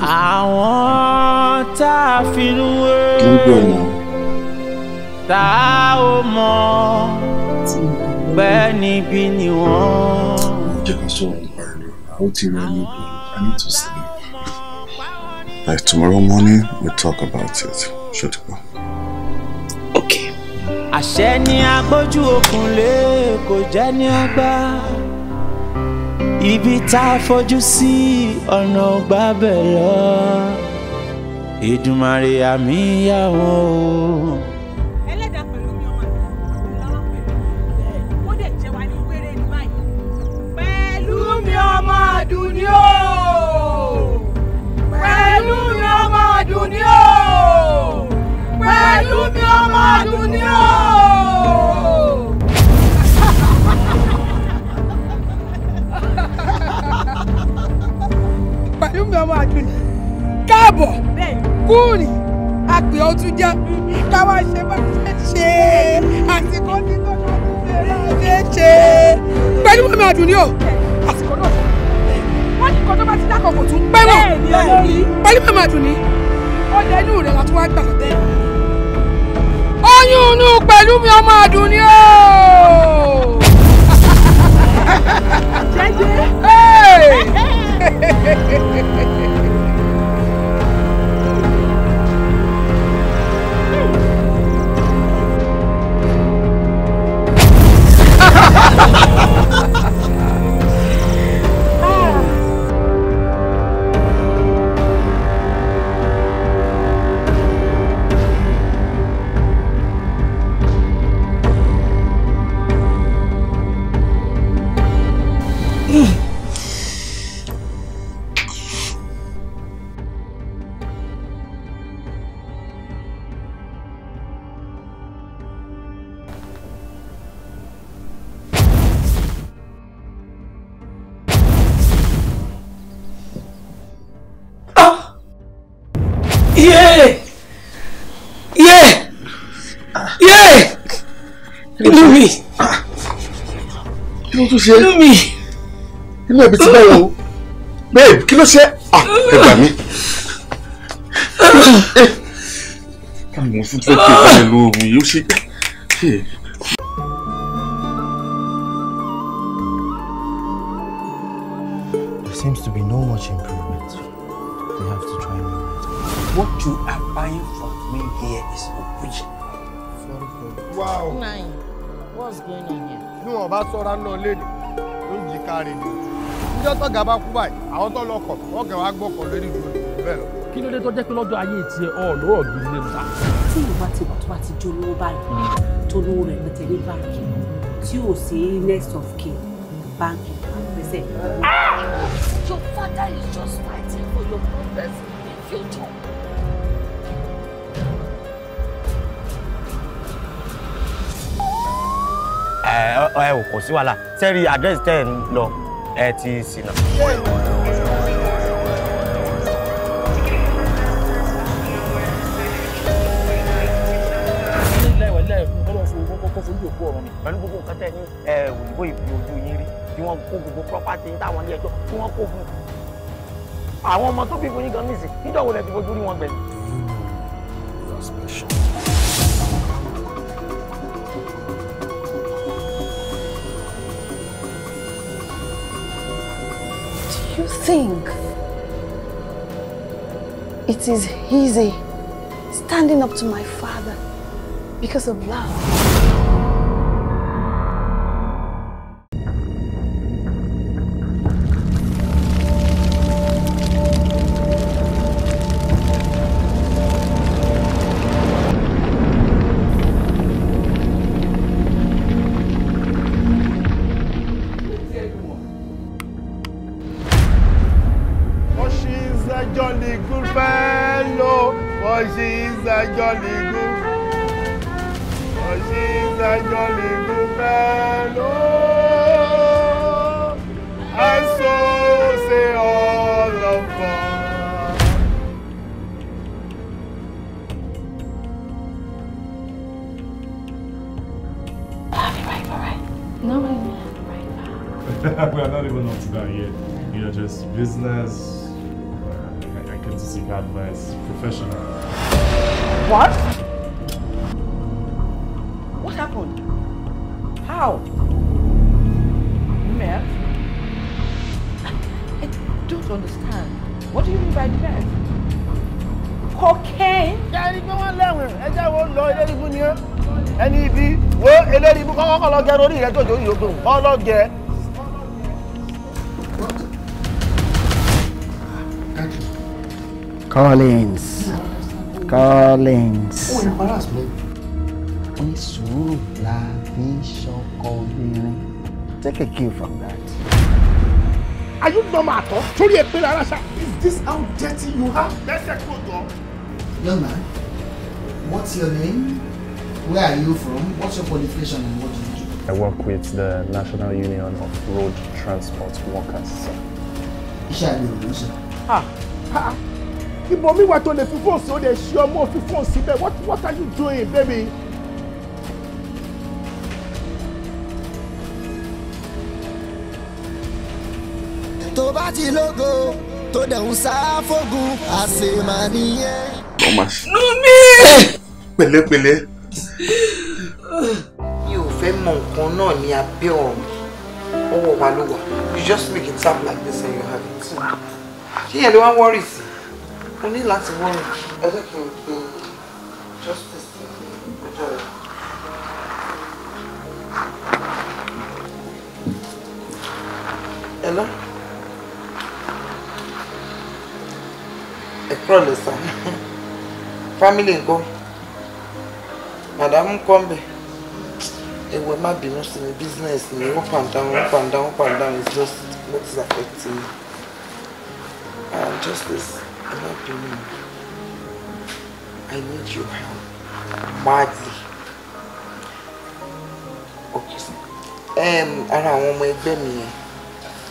létí. àwọn tá a fi ń wé. kí n náà. tá a ò mọ bẹ́ẹ̀ níbí ni wọ́n. jẹ́ ká sọ̀rọ̀ nípa rẹ̀ I need to sleep. By tomorrow morning we'll talk about it. ṣètìpá. okay ibi tá a fojú sí ọ̀nà ọgbà bẹ̀ lọ Èdùmàrè àmì yà wọ́n o. ọmọ àdùnní o pẹ̀lú mi ọmọ àdùnní o pẹ̀lú mi ọmọ àdùnní ìmọ̀ ọmọ àdùn káàbọ̀ kúrì àpè ọtún jẹ́ mm, káwá ṣe bá ṣe àsìkò tí tó ṣe bá ṣe. pẹ̀lú ọmọ àdùn o àsìkò náà wọ́n ní nǹkan tó bá ti dákọ̀ kò tún pẹ́ mọ́ pẹ̀lú ọmọ àdùn ni ọ̀dẹ inú rẹ̀ látún wá gbà oyún inú pẹ̀lú mi ọmọ àdùn o. jẹ́jẹ́. Ha ha ha ha ha! Lumi. Kí ló tún ṣe? Lumi. Inú ẹ̀bí ti báyọ̀ o. Babe, kí ló ṣe? Ẹ gbà mí. Ah. Eh. Káàmù fún tó kí ìbálẹ̀ lo omi yóò ṣe. There seems to be no much improvement. They have to try new methods. What you are buying from me here is a vision. Wow. Nine what's going on here. bí wọn bá sọra náà léde ló ń jí káre ni níjọ́ tọ́gà bá kú báyìí àwọn tó lọ kọ̀ wọ́n kàn wá gbọ́kọ̀ lórí ìlú bẹ́ẹ̀ lọ. kí ló dé tó jẹ́ pé lọ́jọ́ ayé tiẹ̀ ọ̀ lọ́rọ̀ ta. tí ìlú bá ti wà tó bá ti jó lówó báyìí hmm. tó lówó rẹ̀ pẹ̀tẹ́ ní báńkì tí ò sí next of kin báńkì pẹ̀sẹ̀. Ah! Your father is just fighting for your progress in future. ẹ ò kò sí wàhálà sẹ́rí àdírẹ́sì tẹ́ ẹ̀ ń lọ ẹ ti ṣìnà. pẹ̀lú gbogbo nǹkan tẹ̀ ní òyìnbó ìfi ojú yín rí tí wọ́n kó gbogbo property yín táwọn ilé ẹjọ́ tí wọ́n kó fún un. àwọn ọmọ tó bí fún yín gan nísìn níjọ́ wo lẹ ti fojú rí wọn gbẹ̀yìn. think. It is easy standing up to my father because of love. What? What happened? How? Meth? I don't understand. What do you mean by meth? Cocaine? Kẹ́rin pé wọ́n lẹ́wìn ẹjẹ́ wo lọ eléribú ni ẹ́. Ẹni ibi wo eléribú kọ́kọ́ lọ gẹ orí rẹ̀ tó jòrí yòókù. Kọ́ lọ gẹ. Come on in. Collins. ó yẹ paras mi. ní sùúrù la fi ṣọkọ irin. take a cue from that. are you normal at all. sórí èpè rárá ṣá. is this how dirty you are. lẹ́sẹ̀ kúrò jọ. young man what's your name where are you from what's your qualification and what do you do. I work with the National Union of Road Transport Workers. Iṣẹ́ àgbẹ̀ òun sọ ibo mi wà tó lè fi fóònù sí ó lè ṣe ọmọ òfin fóònù what what are you doing baby. To ba ti lógo tó dẹ̀ ń sá fógun maniye. Thomas. ọmọ Numi. Eh! pẹ̀lẹ́pẹ̀lẹ́. mi ò fẹ́ mọ nǹkan náà ní abẹ́ ọ̀run ọwọ́ wa ló wà you just make it sound like this and you have it. ṣé yẹn ló wá mo ní láti wọ́n mi. ẹ jẹ́ kí n pe justice ọjọ́ rẹ̀. Hello? ẹ kúrò lè family go, madam ńkọ́ ńbẹ̀ ewu ẹ má bínú sí mi business mi up and down up and down up and down is just what is affecting me and just this. Olabumi, I need your help badly. Okay, sir. Um, I don't want my baby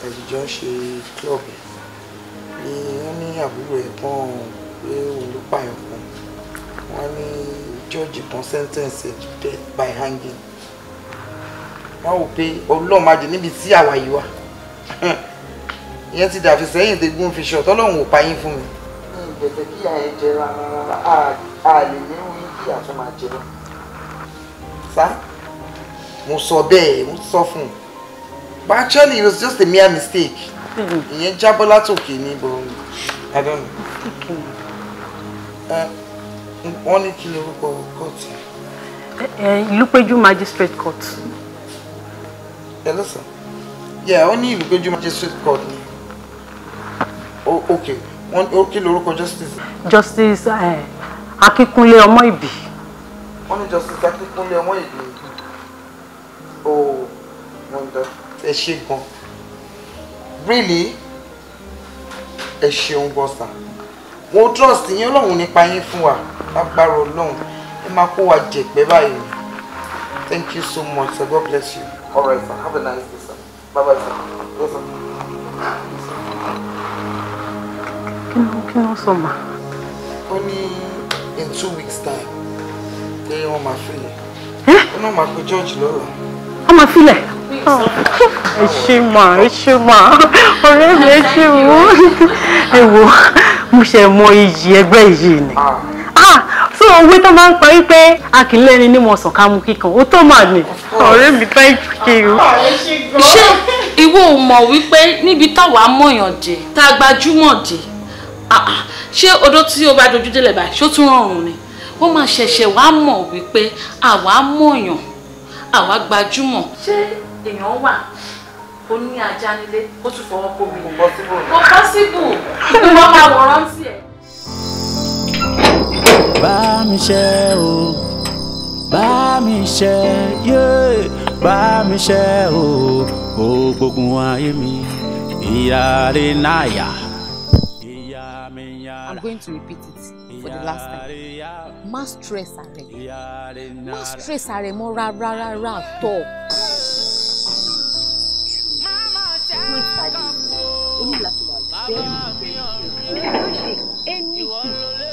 yẹn àlejò ń club yẹn ni wọ́n ní àbúrò ẹ̀gbọ́n pé òun ló pààyàn kan wọ́n ní jọ́ọ̀jì kan sẹ́ńtẹ̀ǹsì to death by hanging pay. How wọ́n wò pé ọlọ́run see how you are. Yes, it's a ìyẹn ti dàfi sẹ́yìn tẹ́gùn fi ṣọ̀tọ́ lọ́run ò pa yín for me? bẹ̀tẹ̀ kí àyè jẹ rárá a ní wí kí àtún máa jẹ lọ. sá mo sọ bẹ́ẹ̀ mo sọ fún un but was just a mere mistake ìyẹn jábọ́ látòkè ní ibò I don't know. wọ́n ní kí ni orúkọ kóòtù. Ìlúpéjú magistrate court. Hello sir. Yeah, wọ́n ní Ìlúpéjú magistrate court ni. Oh, okay wọ́n kí lorúkọ justice. justice akíkúnlé ọmọ ìbí. wọ́n ní justice akíkúnlé ọmọ ìbí ooo wonder ẹ ṣe gan really ẹ ṣeun gan sa wọ́n trust yín ọlọ́run nípa yín fún wa lágbára ọlọ́run ẹ máa kó wa jẹ̀pẹ́ báyìí thank you so much god bless you all right sir have a nice day sir bye bye sir. Yes, sir. kí wọ́n sọ mà. ó ní in two weeks time pé wọ́n máa filẹ̀. ó náà máa pe george lọ́rọ̀. wọ́n máa filẹ̀. ẹ ṣe mà ẹ ṣe mà ọ̀rẹ́ mi ẹ ṣe wò ẹ wò mo ṣe mọ iyì ẹgbẹ́ yìí ni tí ah. òwe ah, tó máa ń parí pé àkìlẹ́ni ní mọ̀sán ká mú kíkan ó tó mà ní ọ̀rẹ́ mi thank you. Ah, ṣé ìwọ ò mọ̀ wípé níbi táwa mọ̀yàn dé tá a gbajúmọ̀ dé Ah, ah. ṣé odó tí o bá dojú délẹ̀ báyìí ṣó tún rọrùn ni ó máa ṣẹ̀ṣẹ̀ wá mọ̀ wípé àwa mọ̀yàn àwa gbajúmọ̀. ṣé èèyàn wà ó ní ajá nílé ó tún fọwọ́ kó mi. kò pọ́síbù wọ́n máa wọ̀rán sí ẹ̀. bá mi ṣe o bá mi ṣe yé bá mi ṣe o ògbógun ayé mi ìyá rẹ̀ náà yà going to repeat it for the last time má stress ààrẹ má stress ra, ra, rárá rárá tọ̀. Mama, ṣe é kọ́ anything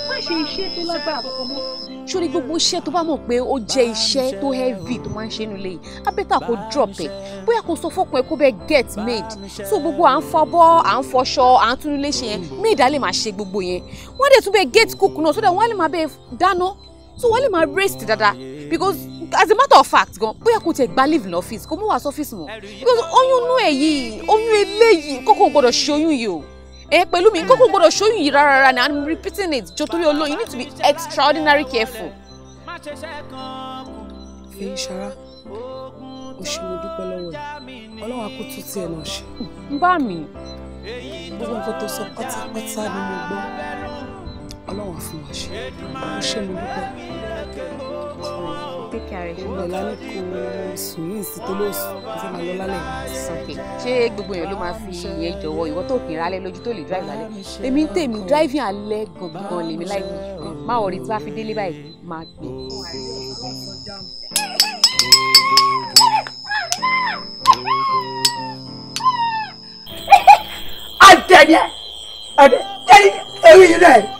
má ṣe iṣẹ́ tó lágbára kankan mọ́ sórí gbogbo iṣẹ́ tó bá mọ̀ pé ó jẹ́ iṣẹ́ tó heavy tó máa ń ṣe nílé yìí abẹ́tà kò drop ẹ̀ bóyá kò sọ fọ́kùn ẹ̀ kó bẹ́ẹ̀ get made so gbogbo à ń fọbọ́ à ń fọṣọ à ń tún ilé ṣe yẹn made á lè máa ṣe gbogbo yẹn wọ́n dẹ̀ tún bẹ́ẹ̀ get cook náà so that wọ́n á lè máa bẹ́ẹ̀ dáná so wọ́n lè máa rest dáadáa because as a matter of fact gan bóyá kò tẹ gba leave ní office kò mú wá sọ́fíìsì mọ́ because oyún inú ẹ̀ yìí oyún eléyìí kókó gbọ́dọ̀ ṣe oyún yìí o ẹ pẹ̀lú mi kókò gbọ́dọ̀ ṣóyún yìí rárá rárá ni i'm repeating it jọ torí olóyún you need to be extraordinary careful. fi ṣara o dúpẹ́ lọ́wọ́ yìí ọlọ́wà kò tiẹ̀ náà ṣe. ń bá mi. gbogbo nǹkan tó sọ pátápátá ni mo gbọ́ ọlọ́run á fún wa ṣe ó ṣe mo dúpẹ́. gbogbo gbogbo èèyàn ló máa fi ìyẹn jọ̀wọ́ ìwọ tó kìn rálẹ̀ lójú tó lè drive lálẹ́ èmi ń tèmi driving alẹ́ gangan lèmi láìpẹ́ máa wọ̀rí tí wàá fi délé báyìí máa gbé. adẹ́yẹ adẹ́yẹ ẹ̀rí rẹ̀.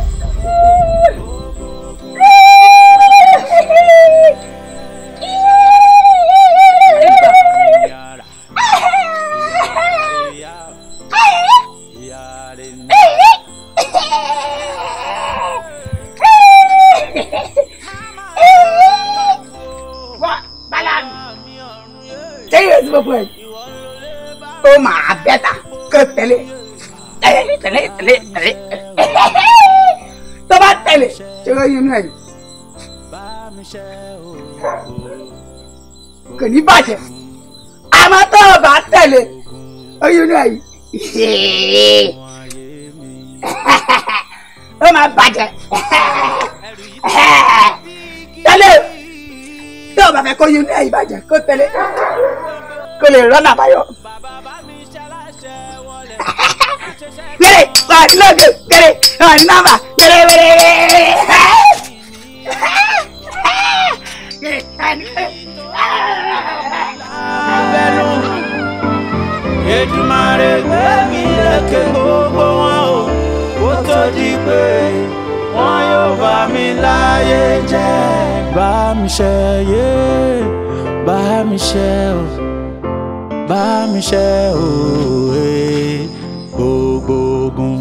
gbogbo ẹ̀ ó máa bẹ́ta kẹ́ tẹ̀lé tẹ̀lé tẹ̀lé tẹ̀lé tẹ̀lé tó bá tẹ̀lé ṣe ló yinú ẹ̀ kò ní bàjẹ́ àmọ́ tó o bá tẹ̀lé ó yinú ẹ̀ ó máa bàjẹ́ tẹ̀lé tó o bá fẹ́ kó yinú ẹ̀ bàjẹ́ kó tẹ̀lé kò lè rọ́nà àbáyọ. wẹ́rẹ̀ wà ní lóògùn wẹ́rẹ̀ wà ní nọ́mbà wẹ́rẹ̀ wẹ́rẹ̀ abẹnú Èdùmàrè gbẹmí lékè gbogbo wọn o yóò bá mi láyé jẹ́ bá mi ṣe yé bá mi ṣe o bá mi ṣẹ́ òwe gbogbo ogun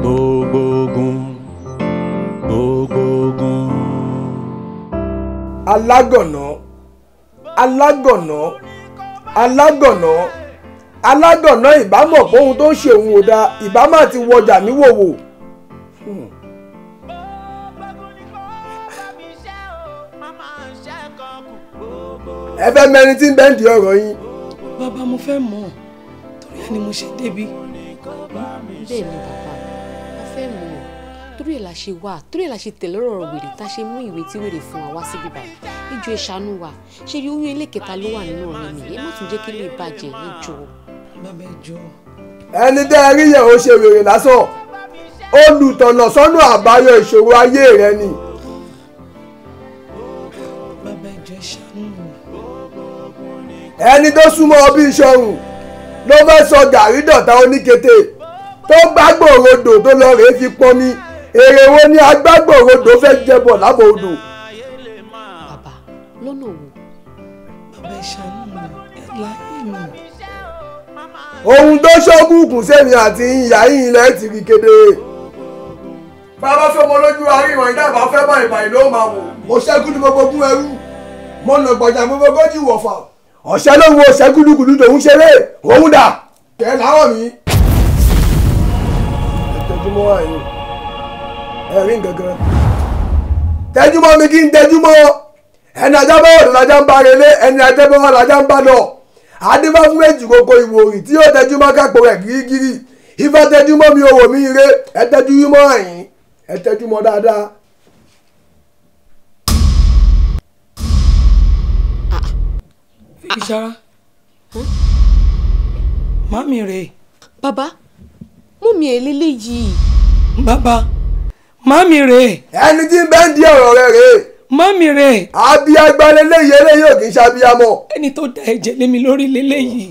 gbogbo ogun gbogbo ogun. alágọ̀nà alágọ̀nà alágọ̀nà alágọ̀nà ìbámọ̀ fóhun tó ń ṣe òun ò dáa ìbámọ̀ ti wọjà mí wòwò. Hmm. ẹ fẹ́ mẹ́rin tí ń bẹ́ǹdì ọ̀rọ̀ yín bàbá mo fẹ́ mọ̀ torí ẹ̀ ni mo ṣe débi. bẹ́ẹ̀ ni bàbá a fẹ́ mọ̀ torí ẹ̀ la ṣe wà torí ẹ̀ la ṣe tẹ̀lé ọ̀rọ̀ wèrè tá a ṣe mú ìwé tí wèrè fún wa wá síbí báyìí ìjọ ìṣàánú wa ṣe rí oyún ẹlẹ́kẹta ló wà nínú ọ̀rọ̀ mi ẹ má tún jẹ́ kí lè bàjẹ́ ìjọ. bàbá ẹ jọ. ẹni dẹ́ ẹ rí yẹn ó ṣe wèrè lásán olùtọ̀nà sọ́nà àbáyọ ìṣòro ayé rẹ ni. ẹni tó súnmọ́ ọbí ìṣọ̀rùn ló fẹ́ sọ gàrí dọ̀tá oníkété tó gbàgbòrodò tó lọ rèé fi pọnmi èrè wo ni agbàgbòrodò fẹ́ jẹbọ̀ lábọ̀ odò. bàbá lọ́nà wo bàbá ìṣàánú mi ẹ̀ láyé mi. ohun tó ṣọ́gùnkùn sẹ́mi àti ìyá yìí lẹ́ ti rí kedere. bàbá fọmọ lójú àríwọ̀n ìdábàá fẹ́ báyìí báyìí ló máa wò. mo ṣẹ́gun ní gbogbo gún ẹrú mo nà gbọ̀jà gbogbo gójì wọ̀fà ọ̀sẹ̀ ló ń wo ọ̀sẹ̀ gúdúgúdú tòun ṣeré òun dà. kẹ́ láwọ̀ mi. ẹ tẹjúmọ́ àyìn ẹ rí nǹkan kan. tẹjúmọ́ mi kí n tẹjúmọ́ ẹni ajá bá wọ̀ lọ́jà ń bá relé ẹni ajá bá wọ̀ lọ́jà ń bá lọ. adébá fún méjì gbogbo ìwòrì tí yóò tẹjúmọ́ kápò rẹ̀ gírígírí ìfẹ́ tẹjúmọ́ mi ò wò mí ire ẹ tẹjúmọ́ àyìn ẹ tẹjúmọ́ dáadáa ìṣara mami re baba mú mi èlélẹ́ yìí. baba mami re ẹni tí ń bẹ́ ń di ọ̀rọ̀ rẹ̀ re. mami rè. àbí agbálẹ̀ léyìí eléyìí ò kì í ṣàbíyamọ. ẹni tó da ẹ̀jẹ̀ lé mi lórí lélẹ́yìí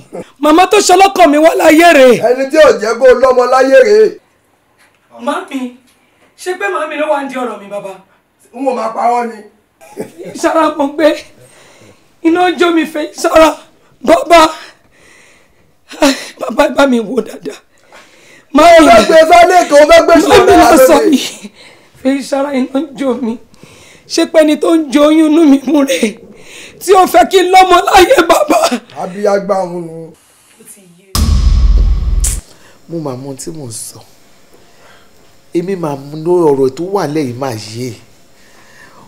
màmá tó ṣọlọ́kọ mi wá láyé re ẹni tí ò jẹ́ kó lọ́mọ láyé rè. mami ṣé pé màmí ló wá ń di ọ̀rọ̀ mi baba. n ò máa pa wọ́n ni. ìṣara mo gbé. iná jó mi fẹ́ sára bàbá bàbá bá mi wò dáadáa. máa ń lọ gbé sálẹ̀ kan fẹ́ gbé sọ̀rọ̀ lásán mi. fẹ́ sára iná jó mi ṣé pé ẹni tó ń jó oyún inú mi mú rẹ̀ tí ó fẹ́ kí n lọ́mọ láyé bàbá. abiyagba òun nù. mo máa mọ ohun tí mò sọ èmi máa mú ọ̀rọ̀ tó wà lẹ́yìn máa yé e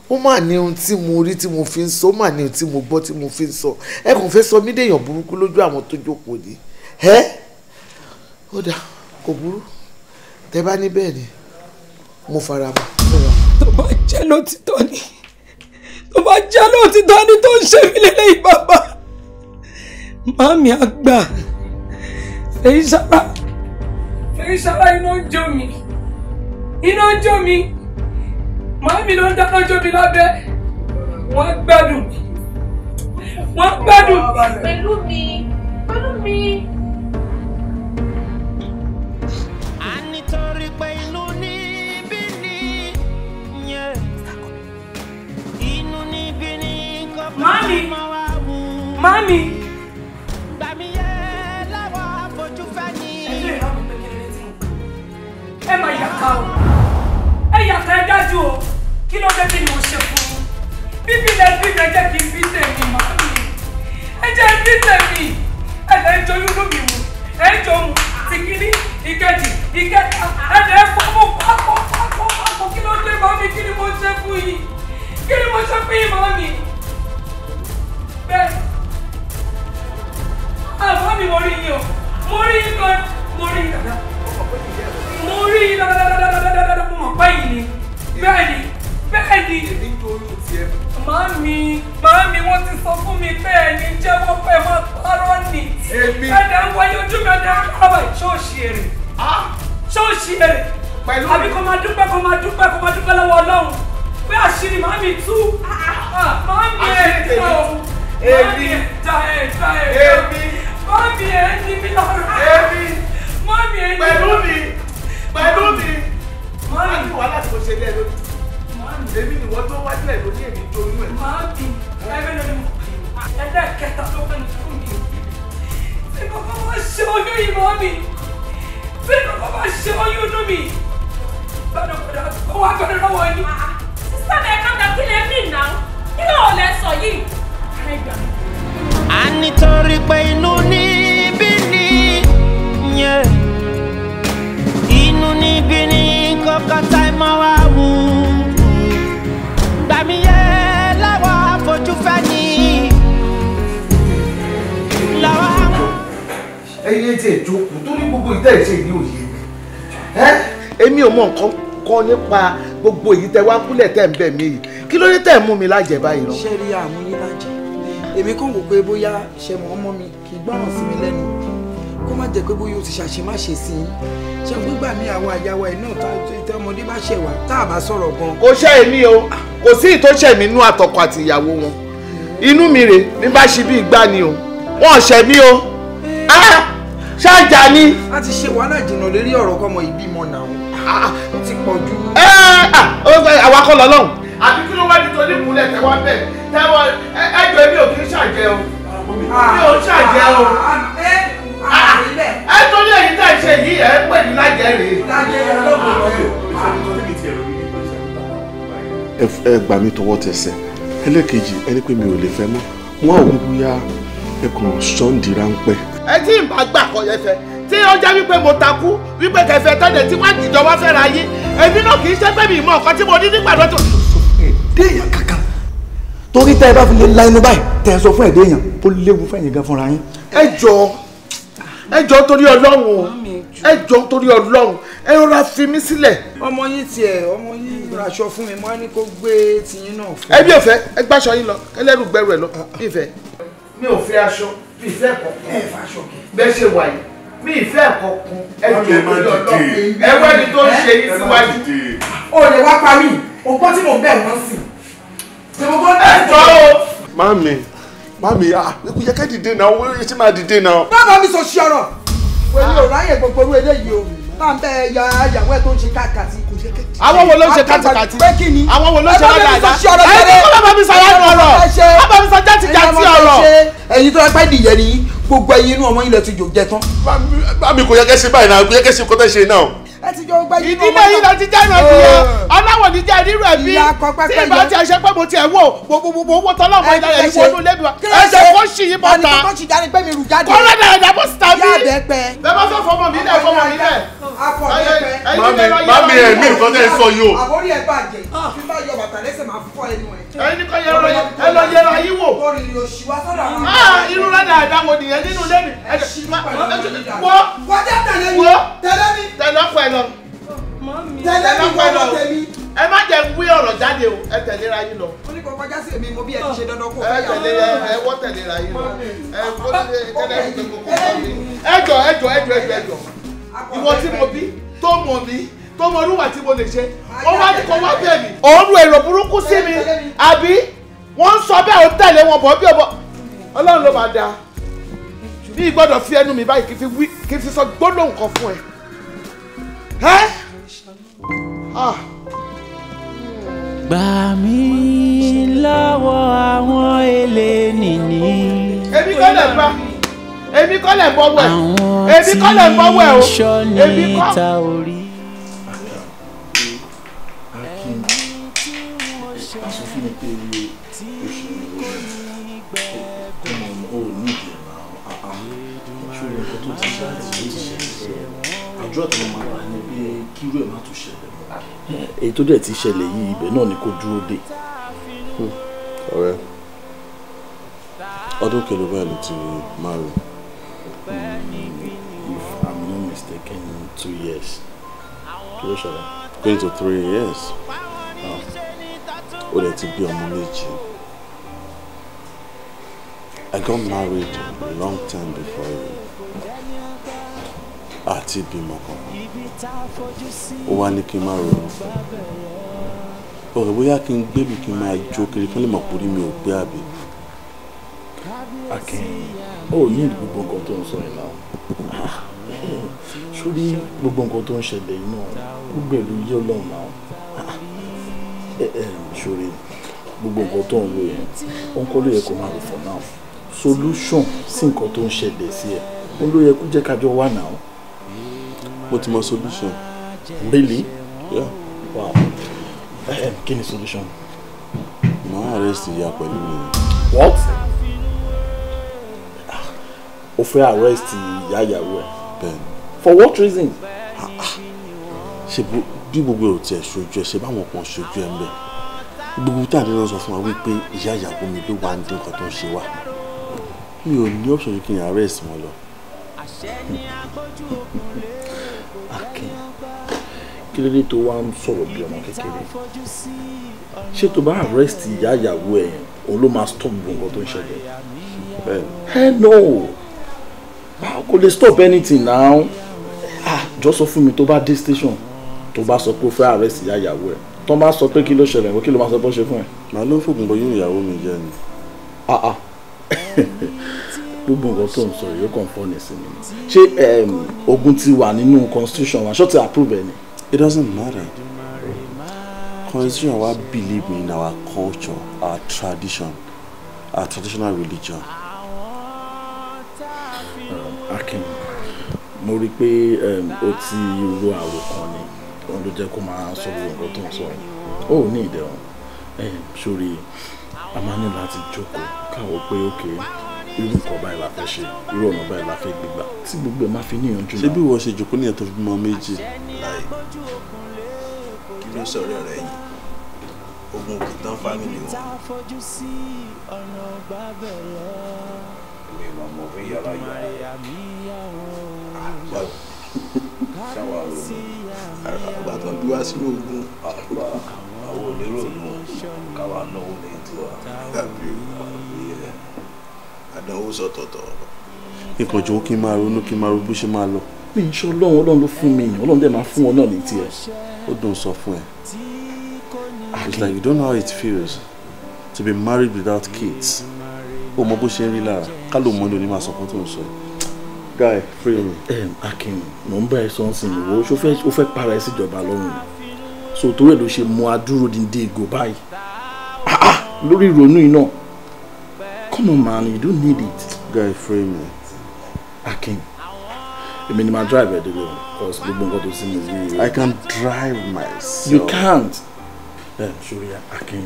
ó mà ní ohun tí mo rí tí mo fi ń sọ ó mà ní ohun tí mo gbọ́ tí mo fi ń sọ ẹ kàn fẹ́ sọ mí dèèyàn burúkú lójú àwọn tó jókòó ni ẹ ó dà kò burú tẹ bá ní bẹ́ẹ̀ ni mo fara mọ́. tó bá jẹ́ lótìtọ́ ni tó bá jẹ́ lótìtọ́ ni tó ń ṣe mí lélẹ́yìn bàbá màmí àgbà fèyí sára fèyí sára iná jó mi iná jó mi màámi ló ń dáná jó mi lábẹ́ wọ́n gbádùn wọ́n gbádùn. pẹ̀lú mi pẹ̀lú mi. a nítorí ẹ máa yà ká o ẹ̀yà kan ẹ dájú o kí ló dé kí ni mo ṣe fún un bíbí ilẹ̀ bí ilẹ̀ jẹ́ kí n bí tèmi màá mi ẹ jẹ́ bí tèmi ẹ lẹ́ ń joyún lómi wò ẹ ń jọ mu ti kíní ìkejì ìkẹta ẹ lẹ́ fọwọ́ pápọ̀ pápọ̀ pápọ̀ kí ló dé màá mi kí ni mo ṣe fún yìí kí ni mo ṣe fún yìí màá mi bẹ́ẹ̀ ah, àbọ̀ mi mo rí yín o mo rí yín gan mo rí yín dàda mo rí i dáadáa mo mọ̀ pẹ́ yìí ni bẹ́ẹ̀ ni bẹ́ẹ̀ ni. èmi ń torí ti ẹ. màámi màámi wọ́n ti sọ fún mi pé ẹni jẹ́wọ́ pé máa parọ́ nì. èmi ẹ̀dá ń wáyé ojú mi ọ̀dà àbá ṣọ́ọ̀ṣì èrè. ṣọ́ọ̀ṣì èrè. pẹ̀lú àbí kò máa dúpẹ́ kò máa dúpẹ́ kò máa dúpẹ́ lọ́wọ́ Ọlọ́run pé àṣírí màámi tú. Ah, ah. màámi ẹ̀ dá o. èmi dá ẹ̀ dá ẹ̀ dá. èmi màámi ẹ̀ ní mi lára. èmi màámi ẹ̀ ní mi lára. pẹ̀lú mi pẹ̀lú mi máa ní wàhálà tó ṣe lẹ́ lórí èmi ni wọ́n tó wájú ẹ̀ lórí èmi tó inú ẹ̀. máa bì ẹgbẹ́ lórí mọ̀ ẹ̀dá kẹta tó fẹ́ fún mi ṣé kókó bá ṣe oyún ìmọ̀ mi ṣé kókó bá ṣe oyún inú mi gbọdọ̀ gbọdọ̀ ó wá gbọdọ̀ lọ́wọ́ yín. sísá mi ẹ̀ka gbàgbé lẹ́mìn náà. tiẹ̀ jókòó torí gbogbo ìtẹ́ ìṣe ìní òye mi. èmi ò mọ nǹkan kan nípa gbogbo èyí tẹ wá ń kúlẹ̀ tẹ̀ ń bẹ̀ mí yìí kí ló dé tẹ̀ mú mi lájẹ báyìí lọ. ṣé rí àmúyín lájẹ èmi kàn wò pé bóyá ṣe mọ̀ ọmọ mi kì í gbọ́ràn sí mi lẹ́nu kó má jẹ́ pé bóyá o ti ṣàṣemáṣe sí i ṣe gbígbà mí àwọn àyàwó ẹ̀ náà tẹ ọmọdé bá ṣẹ̀ wá tá a bá sọ̀rọ̀ gan. kò ṣe èmi o kò sí ìtòṣẹ̀ mi nú àtọkọ àti ìyàwó wọn inú mi rè ní bá ṣe bí ìgbà ni o wọn ṣẹ̀ mí o. Ah! ṣáàjà ni. a ti ṣe wàhálà ìjìnà lórí ọ̀rọ̀ kọ́mọ ìbímọ náà ó ti pọ̀ jù. ẹ ẹ àwa kọ́ lọ́lọ́run. àbí kí ló wá ní torí ìmúlẹ̀ tẹ́wọ́ bẹ́ẹ̀ tẹ́wọ́ ẹjọ́ èmi ò kì í ṣàjẹ́ o mi ò ṣàjẹ́ o. ẹ torí èyí tẹ̀ ṣe yìí ẹ pè ní lájẹrè. ẹ gbà mí tọwọ́ tẹsẹ̀ ẹlẹ́kejì ẹni pé mi ò lè fẹ́ mọ́ wọn ò wí bóyá ẹkùn sọ́ǹdì ráńpẹ́ ẹ tí ì bá gbà kọ yẹn fẹ́ tí ó jẹ́ wípé mo takú wípé kẹfẹ́ tẹ́lẹ̀ tí wọ́n jìjọ wá fẹ́ra yín èmi náà kì í ṣe pé mi mọ nǹkan tí mo ní nígbà tó. èdè èèyàn kankan torí tẹ́ ẹ bá fi lè la inú báyìí tẹ́ ẹ sọ fún èdè èèyàn ó léwu fẹ̀yìn gan fúnra yín. ẹ jọ ẹ jọ torí Ọlọ́run o ẹ jọ torí Ọlọ́run ẹ rọra fi mí sílẹ̀. ọmọ yín tiẹ̀ ọmọ yín raṣọ fún mi máa ní kó gbé tiyín náà fún mi. ẹ bí ò fẹ́ ẹ gbàṣọ yín lọ ẹlẹ́rù gbẹrù ẹ lọ bí ò fẹ́. mi ò fẹ́ mi ìfẹ́ kọ̀ọ̀kan ẹ̀ fàṣọ mi ìfẹ́ kọ̀ọ̀kan ẹ jọ lórí ọlọ́run ẹ wẹ́ni tó ń ṣe yín síwájú. o lè wá parí ògbọ́n tí mo bẹ̀ wọ́n sí i mo gbọ́ ẹ jọ o. mami mami ah kò yẹ ká dìde náà wọ́n yẹ kí máa dìde náà. bàbá mi sọ sí ọ̀rọ̀ wẹ́n mi ò ráyè gbogbo owó eléyìí o máa ń bẹ ẹ̀yà ìyàwó ẹ̀ tó ń ṣe káàkiri àwọn wo ló ń ṣe kàtìkàtì àwọn wo ló ń ṣe ládàáda ẹni tó bá mi sọ yàrá ọ̀rọ̀ ó bá mi sọ jàtìjàtì ọ̀rọ̀. ẹ̀yin tó pẹ́ dìyẹ ni gbogbo ẹyin inú ọmọ yín lẹ ti jò jẹ tán. bá kò yẹ kẹ́ báyìí náà kò yẹ kẹ́ ṣe ṣe náà ẹ ti jọ gbẹ yìí. ìdílé yìí lọ ti jẹ́ ìrìn àjò aláwọ̀ ní jẹ́ ìrírò ẹ̀bí tí ìbá ti ẹ̀ṣẹ́ pé mo ti ẹ̀ wò gbogbogbò owó tọ́lọ́mọ ìdá ẹ̀ wọ́n ló lébi wa kó ṣì yí bọ̀tà kọ́lọ́dà ẹ̀dá bó sita bí. bẹ́ẹ̀ bá fẹ́ fọmọ mi lẹ̀ fọmọ mi lẹ̀. mami ẹ̀mí nǹkan tẹ́ ẹ sọ yìí o. àbórí ẹ̀ bàjẹ́ ẹni kọ́ yẹra ẹ lọ yẹra yín wò. Ah, irúra dáadáa wo nìyẹn nínú lẹ́nu wọ́ wọ́ tẹ̀lé mi tẹ̀lé ọkọ̀ ẹ lọ tẹ̀lé mi wọ́n lọ tẹ̀lé ẹ má jẹ wí ọ̀rọ̀ jáde o ẹ tẹ̀léra yín lọ. ó ní sí èmi mo bí ẹ ti ṣe dandan kó. ẹ tẹ̀lé ẹ wọ́ tẹ̀léra yín lọ ẹ jọ ẹ jọ ẹ jọ ẹ jọ ìwọ tí mo bí tó mọ̀ mí tó mọ irú wà tí mo lè ṣe ó wá ní kó wá bẹ̀ mí. òun èrò burúkú sí mi àbí wọ́n ń sọ bẹ́ẹ̀ ó tẹ̀lé wọn bọ̀ bí ọ̀bọ̀ ọlọ́run ló máa da bí gbọ́dọ̀ fi ẹnu mi báyìí kí fi wí kí fi sọ gbólóhùn kan fún ẹ. Ah. gbà mí lọ́wọ́ àwọn èlé nìní. èmi kọ́ lè pa èmi kọ́ lè bọ́ wẹ̀ èmi kọ́ lè bọ́ wẹ̀ o èmi kọ́. kí ni pé oṣù oṣù ò ní ìdènà ṣòro nǹkan tó ti ṣáà ti lè ṣe àjọ àti ọmọ àgbà ni pé kírú ẹ̀ má tún ṣẹlẹ̀ mọ́. èyí tó dẹ̀ ti ṣẹlẹ̀ yìí ibẹ̀ náà it kò dúró dé. Hmm, ọ̀rẹ́ ọdún kẹlẹ́ báyìí ló ti máa rò. Hmm, if i'm not mistaken two years. kí ló ṣẹlẹ̀. going to three years. Oh ó dẹ̀ ti bí ọmọ méjì. I got married a long time before you. Àti bímọ kankan. Ó wá ní kí n má ronú. Ọ̀rọ̀ bóyá kí n gbébì kí n máa jó kiri kí n lè mọ̀ pé mi ò gbé àbí. Akin, ó ní gbogbo nǹkan tó ń sọ yìí náà <laughs> sórí gbogbo nǹkan tó ń ṣẹlẹ̀ yìí náà gbogbo ìlú yé ọlọ́run náà ṣòro gbogbo nǹkan tó ń lò yẹn ó ń kọ́ ló yẹ kó máa lò for now solution sí nǹkan tó ń ṣẹlẹ̀ sí ẹ̀ ó ló yẹ kó jẹ́ kájọ wà náà. mo ti mọ solution. really? yeah. wow kí ni solution. màá arrest ìyá pẹ̀lú mi. what? Ah, o fẹ́ arrest ìyá ìyàwó ẹ̀. bẹ́ẹ̀ni. for what reason? ṣe bó bí gbogbo ò tiẹ̀ ṣojú ẹ ṣe báwọn kan ṣojú ẹ ń bẹ gbogbo táàdé náà sọ fún wa wípé ìyá ìyàwó mi ló wà ń dín nǹkan tó ń ṣe wá mi ò ní option kí n arrest wọn lọ. kí ló dé tó wá ń sọ̀rọ̀ bí ọmọ kékeré ṣé tó bá arrest ìyá ìyàwó ẹ̀ òun ló máa stop gbogbo nǹkan tó ń ṣẹlẹ̀ ẹ no kò lè stop anything now ah jọ sọ fún mi tó bá dé station tó bá sọ pé ó fẹ́ arrest ìyá ìyàwó ẹ̀ tó bá sọ pé kí ló ṣẹlẹ̀ kí ló máa sọ bó ṣe fún ẹ. màá ló fògùn bọ yún ìyàwó mi jẹ ni. Ah, ah. gbogbo nǹkan tó ń sọ yìí kàn fọ́ nìsín mi ni ṣé ehm, ogun ti wà nínú constitution wa ṣó approve ẹ ni. it doesn't matter constitution wa believe in our culture our tradition our traditional religion. akin mo rí i pé o ehm, ti ro àròkàn ni òun ló jẹ́ kó máa sọ gbogbo nǹkan tó ń sọ yìí ó ní ìdẹ̀rùn sórí a máa ní láti jókòó káwọ́ pé ókè irú nǹkan báyìí la fẹ́ ṣe irú ọ̀nà báyìí la fẹ́ gbígbà tí gbogbo ẹ̀ máa fi níyànjú náà. ṣé bí wọ́n ṣe jókòó nìyẹn tó fi mọ méjì láì kí ló sọ̀rọ̀ rẹ̀ yìí ogun òkè tán fámìlì wọn. ìwé ìwà ọmọ òfin yàrá yàrá. báwo ṣáwa ló ń àgbà bí wá sínú ogun. àwọn onírò ló káwa náwó ní tiwa. àdánwò sọ̀tọ̀tọ̀. ikọ̀ kí n máa ronú kí n máa ro bó ṣe máa lọ. mi ń ṣe ọlọ́run ọlọ́run ló fún mi ọlọ́run dẹ̀ máa fún ọ náà ní tiẹ̀. ó dùn sọ fún ẹ. it's like you don't know how it feels to be married without kids. ó mọ bó ṣe ń rí lára ká ló mọ ní onímọ̀ àsọ̀kan tó ń sọ yìí guy free me. ẹ Akin mò ń bá ẹ sọ nsìn ìwọ ṣó fẹ́ ó fẹ́ para ẹ síjọba lọ́rùn so torí ẹ ló ṣe mú adúró dídé ìgò báyìí ah, ah, lórí ìrònú iná come on man you don't need it. guy free me. Akin èmi ni màá drive ẹ délé o gbogbo nǹkan tó sí mi rí. I can drive myself. you can't. ẹ sori Akin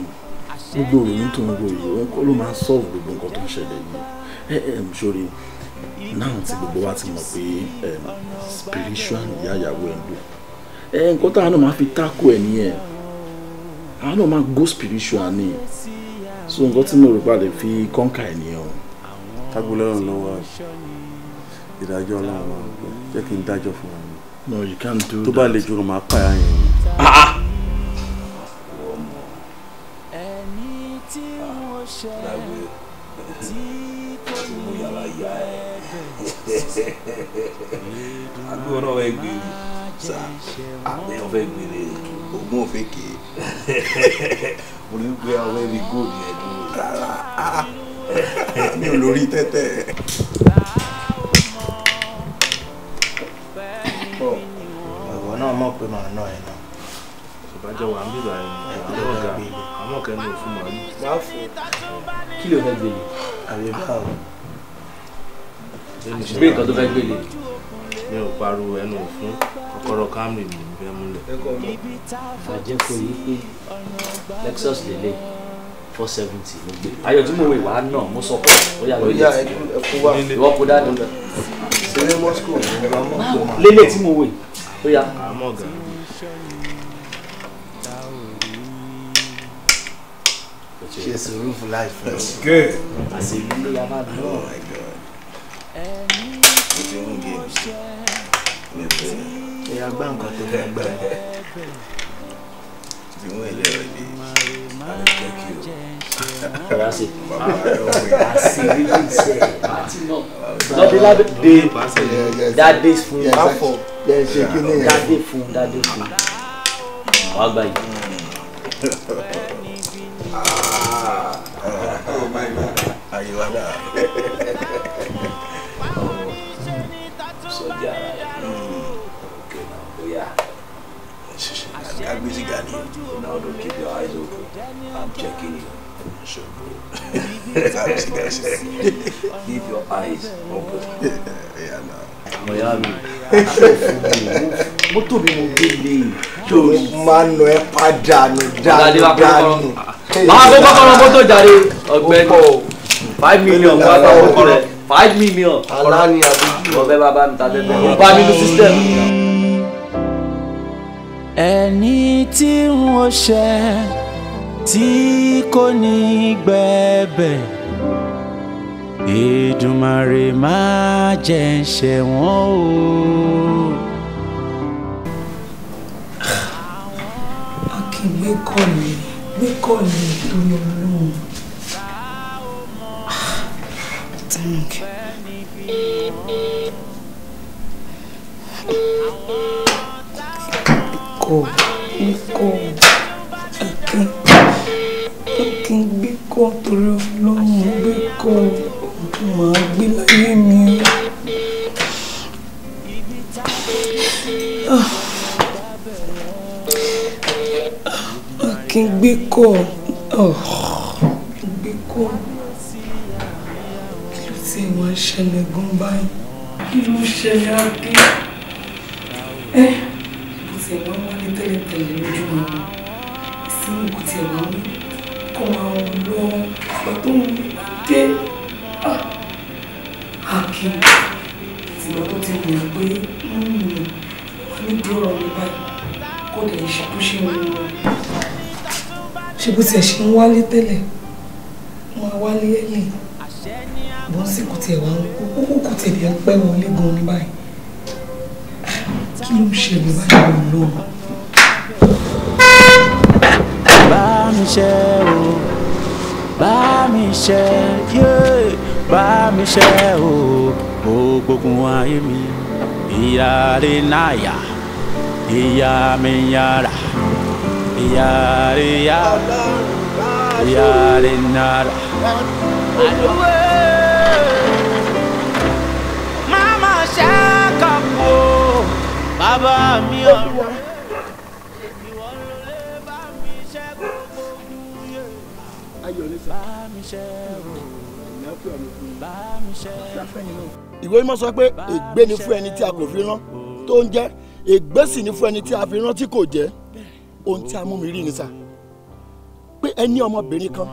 gbogbo ìrònú tó ń gbòòrò òun kọ́ ló máa solve gbogbo nǹkan tó ń ṣẹlẹ̀ yìí ẹ ẹ sori náà tí gbogbo wa ti mọ̀ pé spiritual ìyá ìyàwó ẹ̀ ń lò ẹ nǹkan táwọn náà máa fi tákò ẹ̀ nìyẹn àwọn náà máa go spiritual ni so nǹkan tí mo rò pa lè fi kọ́ńkà ẹ̀ nìyẹn o. tágbó lọ́rùn lọ́wọ́ ìdájọ́ ọlọ́run wa jẹ́ kí n dájọ́ fún wa. no you can't do that. tó bá lè jùlọ máa pààyà yẹn. Ah, ah! ẹni àgbẹ̀ wọn náà fẹ́ gbé e sa àbẹ̀ wọn fẹ́ gbé e ogún òfin kì í mo ní pé àwọn ẹbí góòlù yẹn dúró rárá mi ò lórí tẹ́tẹ́. ìwọ náà mọ̀ pé màá ná ẹ̀ náà. ìbájọ́ wa ń bí ìgbà yẹn àwọn ọ̀gá àmọ́ kẹ́ni ò fún màálù. kí ló fẹ́ gbé yìí. àbí báwo bí nǹkan tó fẹ́ gbélé mi ò pariwo ẹnu òfún kọ́kọ́rọ́ Camry mi fẹ́ múlẹ̀. àjẹ́ kò yí pé Lexus lélẹ̀ four seventy ló gbé ayọ̀ tí mo wè wá náà mo sọ pé ó yà lóye ìwọ kó dáadé. sílé moscow ni wọn mọ̀ lélẹ̀ tí mo wè ó yà. àmọ́ ṣe sùúrù fún láìpẹ́. àṣírí ló yà máa dùn. Oh o ti rún géèmù mi fẹ́ ẹ̀yà gbá nǹkan tó bá gbà ẹ́ ti rún ẹ̀lẹ́ rẹ̀ dé àlùkò kí o. rasi rasi really sẹ pati náà lọ́dún lábẹ́ dáadé fún dáadé fún dáadé fún wàá gbà yìí. Ayọ̀ wá dáa. Daddy, now don't keep your eyes open. I'm checking you. So That's what I Keep your eyes open. yeah, no. Miami. mi, mọ́tò mi mo gbé lé yìí. Tó máa nà ẹ́ padà nù dánù dánù. Máa kó kọ́kọ́rọ́ mọ́tò jáde ọ̀gbẹ́ni. Five million kọ́kọ́rọ́ five million. Àlá ni àbí. Ọ̀bẹ Baba, mi ta tẹ́tẹ́. Ó bá mi system ẹni tí n ò ṣẹ̀ tí kò ní gbẹ̀bẹ̀ Èdùmàrè má jẹ́ n ṣẹ̀ wọ́n o. akéwé kọ́ ni gbé kọ́ ni lórí olóhùn. Thank you. Biko, Biko, Akin, Akin Biko torí ọlọ́run Biko ọdún máa gbé láyé mi o. Akin Biko, Biko, kí ló ti wá ṣẹlẹ̀ gan báyìí? Kí ló ṣẹlẹ̀ Akin? Eh? Você não ń tẹ̀lé ojú wọn sí òkú tí ẹ̀ wọ́n máa ń lọ ìgbà tó ń dé àkí ah! ìgbà tó ti wù pé wọ́n ń lò wọ́n ní dúró mi báyìí kó lè ṣe bó lọ. ṣé bó tiẹ̀ ṣe ń wálé tẹ́lẹ̀ wọ́n á wálé ẹ̀lì bọ́n sì kò tiẹ̀ wá ń kó ń pẹ́ wọlé gan-an báyìí ah! kí ló ń ṣẹlẹ̀ báyìí lọ́wọ́. ṣe o bá mi ṣe yé Oh, mi ṣe o mo gbógun ayé mi ìyáre náyà ìyá mi yára ìyáre yára ìyáre nára. àdúgbò máma ṣe kàpọ̀ bàbá mi oh. ìwé mímọ́ sọ pé ègbé ni fún ẹni tí a kò fi rán tó ń jẹ́ ègbé sì ni fún ẹni tí a fi rán tí kò jẹ́ ohun tí a mú mi rí ni sà pé ẹni ọmọbìnrin kan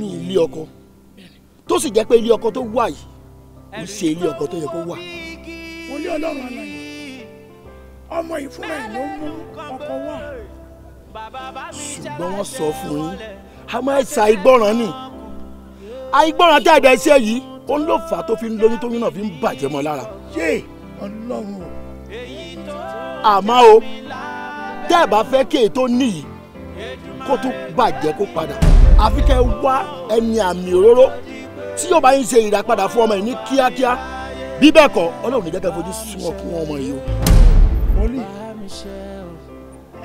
ní ilé ọkọ tó sì jẹ́ pé ilé ọkọ tó wà yìí ń ṣe ilé ọkọ tó yẹ kó wà. mo ní ọlọ́run àná yìí ọmọ ìfúnra ẹ̀ ló mú ọkọ wá. ṣùgbọ́n wọ́n sọ fún yín a máa ṣàìgbọràn ni àìgbọràn tí àdá iṣẹ́ yìí ó ń lò fà tó fi ń lóyún tóyún náà fi ń bàjẹ́ mọ́ lára. ṣé ọlọ́run o. àmọ́ o tẹ́ ẹ̀ bá fẹ́ kéè tó níyì kó tún bàjẹ́ kó padà àfi kẹ́ ẹ wá ẹni àmì òróró tí yóò bá yín ṣe ìdápadà fún ọmọ yìí ní kíákíá bí bẹ́ẹ̀ kọ́ ọlọ́run ní jẹ́kẹ́ fojú sún ọkùn ọmọ yìí o. wòlíì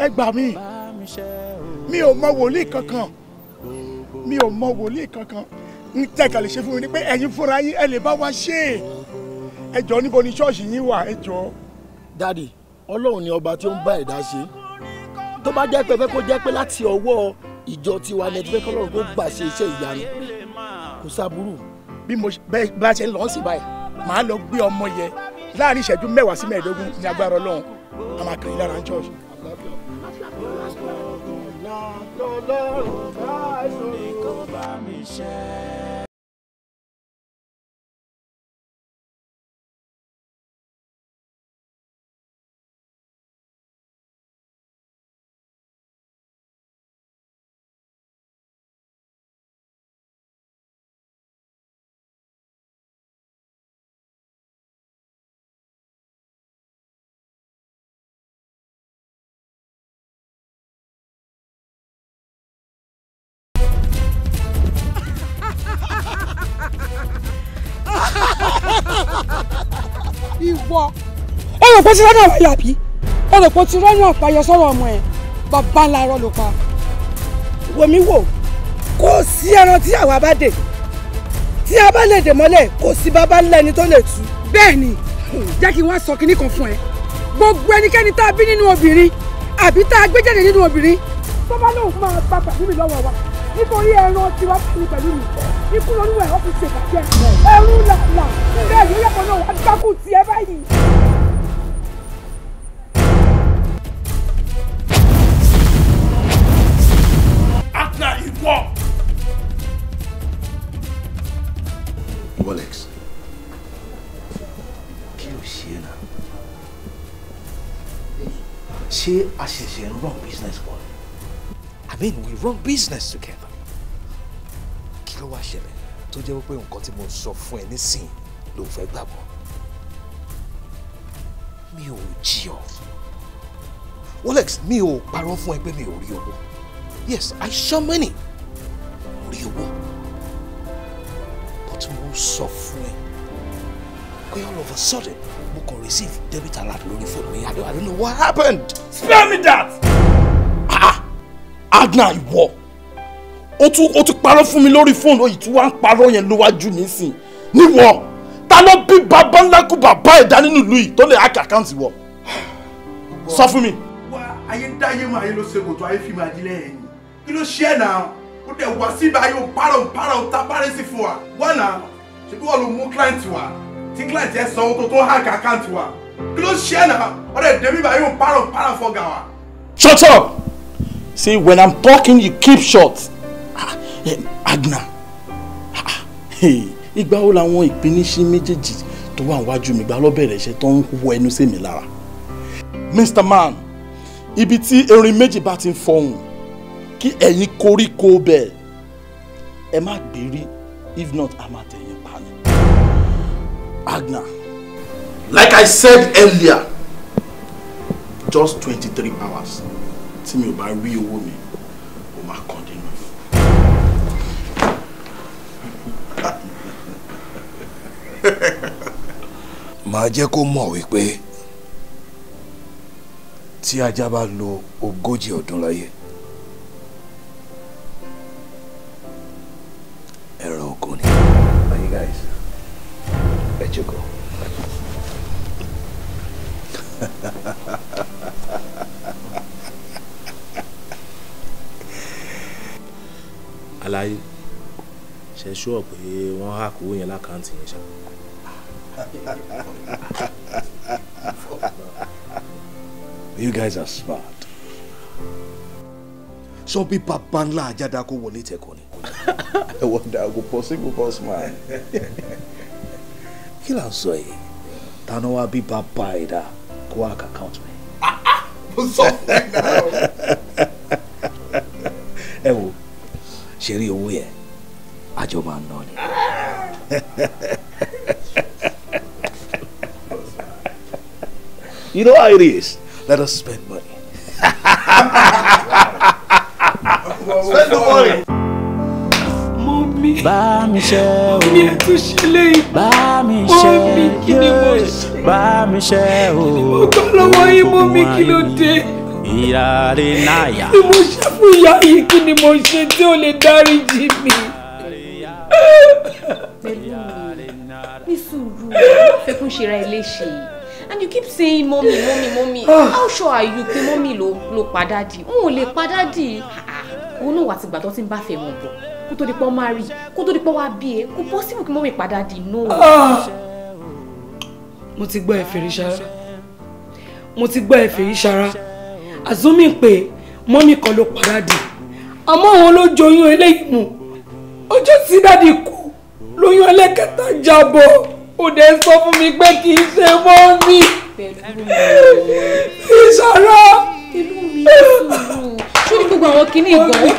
ẹ gbà mí mi ò mọ wòlíì kankan mi ò mọ wòlíì kankan ń tẹ̀ka lè ṣe fún mi ni pé ẹ̀yin fúnra yín ẹ lè bá wa ṣe é ẹ jọ níbo ni ṣọ́ọ̀ṣì yín wà ẹ jọ. dadi ọlọ́run ni ọba tí ó ń bá ẹ̀dá ṣe tó bá jẹ́ pé fẹ́ kó jẹ́ pé láti ọwọ́ ìjọ tiwa ni ẹ ti fẹ́ kọ́lọ́run kó gbà ṣe iṣẹ́ ìyanu kò sábúrú. bí mo bá ṣe ń lọ sí báyìí màá lọ gbé ọmọ yẹn láàrin ìṣẹ́jú mẹ́wàá sí mẹ́ẹ̀ẹ́dógún ní agbára ọlọ́run a máa lára ní ṣọ́ọ̀ṣì. lọ́dọọdọ́ ò bá ẹ̀sùn ìkọ́ bá mi ti rọ́nà àwáyé àbí o rò pé o ti rọ́nà àpáyọ sọ̀rọ̀ ọmọ ẹ̀ bàbá ńlá irọ́ ló pa. wòmí wò kò sí ẹran tí àwa bá dè tí a bá lè dè mọ́lẹ̀ kò sí bàbá ńlá ẹni tó lè tú. bẹ́ẹ̀ ni jẹ́ kí wọ́n sọ kinní kan fún ẹ gbogbo ẹnikẹ́ni tá a bí nínú obìnrin àbí tá a gbé jáde nínú obìnrin tó bá lóun máa gba pẹ̀lú mi lọ́wọ́ wa nítorí ẹran tiwa pẹ̀lú pẹ̀lú mi ikú lórí ẹ̀ ọ́ fi ṣèbàjẹ́ ẹrú làlà bẹ́ẹ̀ ló yẹ kó náà wá dákú tiẹ̀ báyìí. Rolex kí ló ṣe é náà ṣé a ṣẹ̀ṣẹ̀ ń run business pọ̀ I mean we run business together kí ló wá ṣẹlẹ̀ tó jẹ́ wípé nǹkan tí mo sọ fún ẹ nísìnyí ló fẹ́ gbàgbọ́ mi ò jí ọ Rolex mi ò parọ́ fún ẹ mi ò rí owó yes I saw money mo rí owó tí mo sọ fún ẹ pé all of a sudden mo kàn receive debit alert lórí fóònù mi I don't know what happened. spare me that. ah, ah. Adna ìwọ o tún o tún parọ́ fún mi lórí fóònù o yìí tún wá ń parọ́ yẹn lówájú nísìn níwọ ta ló bí bàbá ńlá kú bàbá ẹ̀dá nínú ìlú yìí tó lè hack account wọ sọ fún mi. wá ayé dáyé mọ ayé ló ṣe kòtò ayé fi máa di lẹ́yìn kí ló ṣe é náà ó dẹ̀ wá síbi ayé òpárọ̀ òpárọ̀ òta párẹ́sì fún wa wọ́n náà ṣebí wọ́n ló mú client wa tí client yẹn san owó tó tó hàn kàkáǹtì wa kí ló ṣe é náà ó dẹ̀ débi bá yóò párọ̀ shut up see when i'm talking you keep short ah, eh, agna ìgbà wo làwọn ìpinnisí méjèèjì tó wà níwájú mi gba lọ́bẹ̀rẹ̀ iṣẹ́ tó ń wọ ẹnu sí mi lara. mr man ibi tí erin méjì bá ti kí ẹ̀yin koríko bẹ́ẹ̀ ẹ má gbérí if not a máa tẹ̀yìn pa Agna like I said earlier just twenty three hours tí mi ò bá rí owó mi mo máa kàn dé nù. màá jẹ́ kó mọ̀ wípé tí ajá bá lo ogójì ọdún láyé ẹ̀rọ oko ni. are you guys ẹ jókòó. aláyé ṣe ṣúọ pé wọn á kó yẹn lákàntì yẹn ṣá. you guys are smart. sọ bí bàbá ńlá àjàdá kó wọlé tẹkọ ni ẹwọ dàgò possible boss man kí là ń sọ yìí tani wàá bí bàbá ẹ dá kó wàá kà count mi. mo sọ fún You know how it is. Let us spend money. spend the money mi. bá mi ṣe o. mi ẹ tún ṣe léyìí. bá mi ṣe o. mi kí ni mo ṣe. bá mi ṣe o. mo gbọ́ lọ́wọ́ yín mọ́ mi kí ló dé. ìyá rẹ̀ náyà. bí mo ṣe fún ìyá yìí kí ni mo ṣe tí ò lè dáríjì mi. pẹ̀lú ní sùúrù fẹ́ kún ṣe ra ilé ṣe yìí and you keep saying mommy mommy mommy ah. how sure are you pé mommy ló ló pa daddy n ò lè pa daddy òun náà wà tìgbà tó ti ń bá fẹ́ mọ̀ bọ̀ kó tó di pọ́ máa rí kó tó di pọ́ wá bí e kò possible kí mọ́mí padà dì nù. Ah! mo ti gbọ́ ẹ̀fẹ̀ rí ṣara mo ti gbọ́ ẹ̀fẹ̀ rí ṣara àzúmì pé mọ́mí kan ló padà dì àmọ́ òun ló joyún eléyìí mu ọjọ́ tí dáàdì kú lóyún ẹlẹ́kẹta jábọ̀ ó dẹ̀ sọ fún mi pé kì í ṣe mọ́mí ìṣara. inú mi ń sùn ṣé ní gbogbo àwọn kinní ìgbọ̀n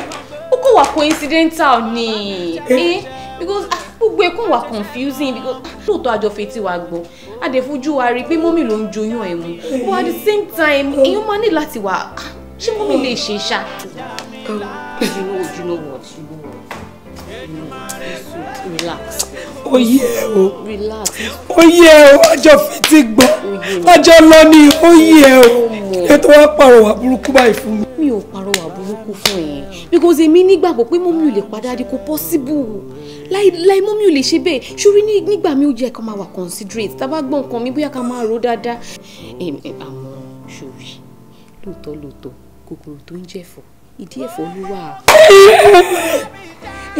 kò wà coincidental ni eh, eh because ah, gbogbo ẹ wà confusing because ah, lóòótọ́ àjọ fetí wa gbọ́ àdèfújú wa rí i pé mọ́mì ló ń joyún ẹ̀ mu but at the same time eh. èèyàn máa ní láti wà ah, ṣé mọ́mì lè ṣe ṣá. Eh. you know you know what you know what relax ó yẹ o ó yẹ o ọjọ́ fi ti gbọ́ ọjọ́ lọ ni ó yẹ o ẹ tó wá pàrọwà burúkú báyìí fún mi. mi ò pàrọwà burúkú fún ẹ because èmi nígbàgbọ́ pé mọ́mí ò lè padà di kò possible láì mọ́mí ò lè ṣe bẹ́ẹ̀ ṣorí nígbà mi ò jẹ́ ká máa wà considerate tá a bá gbọ́ nǹkan mi bóyá ká máa rò dáadáa. àmọ́ ṣòrí lóòótọ́ lóòótọ́ kòkòrò tó ń jẹ̀fọ́ ìdí ẹ̀fọ́ ló wà.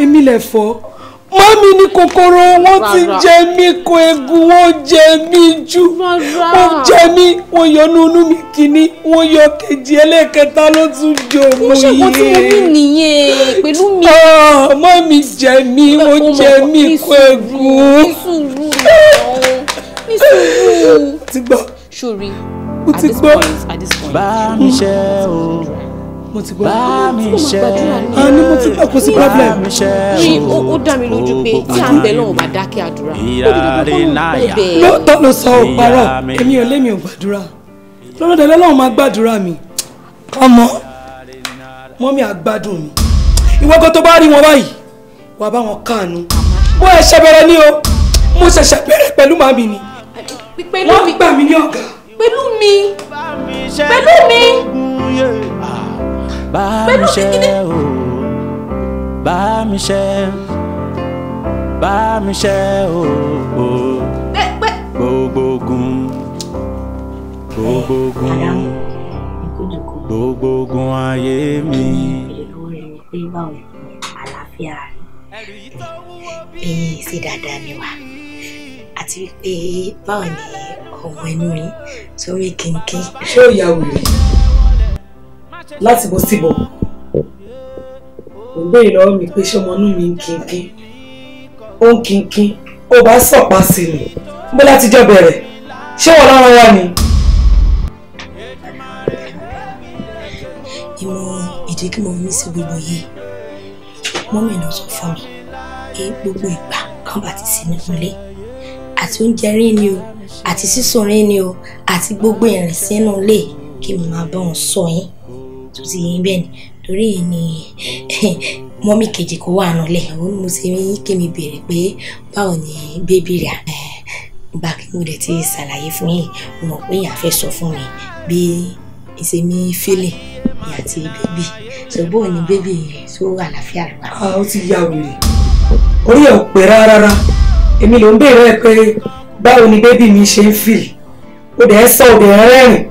èmi lè fọ́. Mami ni kokoro, wọ́n ti jẹ mí kó egun wọ́n jẹ mí jù wọ́n jẹ mí wọ́n yọ nínú mi kìíní wọ́n yọ kejì ẹlẹ́kẹta ló tún jẹ òun yìí. ṣé kò tí mo bí nìyẹn pẹ̀lú mi. Ah, mọ́mí jẹ mí wọ́n jẹ mí kó egun. ti gbọ́. sori at this point at this point. bá mi ṣe o mo ti gbọ́. bá mi ṣe é ní mo ti gbọ́ kò sí problem. bá mi ṣe é ṣe o ó dá mi lójú pé tí à ń bẹ lọ́wọ́ bá dákẹ́ àdúrà. ìyá rẹ̀ náyà lóòótọ́ ló sọ òparọ̀ èmi ò lémi ò gbàdúrà lọ́rọ̀ dẹ̀ lọ́wọ́ máa gbàdúrà mi ọmọ mọ́mí àgbádùn mi ìwọ́gọ́ tó bá rí wọn báyìí wàá bá wọn káàánú mo ṣẹ̀ṣẹ̀ bẹ̀rẹ̀ ní o mo ṣẹ̀ṣẹ̀ bẹ̀rẹ̀ pẹ̀lú màmí ni wọ́n gbà mí ní ọ̀gá. pẹ̀lú mi pẹ̀lú mi bá mi ṣe o bá mi ṣe bá mi ṣe o gbogbogun gbogbogun gbogbogun ayé mi. ẹ̀yin ìṣe dáadáa ni wá àti wípé báwo ni ọmọ inú yín sórí kínkín. ṣé ó yà wèrè láti bó síbò ò ń béèrè lọ́wọ́ mi pé ṣé ọmọ inú mi ń kínkín ó ń kínkín ó bá sọ̀pá sí mi ń bọ́ láti jọ bẹ̀rẹ̀ ṣé wọ́n lọ́rọ̀ wá ni. ìmọ̀ ìdí kí mo mí sí gbogbo yìí mọ́mì náà sọ fún mi pé gbogbo ìgbà kan bá ti sí nínú ilé àti oúnjẹ rí ni o àti sísun rí ni o àti gbogbo ìrìn sínú ilé kí mo máa bá wọn sọ yín tó ti yín bẹ́ẹ̀ ni torí yìí ni <laughs> mọ́mí kejì kó wà nulẹ̀ òun ni mo ṣe kémi béèrè pé báwo ni bébí rà gba eh, kí mo dẹ̀ ti ṣàlàyé fún yìí mo mọ̀ pé èèyàn fẹ́ sọ fún mi bí ìṣe mi fílẹ̀ àti bébí ṣùgbọ́n ni bébí yìí tó àlàáfíà rẹ̀ wá. Ah, ó ti ya wèrè orí ẹ̀ ò pé rárá èmi ló ń béèrè pé báwo ni bébí mi ṣe ń fìlì ó dẹ̀ ń sọ ó dẹ̀ ń rẹ́rìn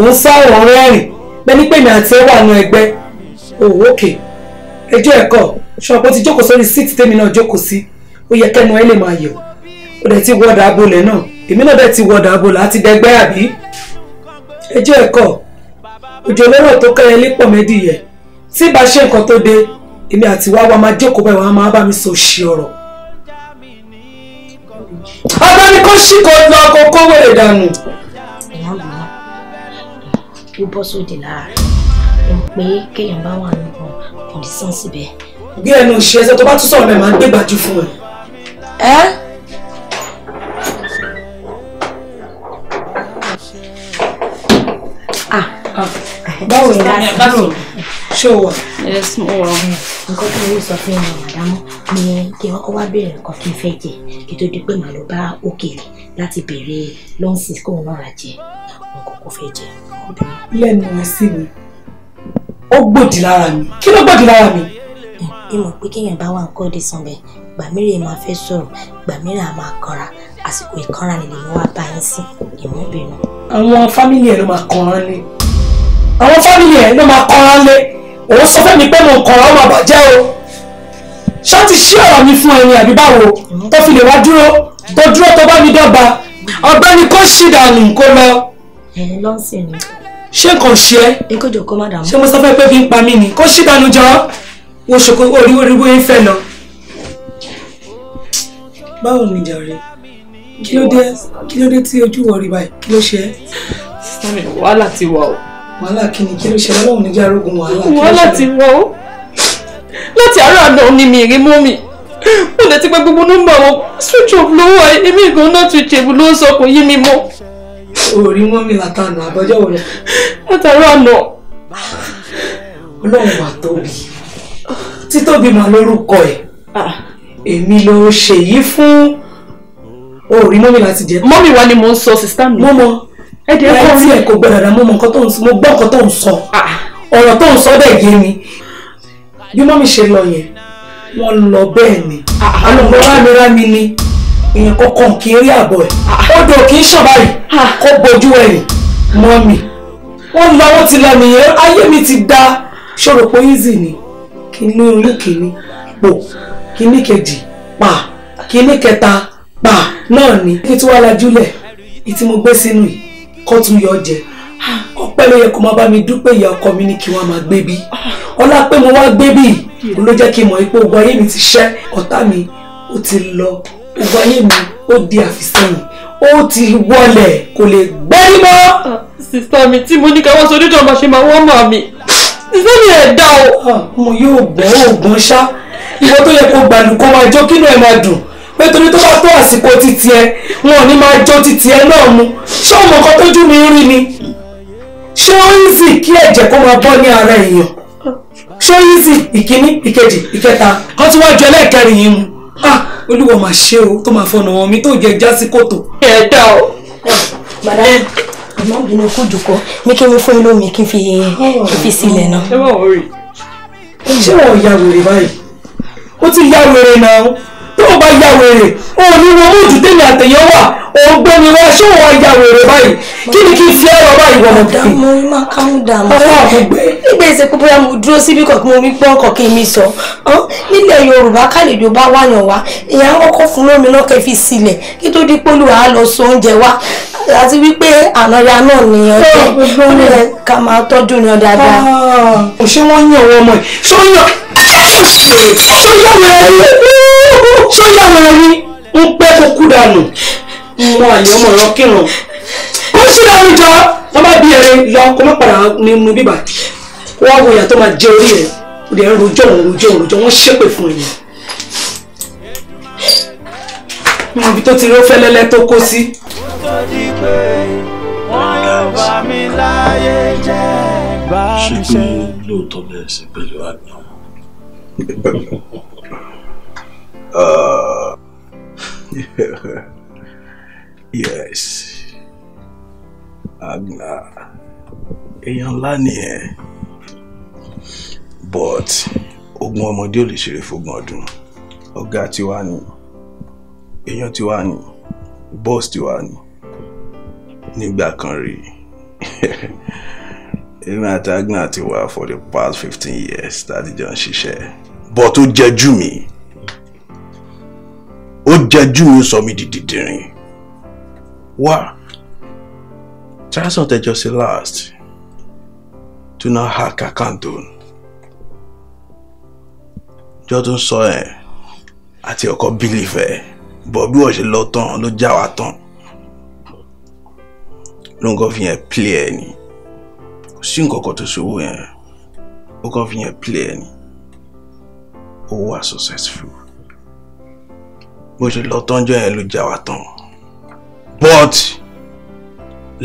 òun sọ òun rẹ́rìn bẹ́ni pèmí àti ẹ wà nù ẹgbẹ́ òwò oh, òkè ẹjọ́ ẹ̀kọ́ ṣọ̀pọ̀ ti jókòó sórí síìtì tèmi náà jókòó sí ó yẹ kẹ́nu ẹ lè máa yọ̀ ó dẹ̀ ti wọ́ọ̀dà abolẹ̀ náà èmi náà dẹ̀ ti wọ́ọ̀dà abolẹ̀ àti dẹgbẹ́ àbí ẹjọ́ ẹ̀kọ́ òjò lọ́rọ̀ tó kẹ́rẹ́ lípọ̀ mẹ́dì yẹ tí bá ṣe nǹkan tó dé èmi àti wá wa máa jókòó báyìí wá máa bá mi sọ ṣe ọ̀rọ̀ ọgbẹ́ni kó kó lọ ó bọ́ sóde lára rẹ̀ pé kéèyàn bá wà nínú kọ̀ǹdíṣàn síbẹ̀. gbé ẹnu ìṣe ẹsẹ tó bá tún sọ̀rọ̀ mẹ máa ń gbé gbàjú fún ẹ. ẹ. báwo ni báwo ṣé o wà. ẹ sún ọ wà. nǹkan tó ń sọ fún mi màdámù ni kí wọn kọ wá béèrè nǹkan kí n fẹ́ jẹ kí tó di pé màá lọ bá òkèèrè láti béèrè lọ́nsì kóun náà rà jẹ nǹkan kó fẹ́ jẹ kò dé lẹ́nu ẹ sí mi ó gbòdì lára mi kí ló gbòdì lára mi. ìmọ̀ pé kéèyàn bá wà nǹkan ọdẹ sanbẹ̀ gbàmírè máa fẹ́ sọ̀rọ̀ gbàmírè á máa kanra àsìkò ìkanra lè lèmi wá bá yín sí ìmúbìnú. àwọn fámìlì ẹ ló máa kanra lé àwọn fámìlì ẹ ló máa kanra lé òun sọ fẹ́mi pé mo kanra ó máa bàjẹ́ o ṣáàtì ṣí ọ̀rọ̀ mi fún ẹni àbí báwo tó fi lè wá dúró tó dúró tó bá mi dọ́gba ọ̀gbẹ́ni kò ṣì dànù kó lọ ẹ lọ́nsìn ni. ṣé kàn ṣe ẹ́. ekojọ kọ́ má dààmú. ṣé mo sọ fẹ́ pé fi ń pa mí ni kó ṣí dànù jọ wo ṣòkò orí orí bóyá ń fẹ́ lọ. báwo ni jàre kí ló dé kí ló dé tí ojú wọ rí báyìí kí ló ṣe ẹ́. wàhálà ti wà o. wàhálà kí ni kí ló ṣe ọlọ́run níjà arógun wàhálà kí ló ṣe. wàhálà ti wà o láti àárọ̀ àná ni mi rí mọ́ mi mo lè ti pé gbogbo nọ́mbà wọn switch off lówó èmi ìgbóná switch èbú ló ń sọ yí mi mọ́ orí mọ́ mi látànà àbọ̀jọ́ wọlé látàrí àná ọlọ́run mà tóbi títóbi mà lórúkọ ẹ̀ ah. èmi ló ṣe yìí fún orí mọ́ mi láti jẹ. mọ́mì wa ni mò ń sọ sista mi. mọ́mọ́ ẹ dẹ́ kọ́ rí ẹ̀ kò gbẹ dàda mọ́mọ́ nǹkan tó ń sọ mo gbọ́ nǹkan tó ń sọ ah. ọ̀rọ̀ tó ń sọ bẹ́ẹ̀ yé mi bí mọ́mì ṣe lọ yẹn wọ́n lọ bẹ́ẹ̀ ni ah. àlọ́ mọ́ rámi rámi ni èèyàn kankan kì í rí àgọ́ ẹ̀ ah. odò kì í ṣàn báyìí ah. kó bojú ẹ̀yìn mọ́ mi wọ́n lọ wọ́n ti lọ nìyẹn ayé mi ti da ṣòro pé easy ni kíní orí kíní pò kíní kejì pa kíní kẹta pa náà ni kí tí wàá lajú lẹ̀ ìtí mo gbé sínú yìí kó tún yọ jẹ ọpẹ́ ló yẹ kó máa bá mi dúpẹ́ ìyá ọkọ mi ní kí wọ́n máa gbé bí ọlá pé mo wá gbé bí ló jẹ́ kí n mọ̀ pé ogun ayé mi ti ṣẹ́ ọ̀tá mi ó ti lọ ìgbọ́yé mi ó di àfisẹ́yìn ó ti wọlẹ̀ kò lè gbẹ́rí mọ́. sista mi tí mo ní káwọ́ sọ dídùn ọmọ ṣe máa wọ́n mọ̀ mi sista mi ẹ̀ dá o. Ah, mo yóò gbọ́ oògùn ṣá ìwọ tó yẹ kó gbàdùn kó máa jó kínú ẹ máa dùn nítorí tó bá tó àsìkò títí ẹ wọn ò ní máa jó títí ẹ náà mu ṣé ọmọ kan tójú mi rí ni ṣé ó ń sì kí ẹ̀jẹ̀ kó máa bọ́ ní ara èèyàn ṣó yìí sì ìkíní ìkejì ìkẹta kan tí wọ́n ju ẹlẹ́ẹ̀kẹrin yìí mu ah, olúwa máa ṣe o kó máa fọnà wọn mi tó jẹ já sí kòtò. ẹ dá o. madam àmọ́ bínú kú jùkọ́ ní kí n fún inú mi kí n fi sílẹ̀ náà. ṣé wọn ò ya wèrè báyìí ó ti ya wèrè náà tó o bá ya wèrè o ní wo múùtù tèmi àtẹ̀yẹ́ wà o ń gbé wá ṣé o wá ya wèrè báyìí kí ni kí n fi ẹ̀rọ báyìí wọ̀ mọ̀ tèmi. mo ní máa kàn dààmú ọwọ́ àgbègbè. nígbà èsè pé bóyá mo dúró síbi kan kí mo mi gbọ́ ọkọ̀ kí mi sọ nílẹ̀ Yorùbá kálíjò bá wáyàn wá èèyàn kọ́kọ́ fún lómi náà kẹ́ fi sílẹ̀ kí tó di pólúwa á lọ so oúnjẹ wá àti wípé ànáya náà nìyẹn jẹ́ ká máa tọ́jú ni ọ sóyà wẹ̀rẹ̀ ni ń pẹ́ kó kú dànù mọ àyè ọmọ ọ̀rọ̀ kírun kó sí dànù jọ wọn bá bí ẹrẹ lọ kó má padà nínú bíbà wọn wo ìyà tó máa jẹ orí ẹ rẹ ń rojọ́ òun rojọ́ òun lóòótọ́ bẹ̀rẹ̀ sí pẹ̀lú àná uh, <laughs> yes. Agna. Èèyàn ńlá nìyẹn. But ogun ọmọdé ò lè ṣeré fógun ọdún. Ọ̀gá tiwa ni. Èèyàn tiwa ni. Bọ́ọ̀sì tiwa ni. Nígbà kan rí. <laughs> Èmi àti Agna ti wà for the past fifteen years tá a ti jọ ń ṣiṣẹ́ but ó jẹjú mi ó jẹjú mi sọ mi dìdìdìrín wá transport ẹjọ sí last do not hack account on jọ tó ń sọ ẹ àti ọkọ bílífẹ bọ bí wọn ṣe lọ tán ló já wa tán ló ń kọ́ fi yẹn play ẹ ni kò sí nǹkan kan tó ṣòwò yẹn ó kọ́ fi yẹn play ẹ ni ó wà successful bó ṣe lọ tọ́jọ́ yẹn ló já wa tán but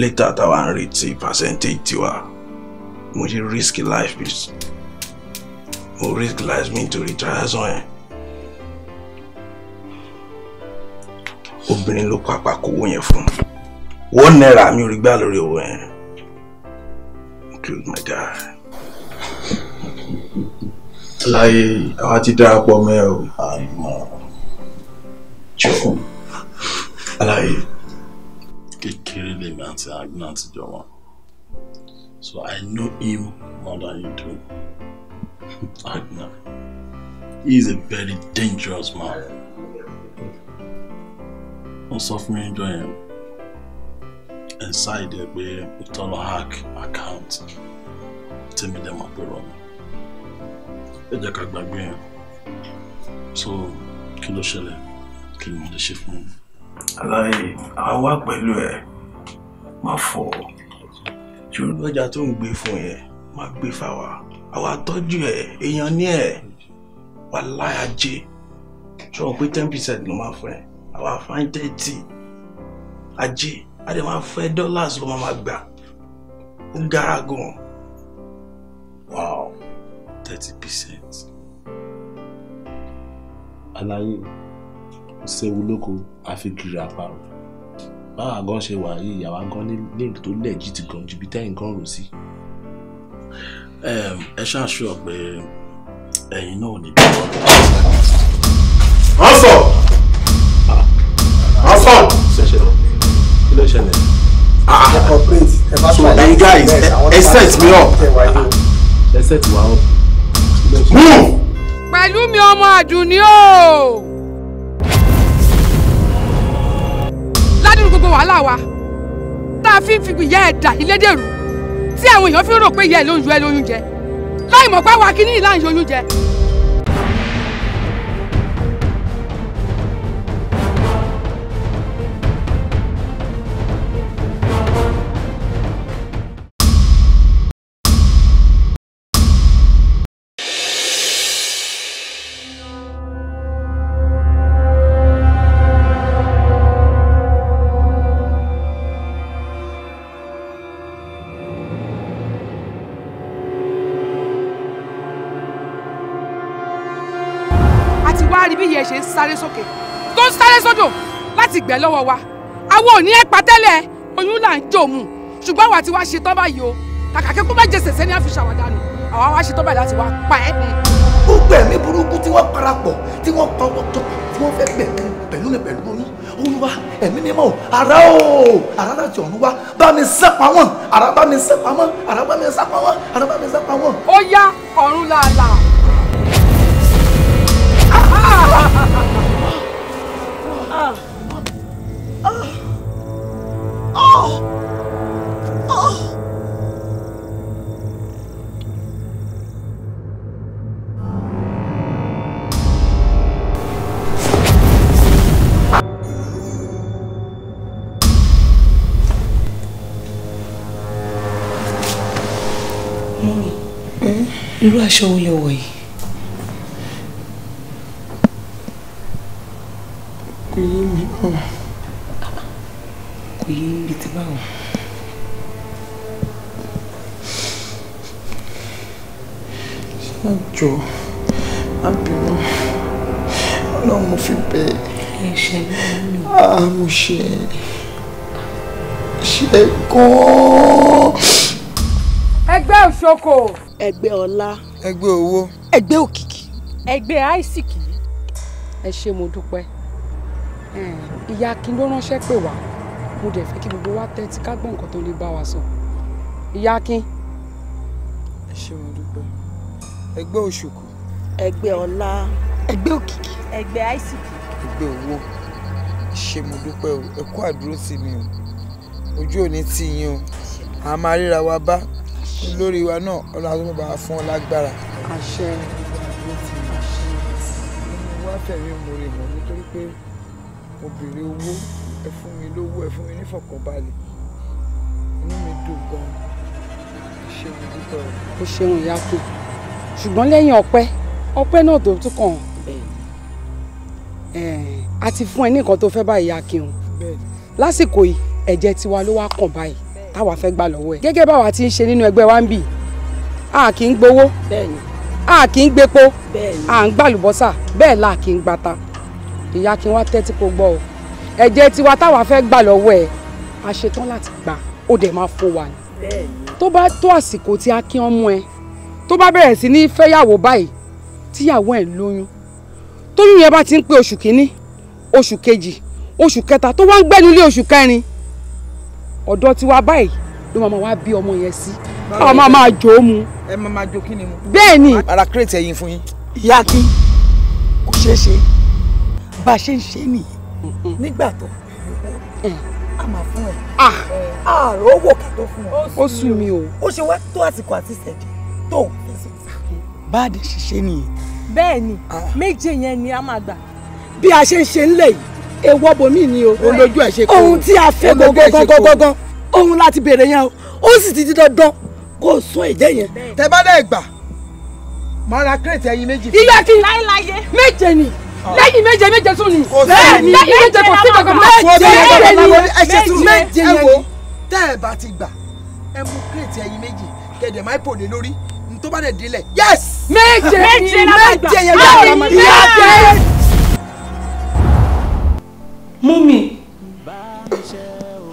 later táwa ń retí percentage tiwa mo ṣe risk life bí mo risk life mi nítorí triazon yẹn obìnrin ló pàpà kówó yẹn fún one naira mi ò rí gbà lórí owó yẹn killed my dad láyé àwa ti darapọ̀ mẹ́ o. àmọ́ jọ̀wọ́ aláyé. kékeré lèmi àti agbọn àti jọwọ so I know him more than you do agbọn he is a very dangerous man wọ́n sọ fún mi jọ yẹn inside ẹ pé ó hack account tèmi dẹ̀ mọ̀ pé rọ̀ mi ẹ jẹ́ ká gbàgbé yẹn so kí ló ṣẹlẹ̀ kí ni mo lè ṣe fún un. aláì àwa wà pẹ̀lú ẹ má fọ ṣùgbọ́n ọjà tó ń gbé fún yẹn má gbé fáwa àwa tọ́jú ẹ èèyàn ní ẹ wà láyàjẹ sọ pé ten percent ló máa fún ẹ àwa fine thirty ajé a dẹ̀ máa fẹ́ dollars ló máa gbà ó gara gan-an thirty percent. aláyé kò séwu lóko àfi kiri àparò báwa gan ṣe wà yìí àwa gan ní ìlú tó lẹ̀ gan ju bí tẹ́yìn gan rò sí. ẹ ṣáàṣù ọ̀pẹ ẹ̀yin náà ní bí wọ́n. ọ̀sọ̀ ọ̀sọ̀ kí ló ṣẹlẹ̀. Ah, ah. so you guys ẹ set me up ah, ẹ set wa up move. pẹ̀lú mi ọmọ àdùnní o. ládùúgbò gbogbo wàhálà wa tá a fi ń figun ìyá ẹ̀ dà ilé dèrú tí àwọn èèyàn fi ń rò pé ìyá ẹ̀ ló ń yọ ẹ́ lóyún jẹ láì mọ̀ pé àwa kìíní ìlànà yọyún jẹ. sáré sókè tó ń sáré sódò láti gbẹ lọ́wọ́ wa àwọn ò ní ẹ pa tẹ́lẹ̀ oyún là ń jò mu ṣùgbọ́n àwa ti wá ṣe tán báyìí o kàkà kí kó má jẹ sẹ̀sẹ̀ ní àfi ṣàwádà nù àwa wá ṣe tán báyìí láti wá pa ẹ́. gbogbo ẹ̀mí burúkú tí wọ́n parapọ̀ tí wọ́n pa ọwọ́ tó tí wọ́n fẹ́ gbẹ̀kún pẹ̀lú ní pẹ̀lú oyún olúwa ẹ̀mí mímọ́ ara o ara láti ọ̀run wá bá mi sápa wọn ara bá mi sápa wọn ara bá mi sápa wọn ara bá mi sápa wọn. ó yá ọ̀run làálàá. 妈咪，嗯，你乱啥我有我？对不起，ti bá wọn. ṣáàjọ má bínú ọlọ́run mo fi bẹ̀ ẹ́ ṣe ah, mo ṣe ṣe gan-an. ẹgbẹ́ òṣoko. ẹgbẹ́ ọlá. ẹgbẹ́ owó. ẹgbẹ́ òkìkí. ẹgbẹ́ àìsíkì. ẹ ṣé mo dúpẹ́ ìyá kí ló ránṣẹ́ pè wá mo dẹ̀ fẹ́ kí gbogbo wa tẹ́tí ká gbọ́ nǹkan tó lè bá wa sọ ìyá akin. ẹ ṣé mo dúpẹ́ ẹgbẹ́ òṣùkù. ẹgbẹ́ ọlá. ẹgbẹ́ òkìkí. ẹgbẹ́ àìsìkì. ẹgbẹ́ owó ṣé mo dúpẹ́ o ẹ kú àdúró sí mi o ojú òní tì yín o a máa ríra wa bá lórí wa náà ọlọ́run tó bá wa fún ọ lágbára. àṣẹ mo wá fẹ̀mí mo rè mọ́ nítorí pé mo owó ẹ fún mi lówó ẹ fún mi nífọ̀kànbalẹ̀ inú mi dùn gan ṣeun dúpẹ́ o. o ṣeun ìyá kù ṣùgbọ́n lẹ́yìn ọpẹ́ ọpẹ́ náà tó tún kàn a ti fún ẹ ní nǹkan tó fẹ́ báyìí Akin lásìkò yìí ẹ̀jẹ̀ tiwa ló wá kàn báyìí táwa fẹ́ gbà lọ́wọ́ ẹ̀ gẹ́gẹ́ báwa ti ń ṣe nínú ẹgbẹ́ wa ń bì a kì í gbowó a kì í gbépo a ń gbàlùbọ́sà bẹ́ẹ̀ la kì í gbata ìyá kí wá tẹ́tí kó gbọ́ o ẹ̀jẹ̀ tiwa táwa fẹ́ gbà lọ́wọ́ ẹ̀ a ṣetán láti gbà ó dẹ̀ máa fò wá ni. tó bá tó àsìkò tí a kí ọmọ ẹ tó bá bẹ̀rẹ̀ sí ní fẹ́yàwó báyìí tíyàwó ẹ̀ lóyún tóyún yẹn bá ti ń pé oṣù kínní oṣù kejì oṣù kẹta tó wá ń gbẹ́nu lé oṣù kẹrin ọ̀dọ̀ tiwa báyìí ló máa wá bí ọmọ yẹn sí káwọn máa máa jò mu. ẹ máa máa jó kí ni mu. bẹ́ẹ̀ ni. ara kírètì ẹyin fún yín. ìyá kí kò ṣeé ṣe bá a ṣe ń ṣe nìyí nígbà tó mm. a máa fún ẹ ààrò ah. eh, owó kà tó fún ọ ó sú mi o ó ṣe wá tó àsìkò àti ìṣẹ̀jẹ̀ tó ń fẹsẹ̀ báàdì ṣiṣẹ́ nìyẹn. bẹ́ẹ̀ ni ah. méje yẹn ni a máa gbà. bí a ṣe ń ṣe ńlẹ̀ yìí ewọ́ bomi ni o olójú ẹ̀ ṣe kó ohun tí a fẹ́ gangan ohun láti béèrè yẹn o ó sì ti di dandan kó sún èjẹ yẹn. tẹ bá dẹ̀ gbà máa ra kírètì ẹyin méjì. iye kí láéláyé méje ni lẹ́yìn méje méje tún ni lẹ́yìn méje kò sí kankan méje méje ni méje ni méje ni ẹ̀wọ̀ tẹ́ ẹ bá ti gbà ẹ mú kírètì ẹyin méjì kẹ̀dẹ̀ máa pò lé lórí tó bá dẹ̀ délẹ̀ yẹ́s méje méje yẹn yà á máa yà á jẹ́.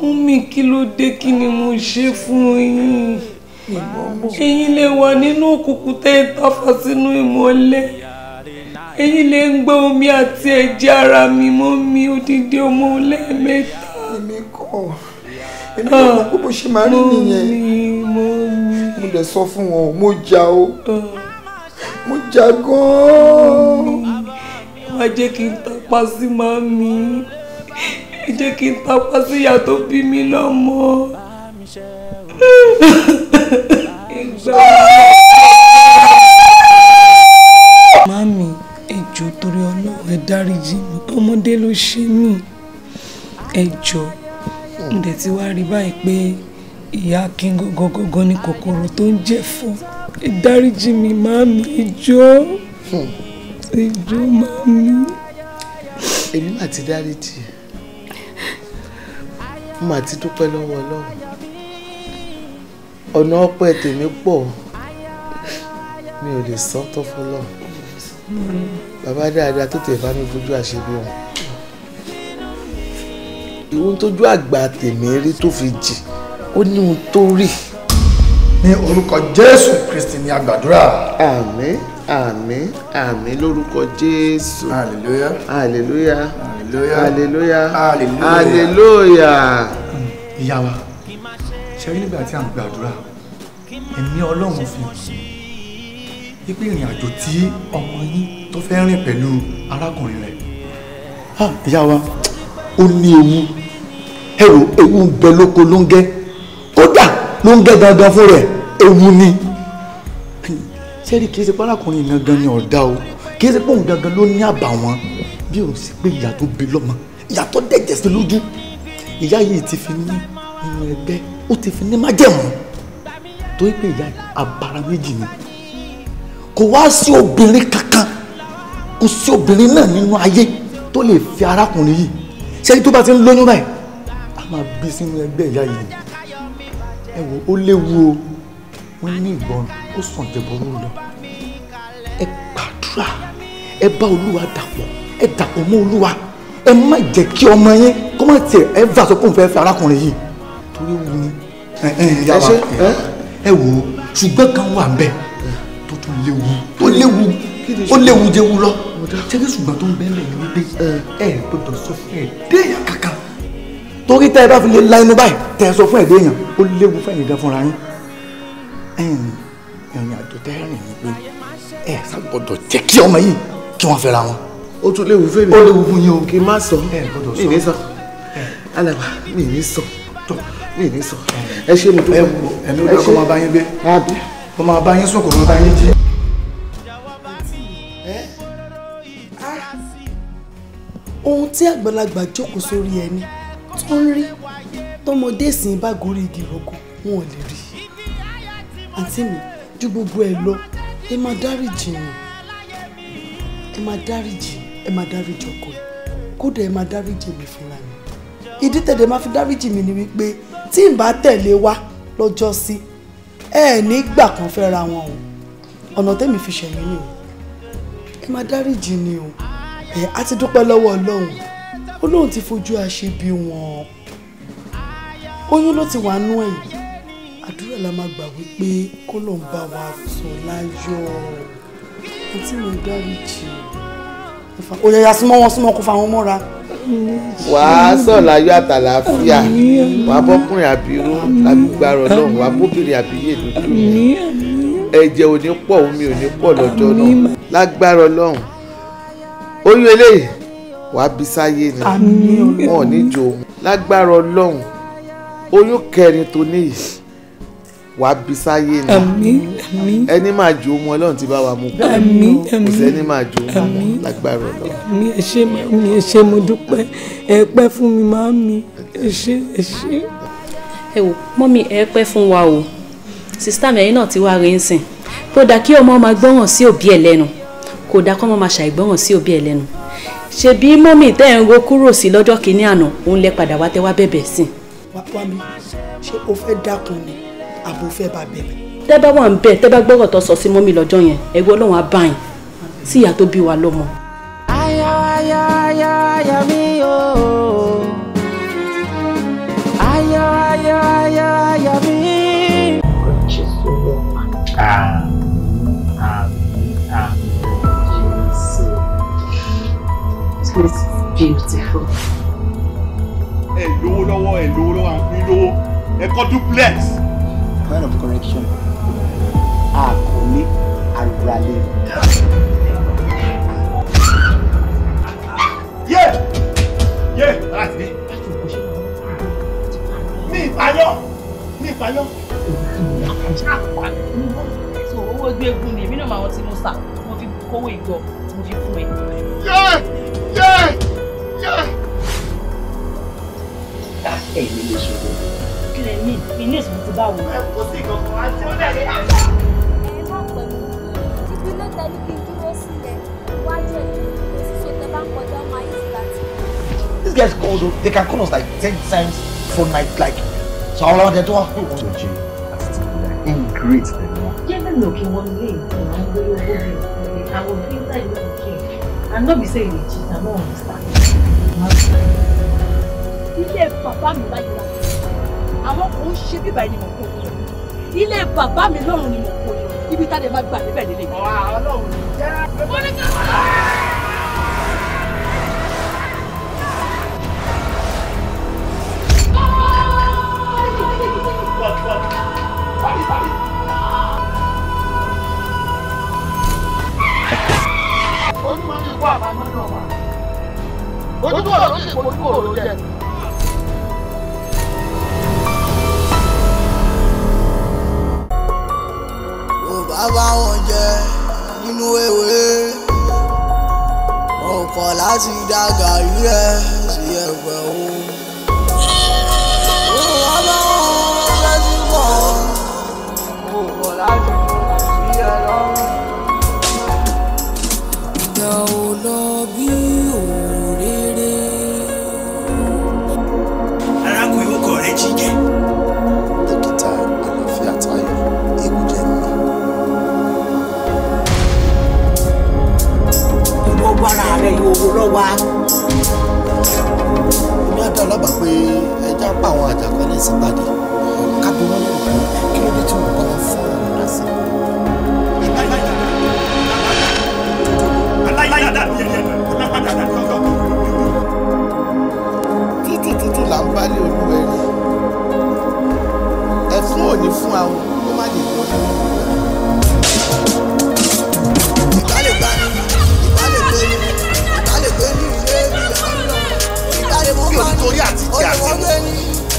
mọ́mì kí ló dé kí ni mo ṣe fún yín ẹ̀yin lè wà nínú òkùnkùn tẹ́ ẹ tàfà sínú ìmọ́lẹ̀ ẹ̀yin lè ń gbọ́ omi àti ẹ̀jẹ̀ ara mi mọ́ mi odidi ọmọ lẹ́ẹ̀mẹ́ta. èmi kọ́ èmi kọ́ pé ah, bó ṣe máa rí nìyẹn mo dẹ̀ sọ fún wọn mo jà o ah. mo jà gan-an. wàá jẹ́ kí n tapá sí màmí ẹ jẹ́ kí n tapá sí ìyá tó bí mi lọ́mọ. <laughs> ìgbà. Ah! ẹ dáríjì mi ọmọdé ló ṣe mí ẹ jọ n dẹ̀ ti wá rí báyìí pé ìyá akin gọgọgọgọ ni kòkòrò tó ń jẹ̀fọ́ ẹ dáríjì mi màámi ẹ jọ ẹ jọ màámi. èmi máa ti dáríjì máa ti dúpẹ́ lọ́wọ́ ọlọ́run ọ̀nà ọpẹ́ tèmi pọ̀ mi ò lè sọ tó fọlọ́run. Mm-hmm bàbá dáadáa tó tẹ̀ bá mi fojú àṣebí wọn ìwọ́n tójú àgbà tèmi rí tó fi jì ó ní ohun tó rí. ní orúkọ jésù kristi ni àgbàdúrà. àmín àmín àmín lórúkọ jésù. hallelujah. hallelujah. hallelujah. hallelujah. hallelujah. hallelujah. ìyá wa ṣe rí nígbà tí à ń gbàdúrà ẹ̀mí ọlọ́run fi hàn wípé ìrìn àjò tí ọmọ yín tó fẹ́ rìn pẹ̀lú arákùnrin rẹ̀. Ah, ìyá wa ó ní ewu ẹ̀rù ewu ń bẹ lóko ló ń gẹ́ kódà ló ń gẹ́ gangan fún rẹ̀ ewu ni. sẹ́ẹ̀rì kì ṣe pé arákùnrin gangan ni ọ̀dà o kì í ṣe pé òun gangan ló ní àbàwọ́n bí òun sì pé ìyá tó bí lọ́mọ ìyá tó dẹ̀jẹ̀ sí lójú ìyá yìí ti fi ní nínú ẹgbẹ́ ó ti fi ní májẹ̀mú torí pé ìyá abara méjì ni kò wá sí obìnrin kankan kò sí obìnrin náà nínú ayé tó lè fi arákùnrin yìí ṣẹ́ni tó bá ti ń lóyún báyìí a máa bí sínú ẹgbẹ́ ìyá yìí ẹ wò ó léwu o wọ́n ní ìgbọràn ó sàn jẹ̀bọ̀rú lọ ẹ gbàdúrà ẹ bá olúwa dàpọ̀ ẹ dàpọ̀ mọ́ olúwa ẹ má jẹ́ kí ọmọ yín kó má tiẹ̀ ẹ fà sọ́kùn fẹ́ fi arákùnrin yìí torí wù ni ẹ ẹ ìyá wa ẹ wò ó ṣùgbọ́n kan wà bẹ́ẹ̀ tó léwu tó léwu ó léwu jẹ́wu lọ ṣẹ́gi ṣùgbọ́n tó ń bẹ́ẹ̀ lẹ́yìn wípé ẹ ẹ gbọ́dọ̀ sọ fún ẹ déèyàn kankan torí tẹ́ ẹ bá fi lè la inú báyìí tẹ́ ẹ sọ fún ẹ déèyàn ó léwu fẹ̀yìn gan fúnra yín ẹ̀yìn ìrìn àjò tẹ́ ẹ rìn wípé ẹ ṣàgbọ́dọ̀ jẹ́ kí ọmọ yìí kí wọ́n fẹ́ra wọn. ó tún léwu fún mi ó léwu fún yín o kì í má sọ mi ní sọ alaba mi ní sọ mi ní sọ ẹ ṣe mo dúpẹ́ ẹ ló dọ́kọ̀ máa bá yín gbé mo máa bá yín sọ̀kò mo bá yín jí. Ah! ohun tí àgbàlagbà jókòó sórí ẹni tó ń rí tọmọdé sì ń bá gorí igi rọgùn wọn ò lè rí àǹtí mi ju gbogbo ẹ lọ ẹ máa dáríjì ni ẹ máa dáríjì ẹ máa dáríjì ọkọ ẹ kódà ẹ máa dáríjì mi fúnra mi ìdí tẹ̀dẹ̀ máa fi dáríjì mi ni wípé tí n bá tẹ̀lé wa lọ́jọ́ sí. Si ẹ nígbà kan fẹ́ ra wọn o ọ̀nà tẹ́mi fi ṣẹ̀yìn ni o ẹ máa dáríjì ni o ẹ á ti dúpẹ́ lọ́wọ́ ọlọ́run ó lóun ti fojú àṣẹ bí wọn oyún ló ti wà nú ẹ̀yìn àdúrà la máa gbà wípé kó lóun bá wa sùn láyọ̀ àti mi dáríjì ó yẹ ya súnmọ́ wọn súnmọ́ kó fa wọn mọ́ra wàá sọ̀láyọ̀ àtàlàáfíà wàá bọ́kùnrin àbírú lágbára ọlọ́run wàá bóbìnrin àbíyè dúdú ẹ̀jẹ̀ ò ní pọ̀ omi ò ní pọ̀ lọ́jọ́ náà lágbára ọlọ́run oyún eléyìí wàá bí sáyé ni wọn ò ní jò lágbára ọlọ́run oyún kẹrin tó níyìí wà á bí sáyé ni àmín àmín ẹni máa jó mọ ọlọ́run ti bá wa mú kó àmín àmín kò sẹ́ni máa jó mọ lágbára ọlọ́run. mi ẹ ṣé mi ẹ ṣé mo dúpẹ́ ẹ pẹ́ fún mi máa mi ẹ ṣé ẹ ṣé. ẹ wò mọ́mí ẹ pẹ́ fún wa o sista mi ẹ̀yin náà ti wá rí ń sìn kó dáa kí ọmọ máa gbọ́ràn sí òbí ẹ̀ lẹ́nu kó dáa kọ́ ọmọ máa ṣàìgbọ́ràn sí òbí ẹ̀ lẹ́nu ṣebí mọ́mì tẹ́ ẹ̀ ń ro kúrò sí lọ́jọ́ kìíní àná òun lẹ padà wá tẹ́ wá bẹ̀bẹ̀ sí. wá mi ṣé o fẹ́ dákun ni àbò fẹ́ bá bẹ̀rẹ̀. tẹ́ bá wà ń bẹ̀ tẹ́ bá gbọ́rọ̀ tó sọ sí mọ́mí lọ́jọ́ yẹn ẹ̀wọ́ ọlọ́run á bá yín sí ìyá tó bí wa lọ́mọ. ayọ̀ ayọ̀ ayọ̀ ayọ̀ mi o ayọ̀ ayọ̀ ayọ̀ ayọ̀ mi. jésù ló wà. It's beautiful. Ẹ lówó lọ́wọ́ ẹ lówó lọ́wọ́ àfi lówó ẹ kọ́ duplex point of correction àkọlé àràlẹ. yé yé aláàtìdé ní ìpayọ ní ìpayọ. so owó gbé egun ni èmi náà máa wọn tí mo sà mo fi kówó ìjọ mo fi fún ẹ. yé yé yé. ta ẹ̀yin lè ṣòro kílẹ̀ ní ìpínlẹ̀ èsì ti bá these guys call. o they can call us like ten times for night like so àwọn ọlọ́dẹ tó wà. have jẹ àti ti ilẹ̀ ingrate ẹ̀ náà. jẹ́ hmm. mẹ́lò kí wọ́n lé and no be saying you i no understand. ilé bàbá mi báyìí wá àwọn kò ń ṣe bíbá ẹni mọ̀ kó yọ ilé bàbá mi lọ́rùn ni mo kó yọ ibi tá a lè máa gbà níbẹ̀ nílé. ojú ọ̀rọ̀ ló ṣe ojú ọ̀rọ̀ jẹ. bá bá wọn jẹ nínú ewé wọn kọ̀ láti dá gàrí rẹ̀. lọ́dọ̀ wa. èmi àti ọlọ́pàá pé ẹja pa àwọn àjàkọ́ ní ìsìnbàdí kábíwọ́n ní ìlú kí ló dé tí wọ́n bá wọn fún ọ̀rọ̀ náà sí. títí títí là ń balẹ̀ olúwẹ̀ rẹ̀ ẹ̀fún òní fún àwọn kó má lè gbọ́ ní ìlú nítorí àtijọ́ àti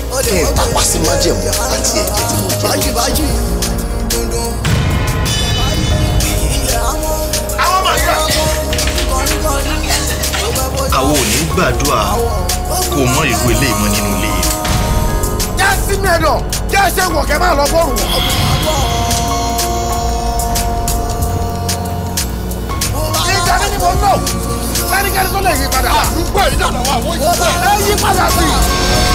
mu kí n tàpá sí májẹ̀mú àti ẹ̀jẹ̀ tí mo jẹ́ lójú. àwọn ọmọ gbàdúrà kó mọ ìlú ilé ìmọ̀ nínú ilé yìí. jẹ́ sínú ẹ̀dọ̀ jẹ́ ṣe wọ̀kẹ́ máa lọ bọ́ọ̀rù wọ̀. Go! sẹ́ni tó lè yí padà. àdúgbò yìí dàda wà wọ́n padà sí.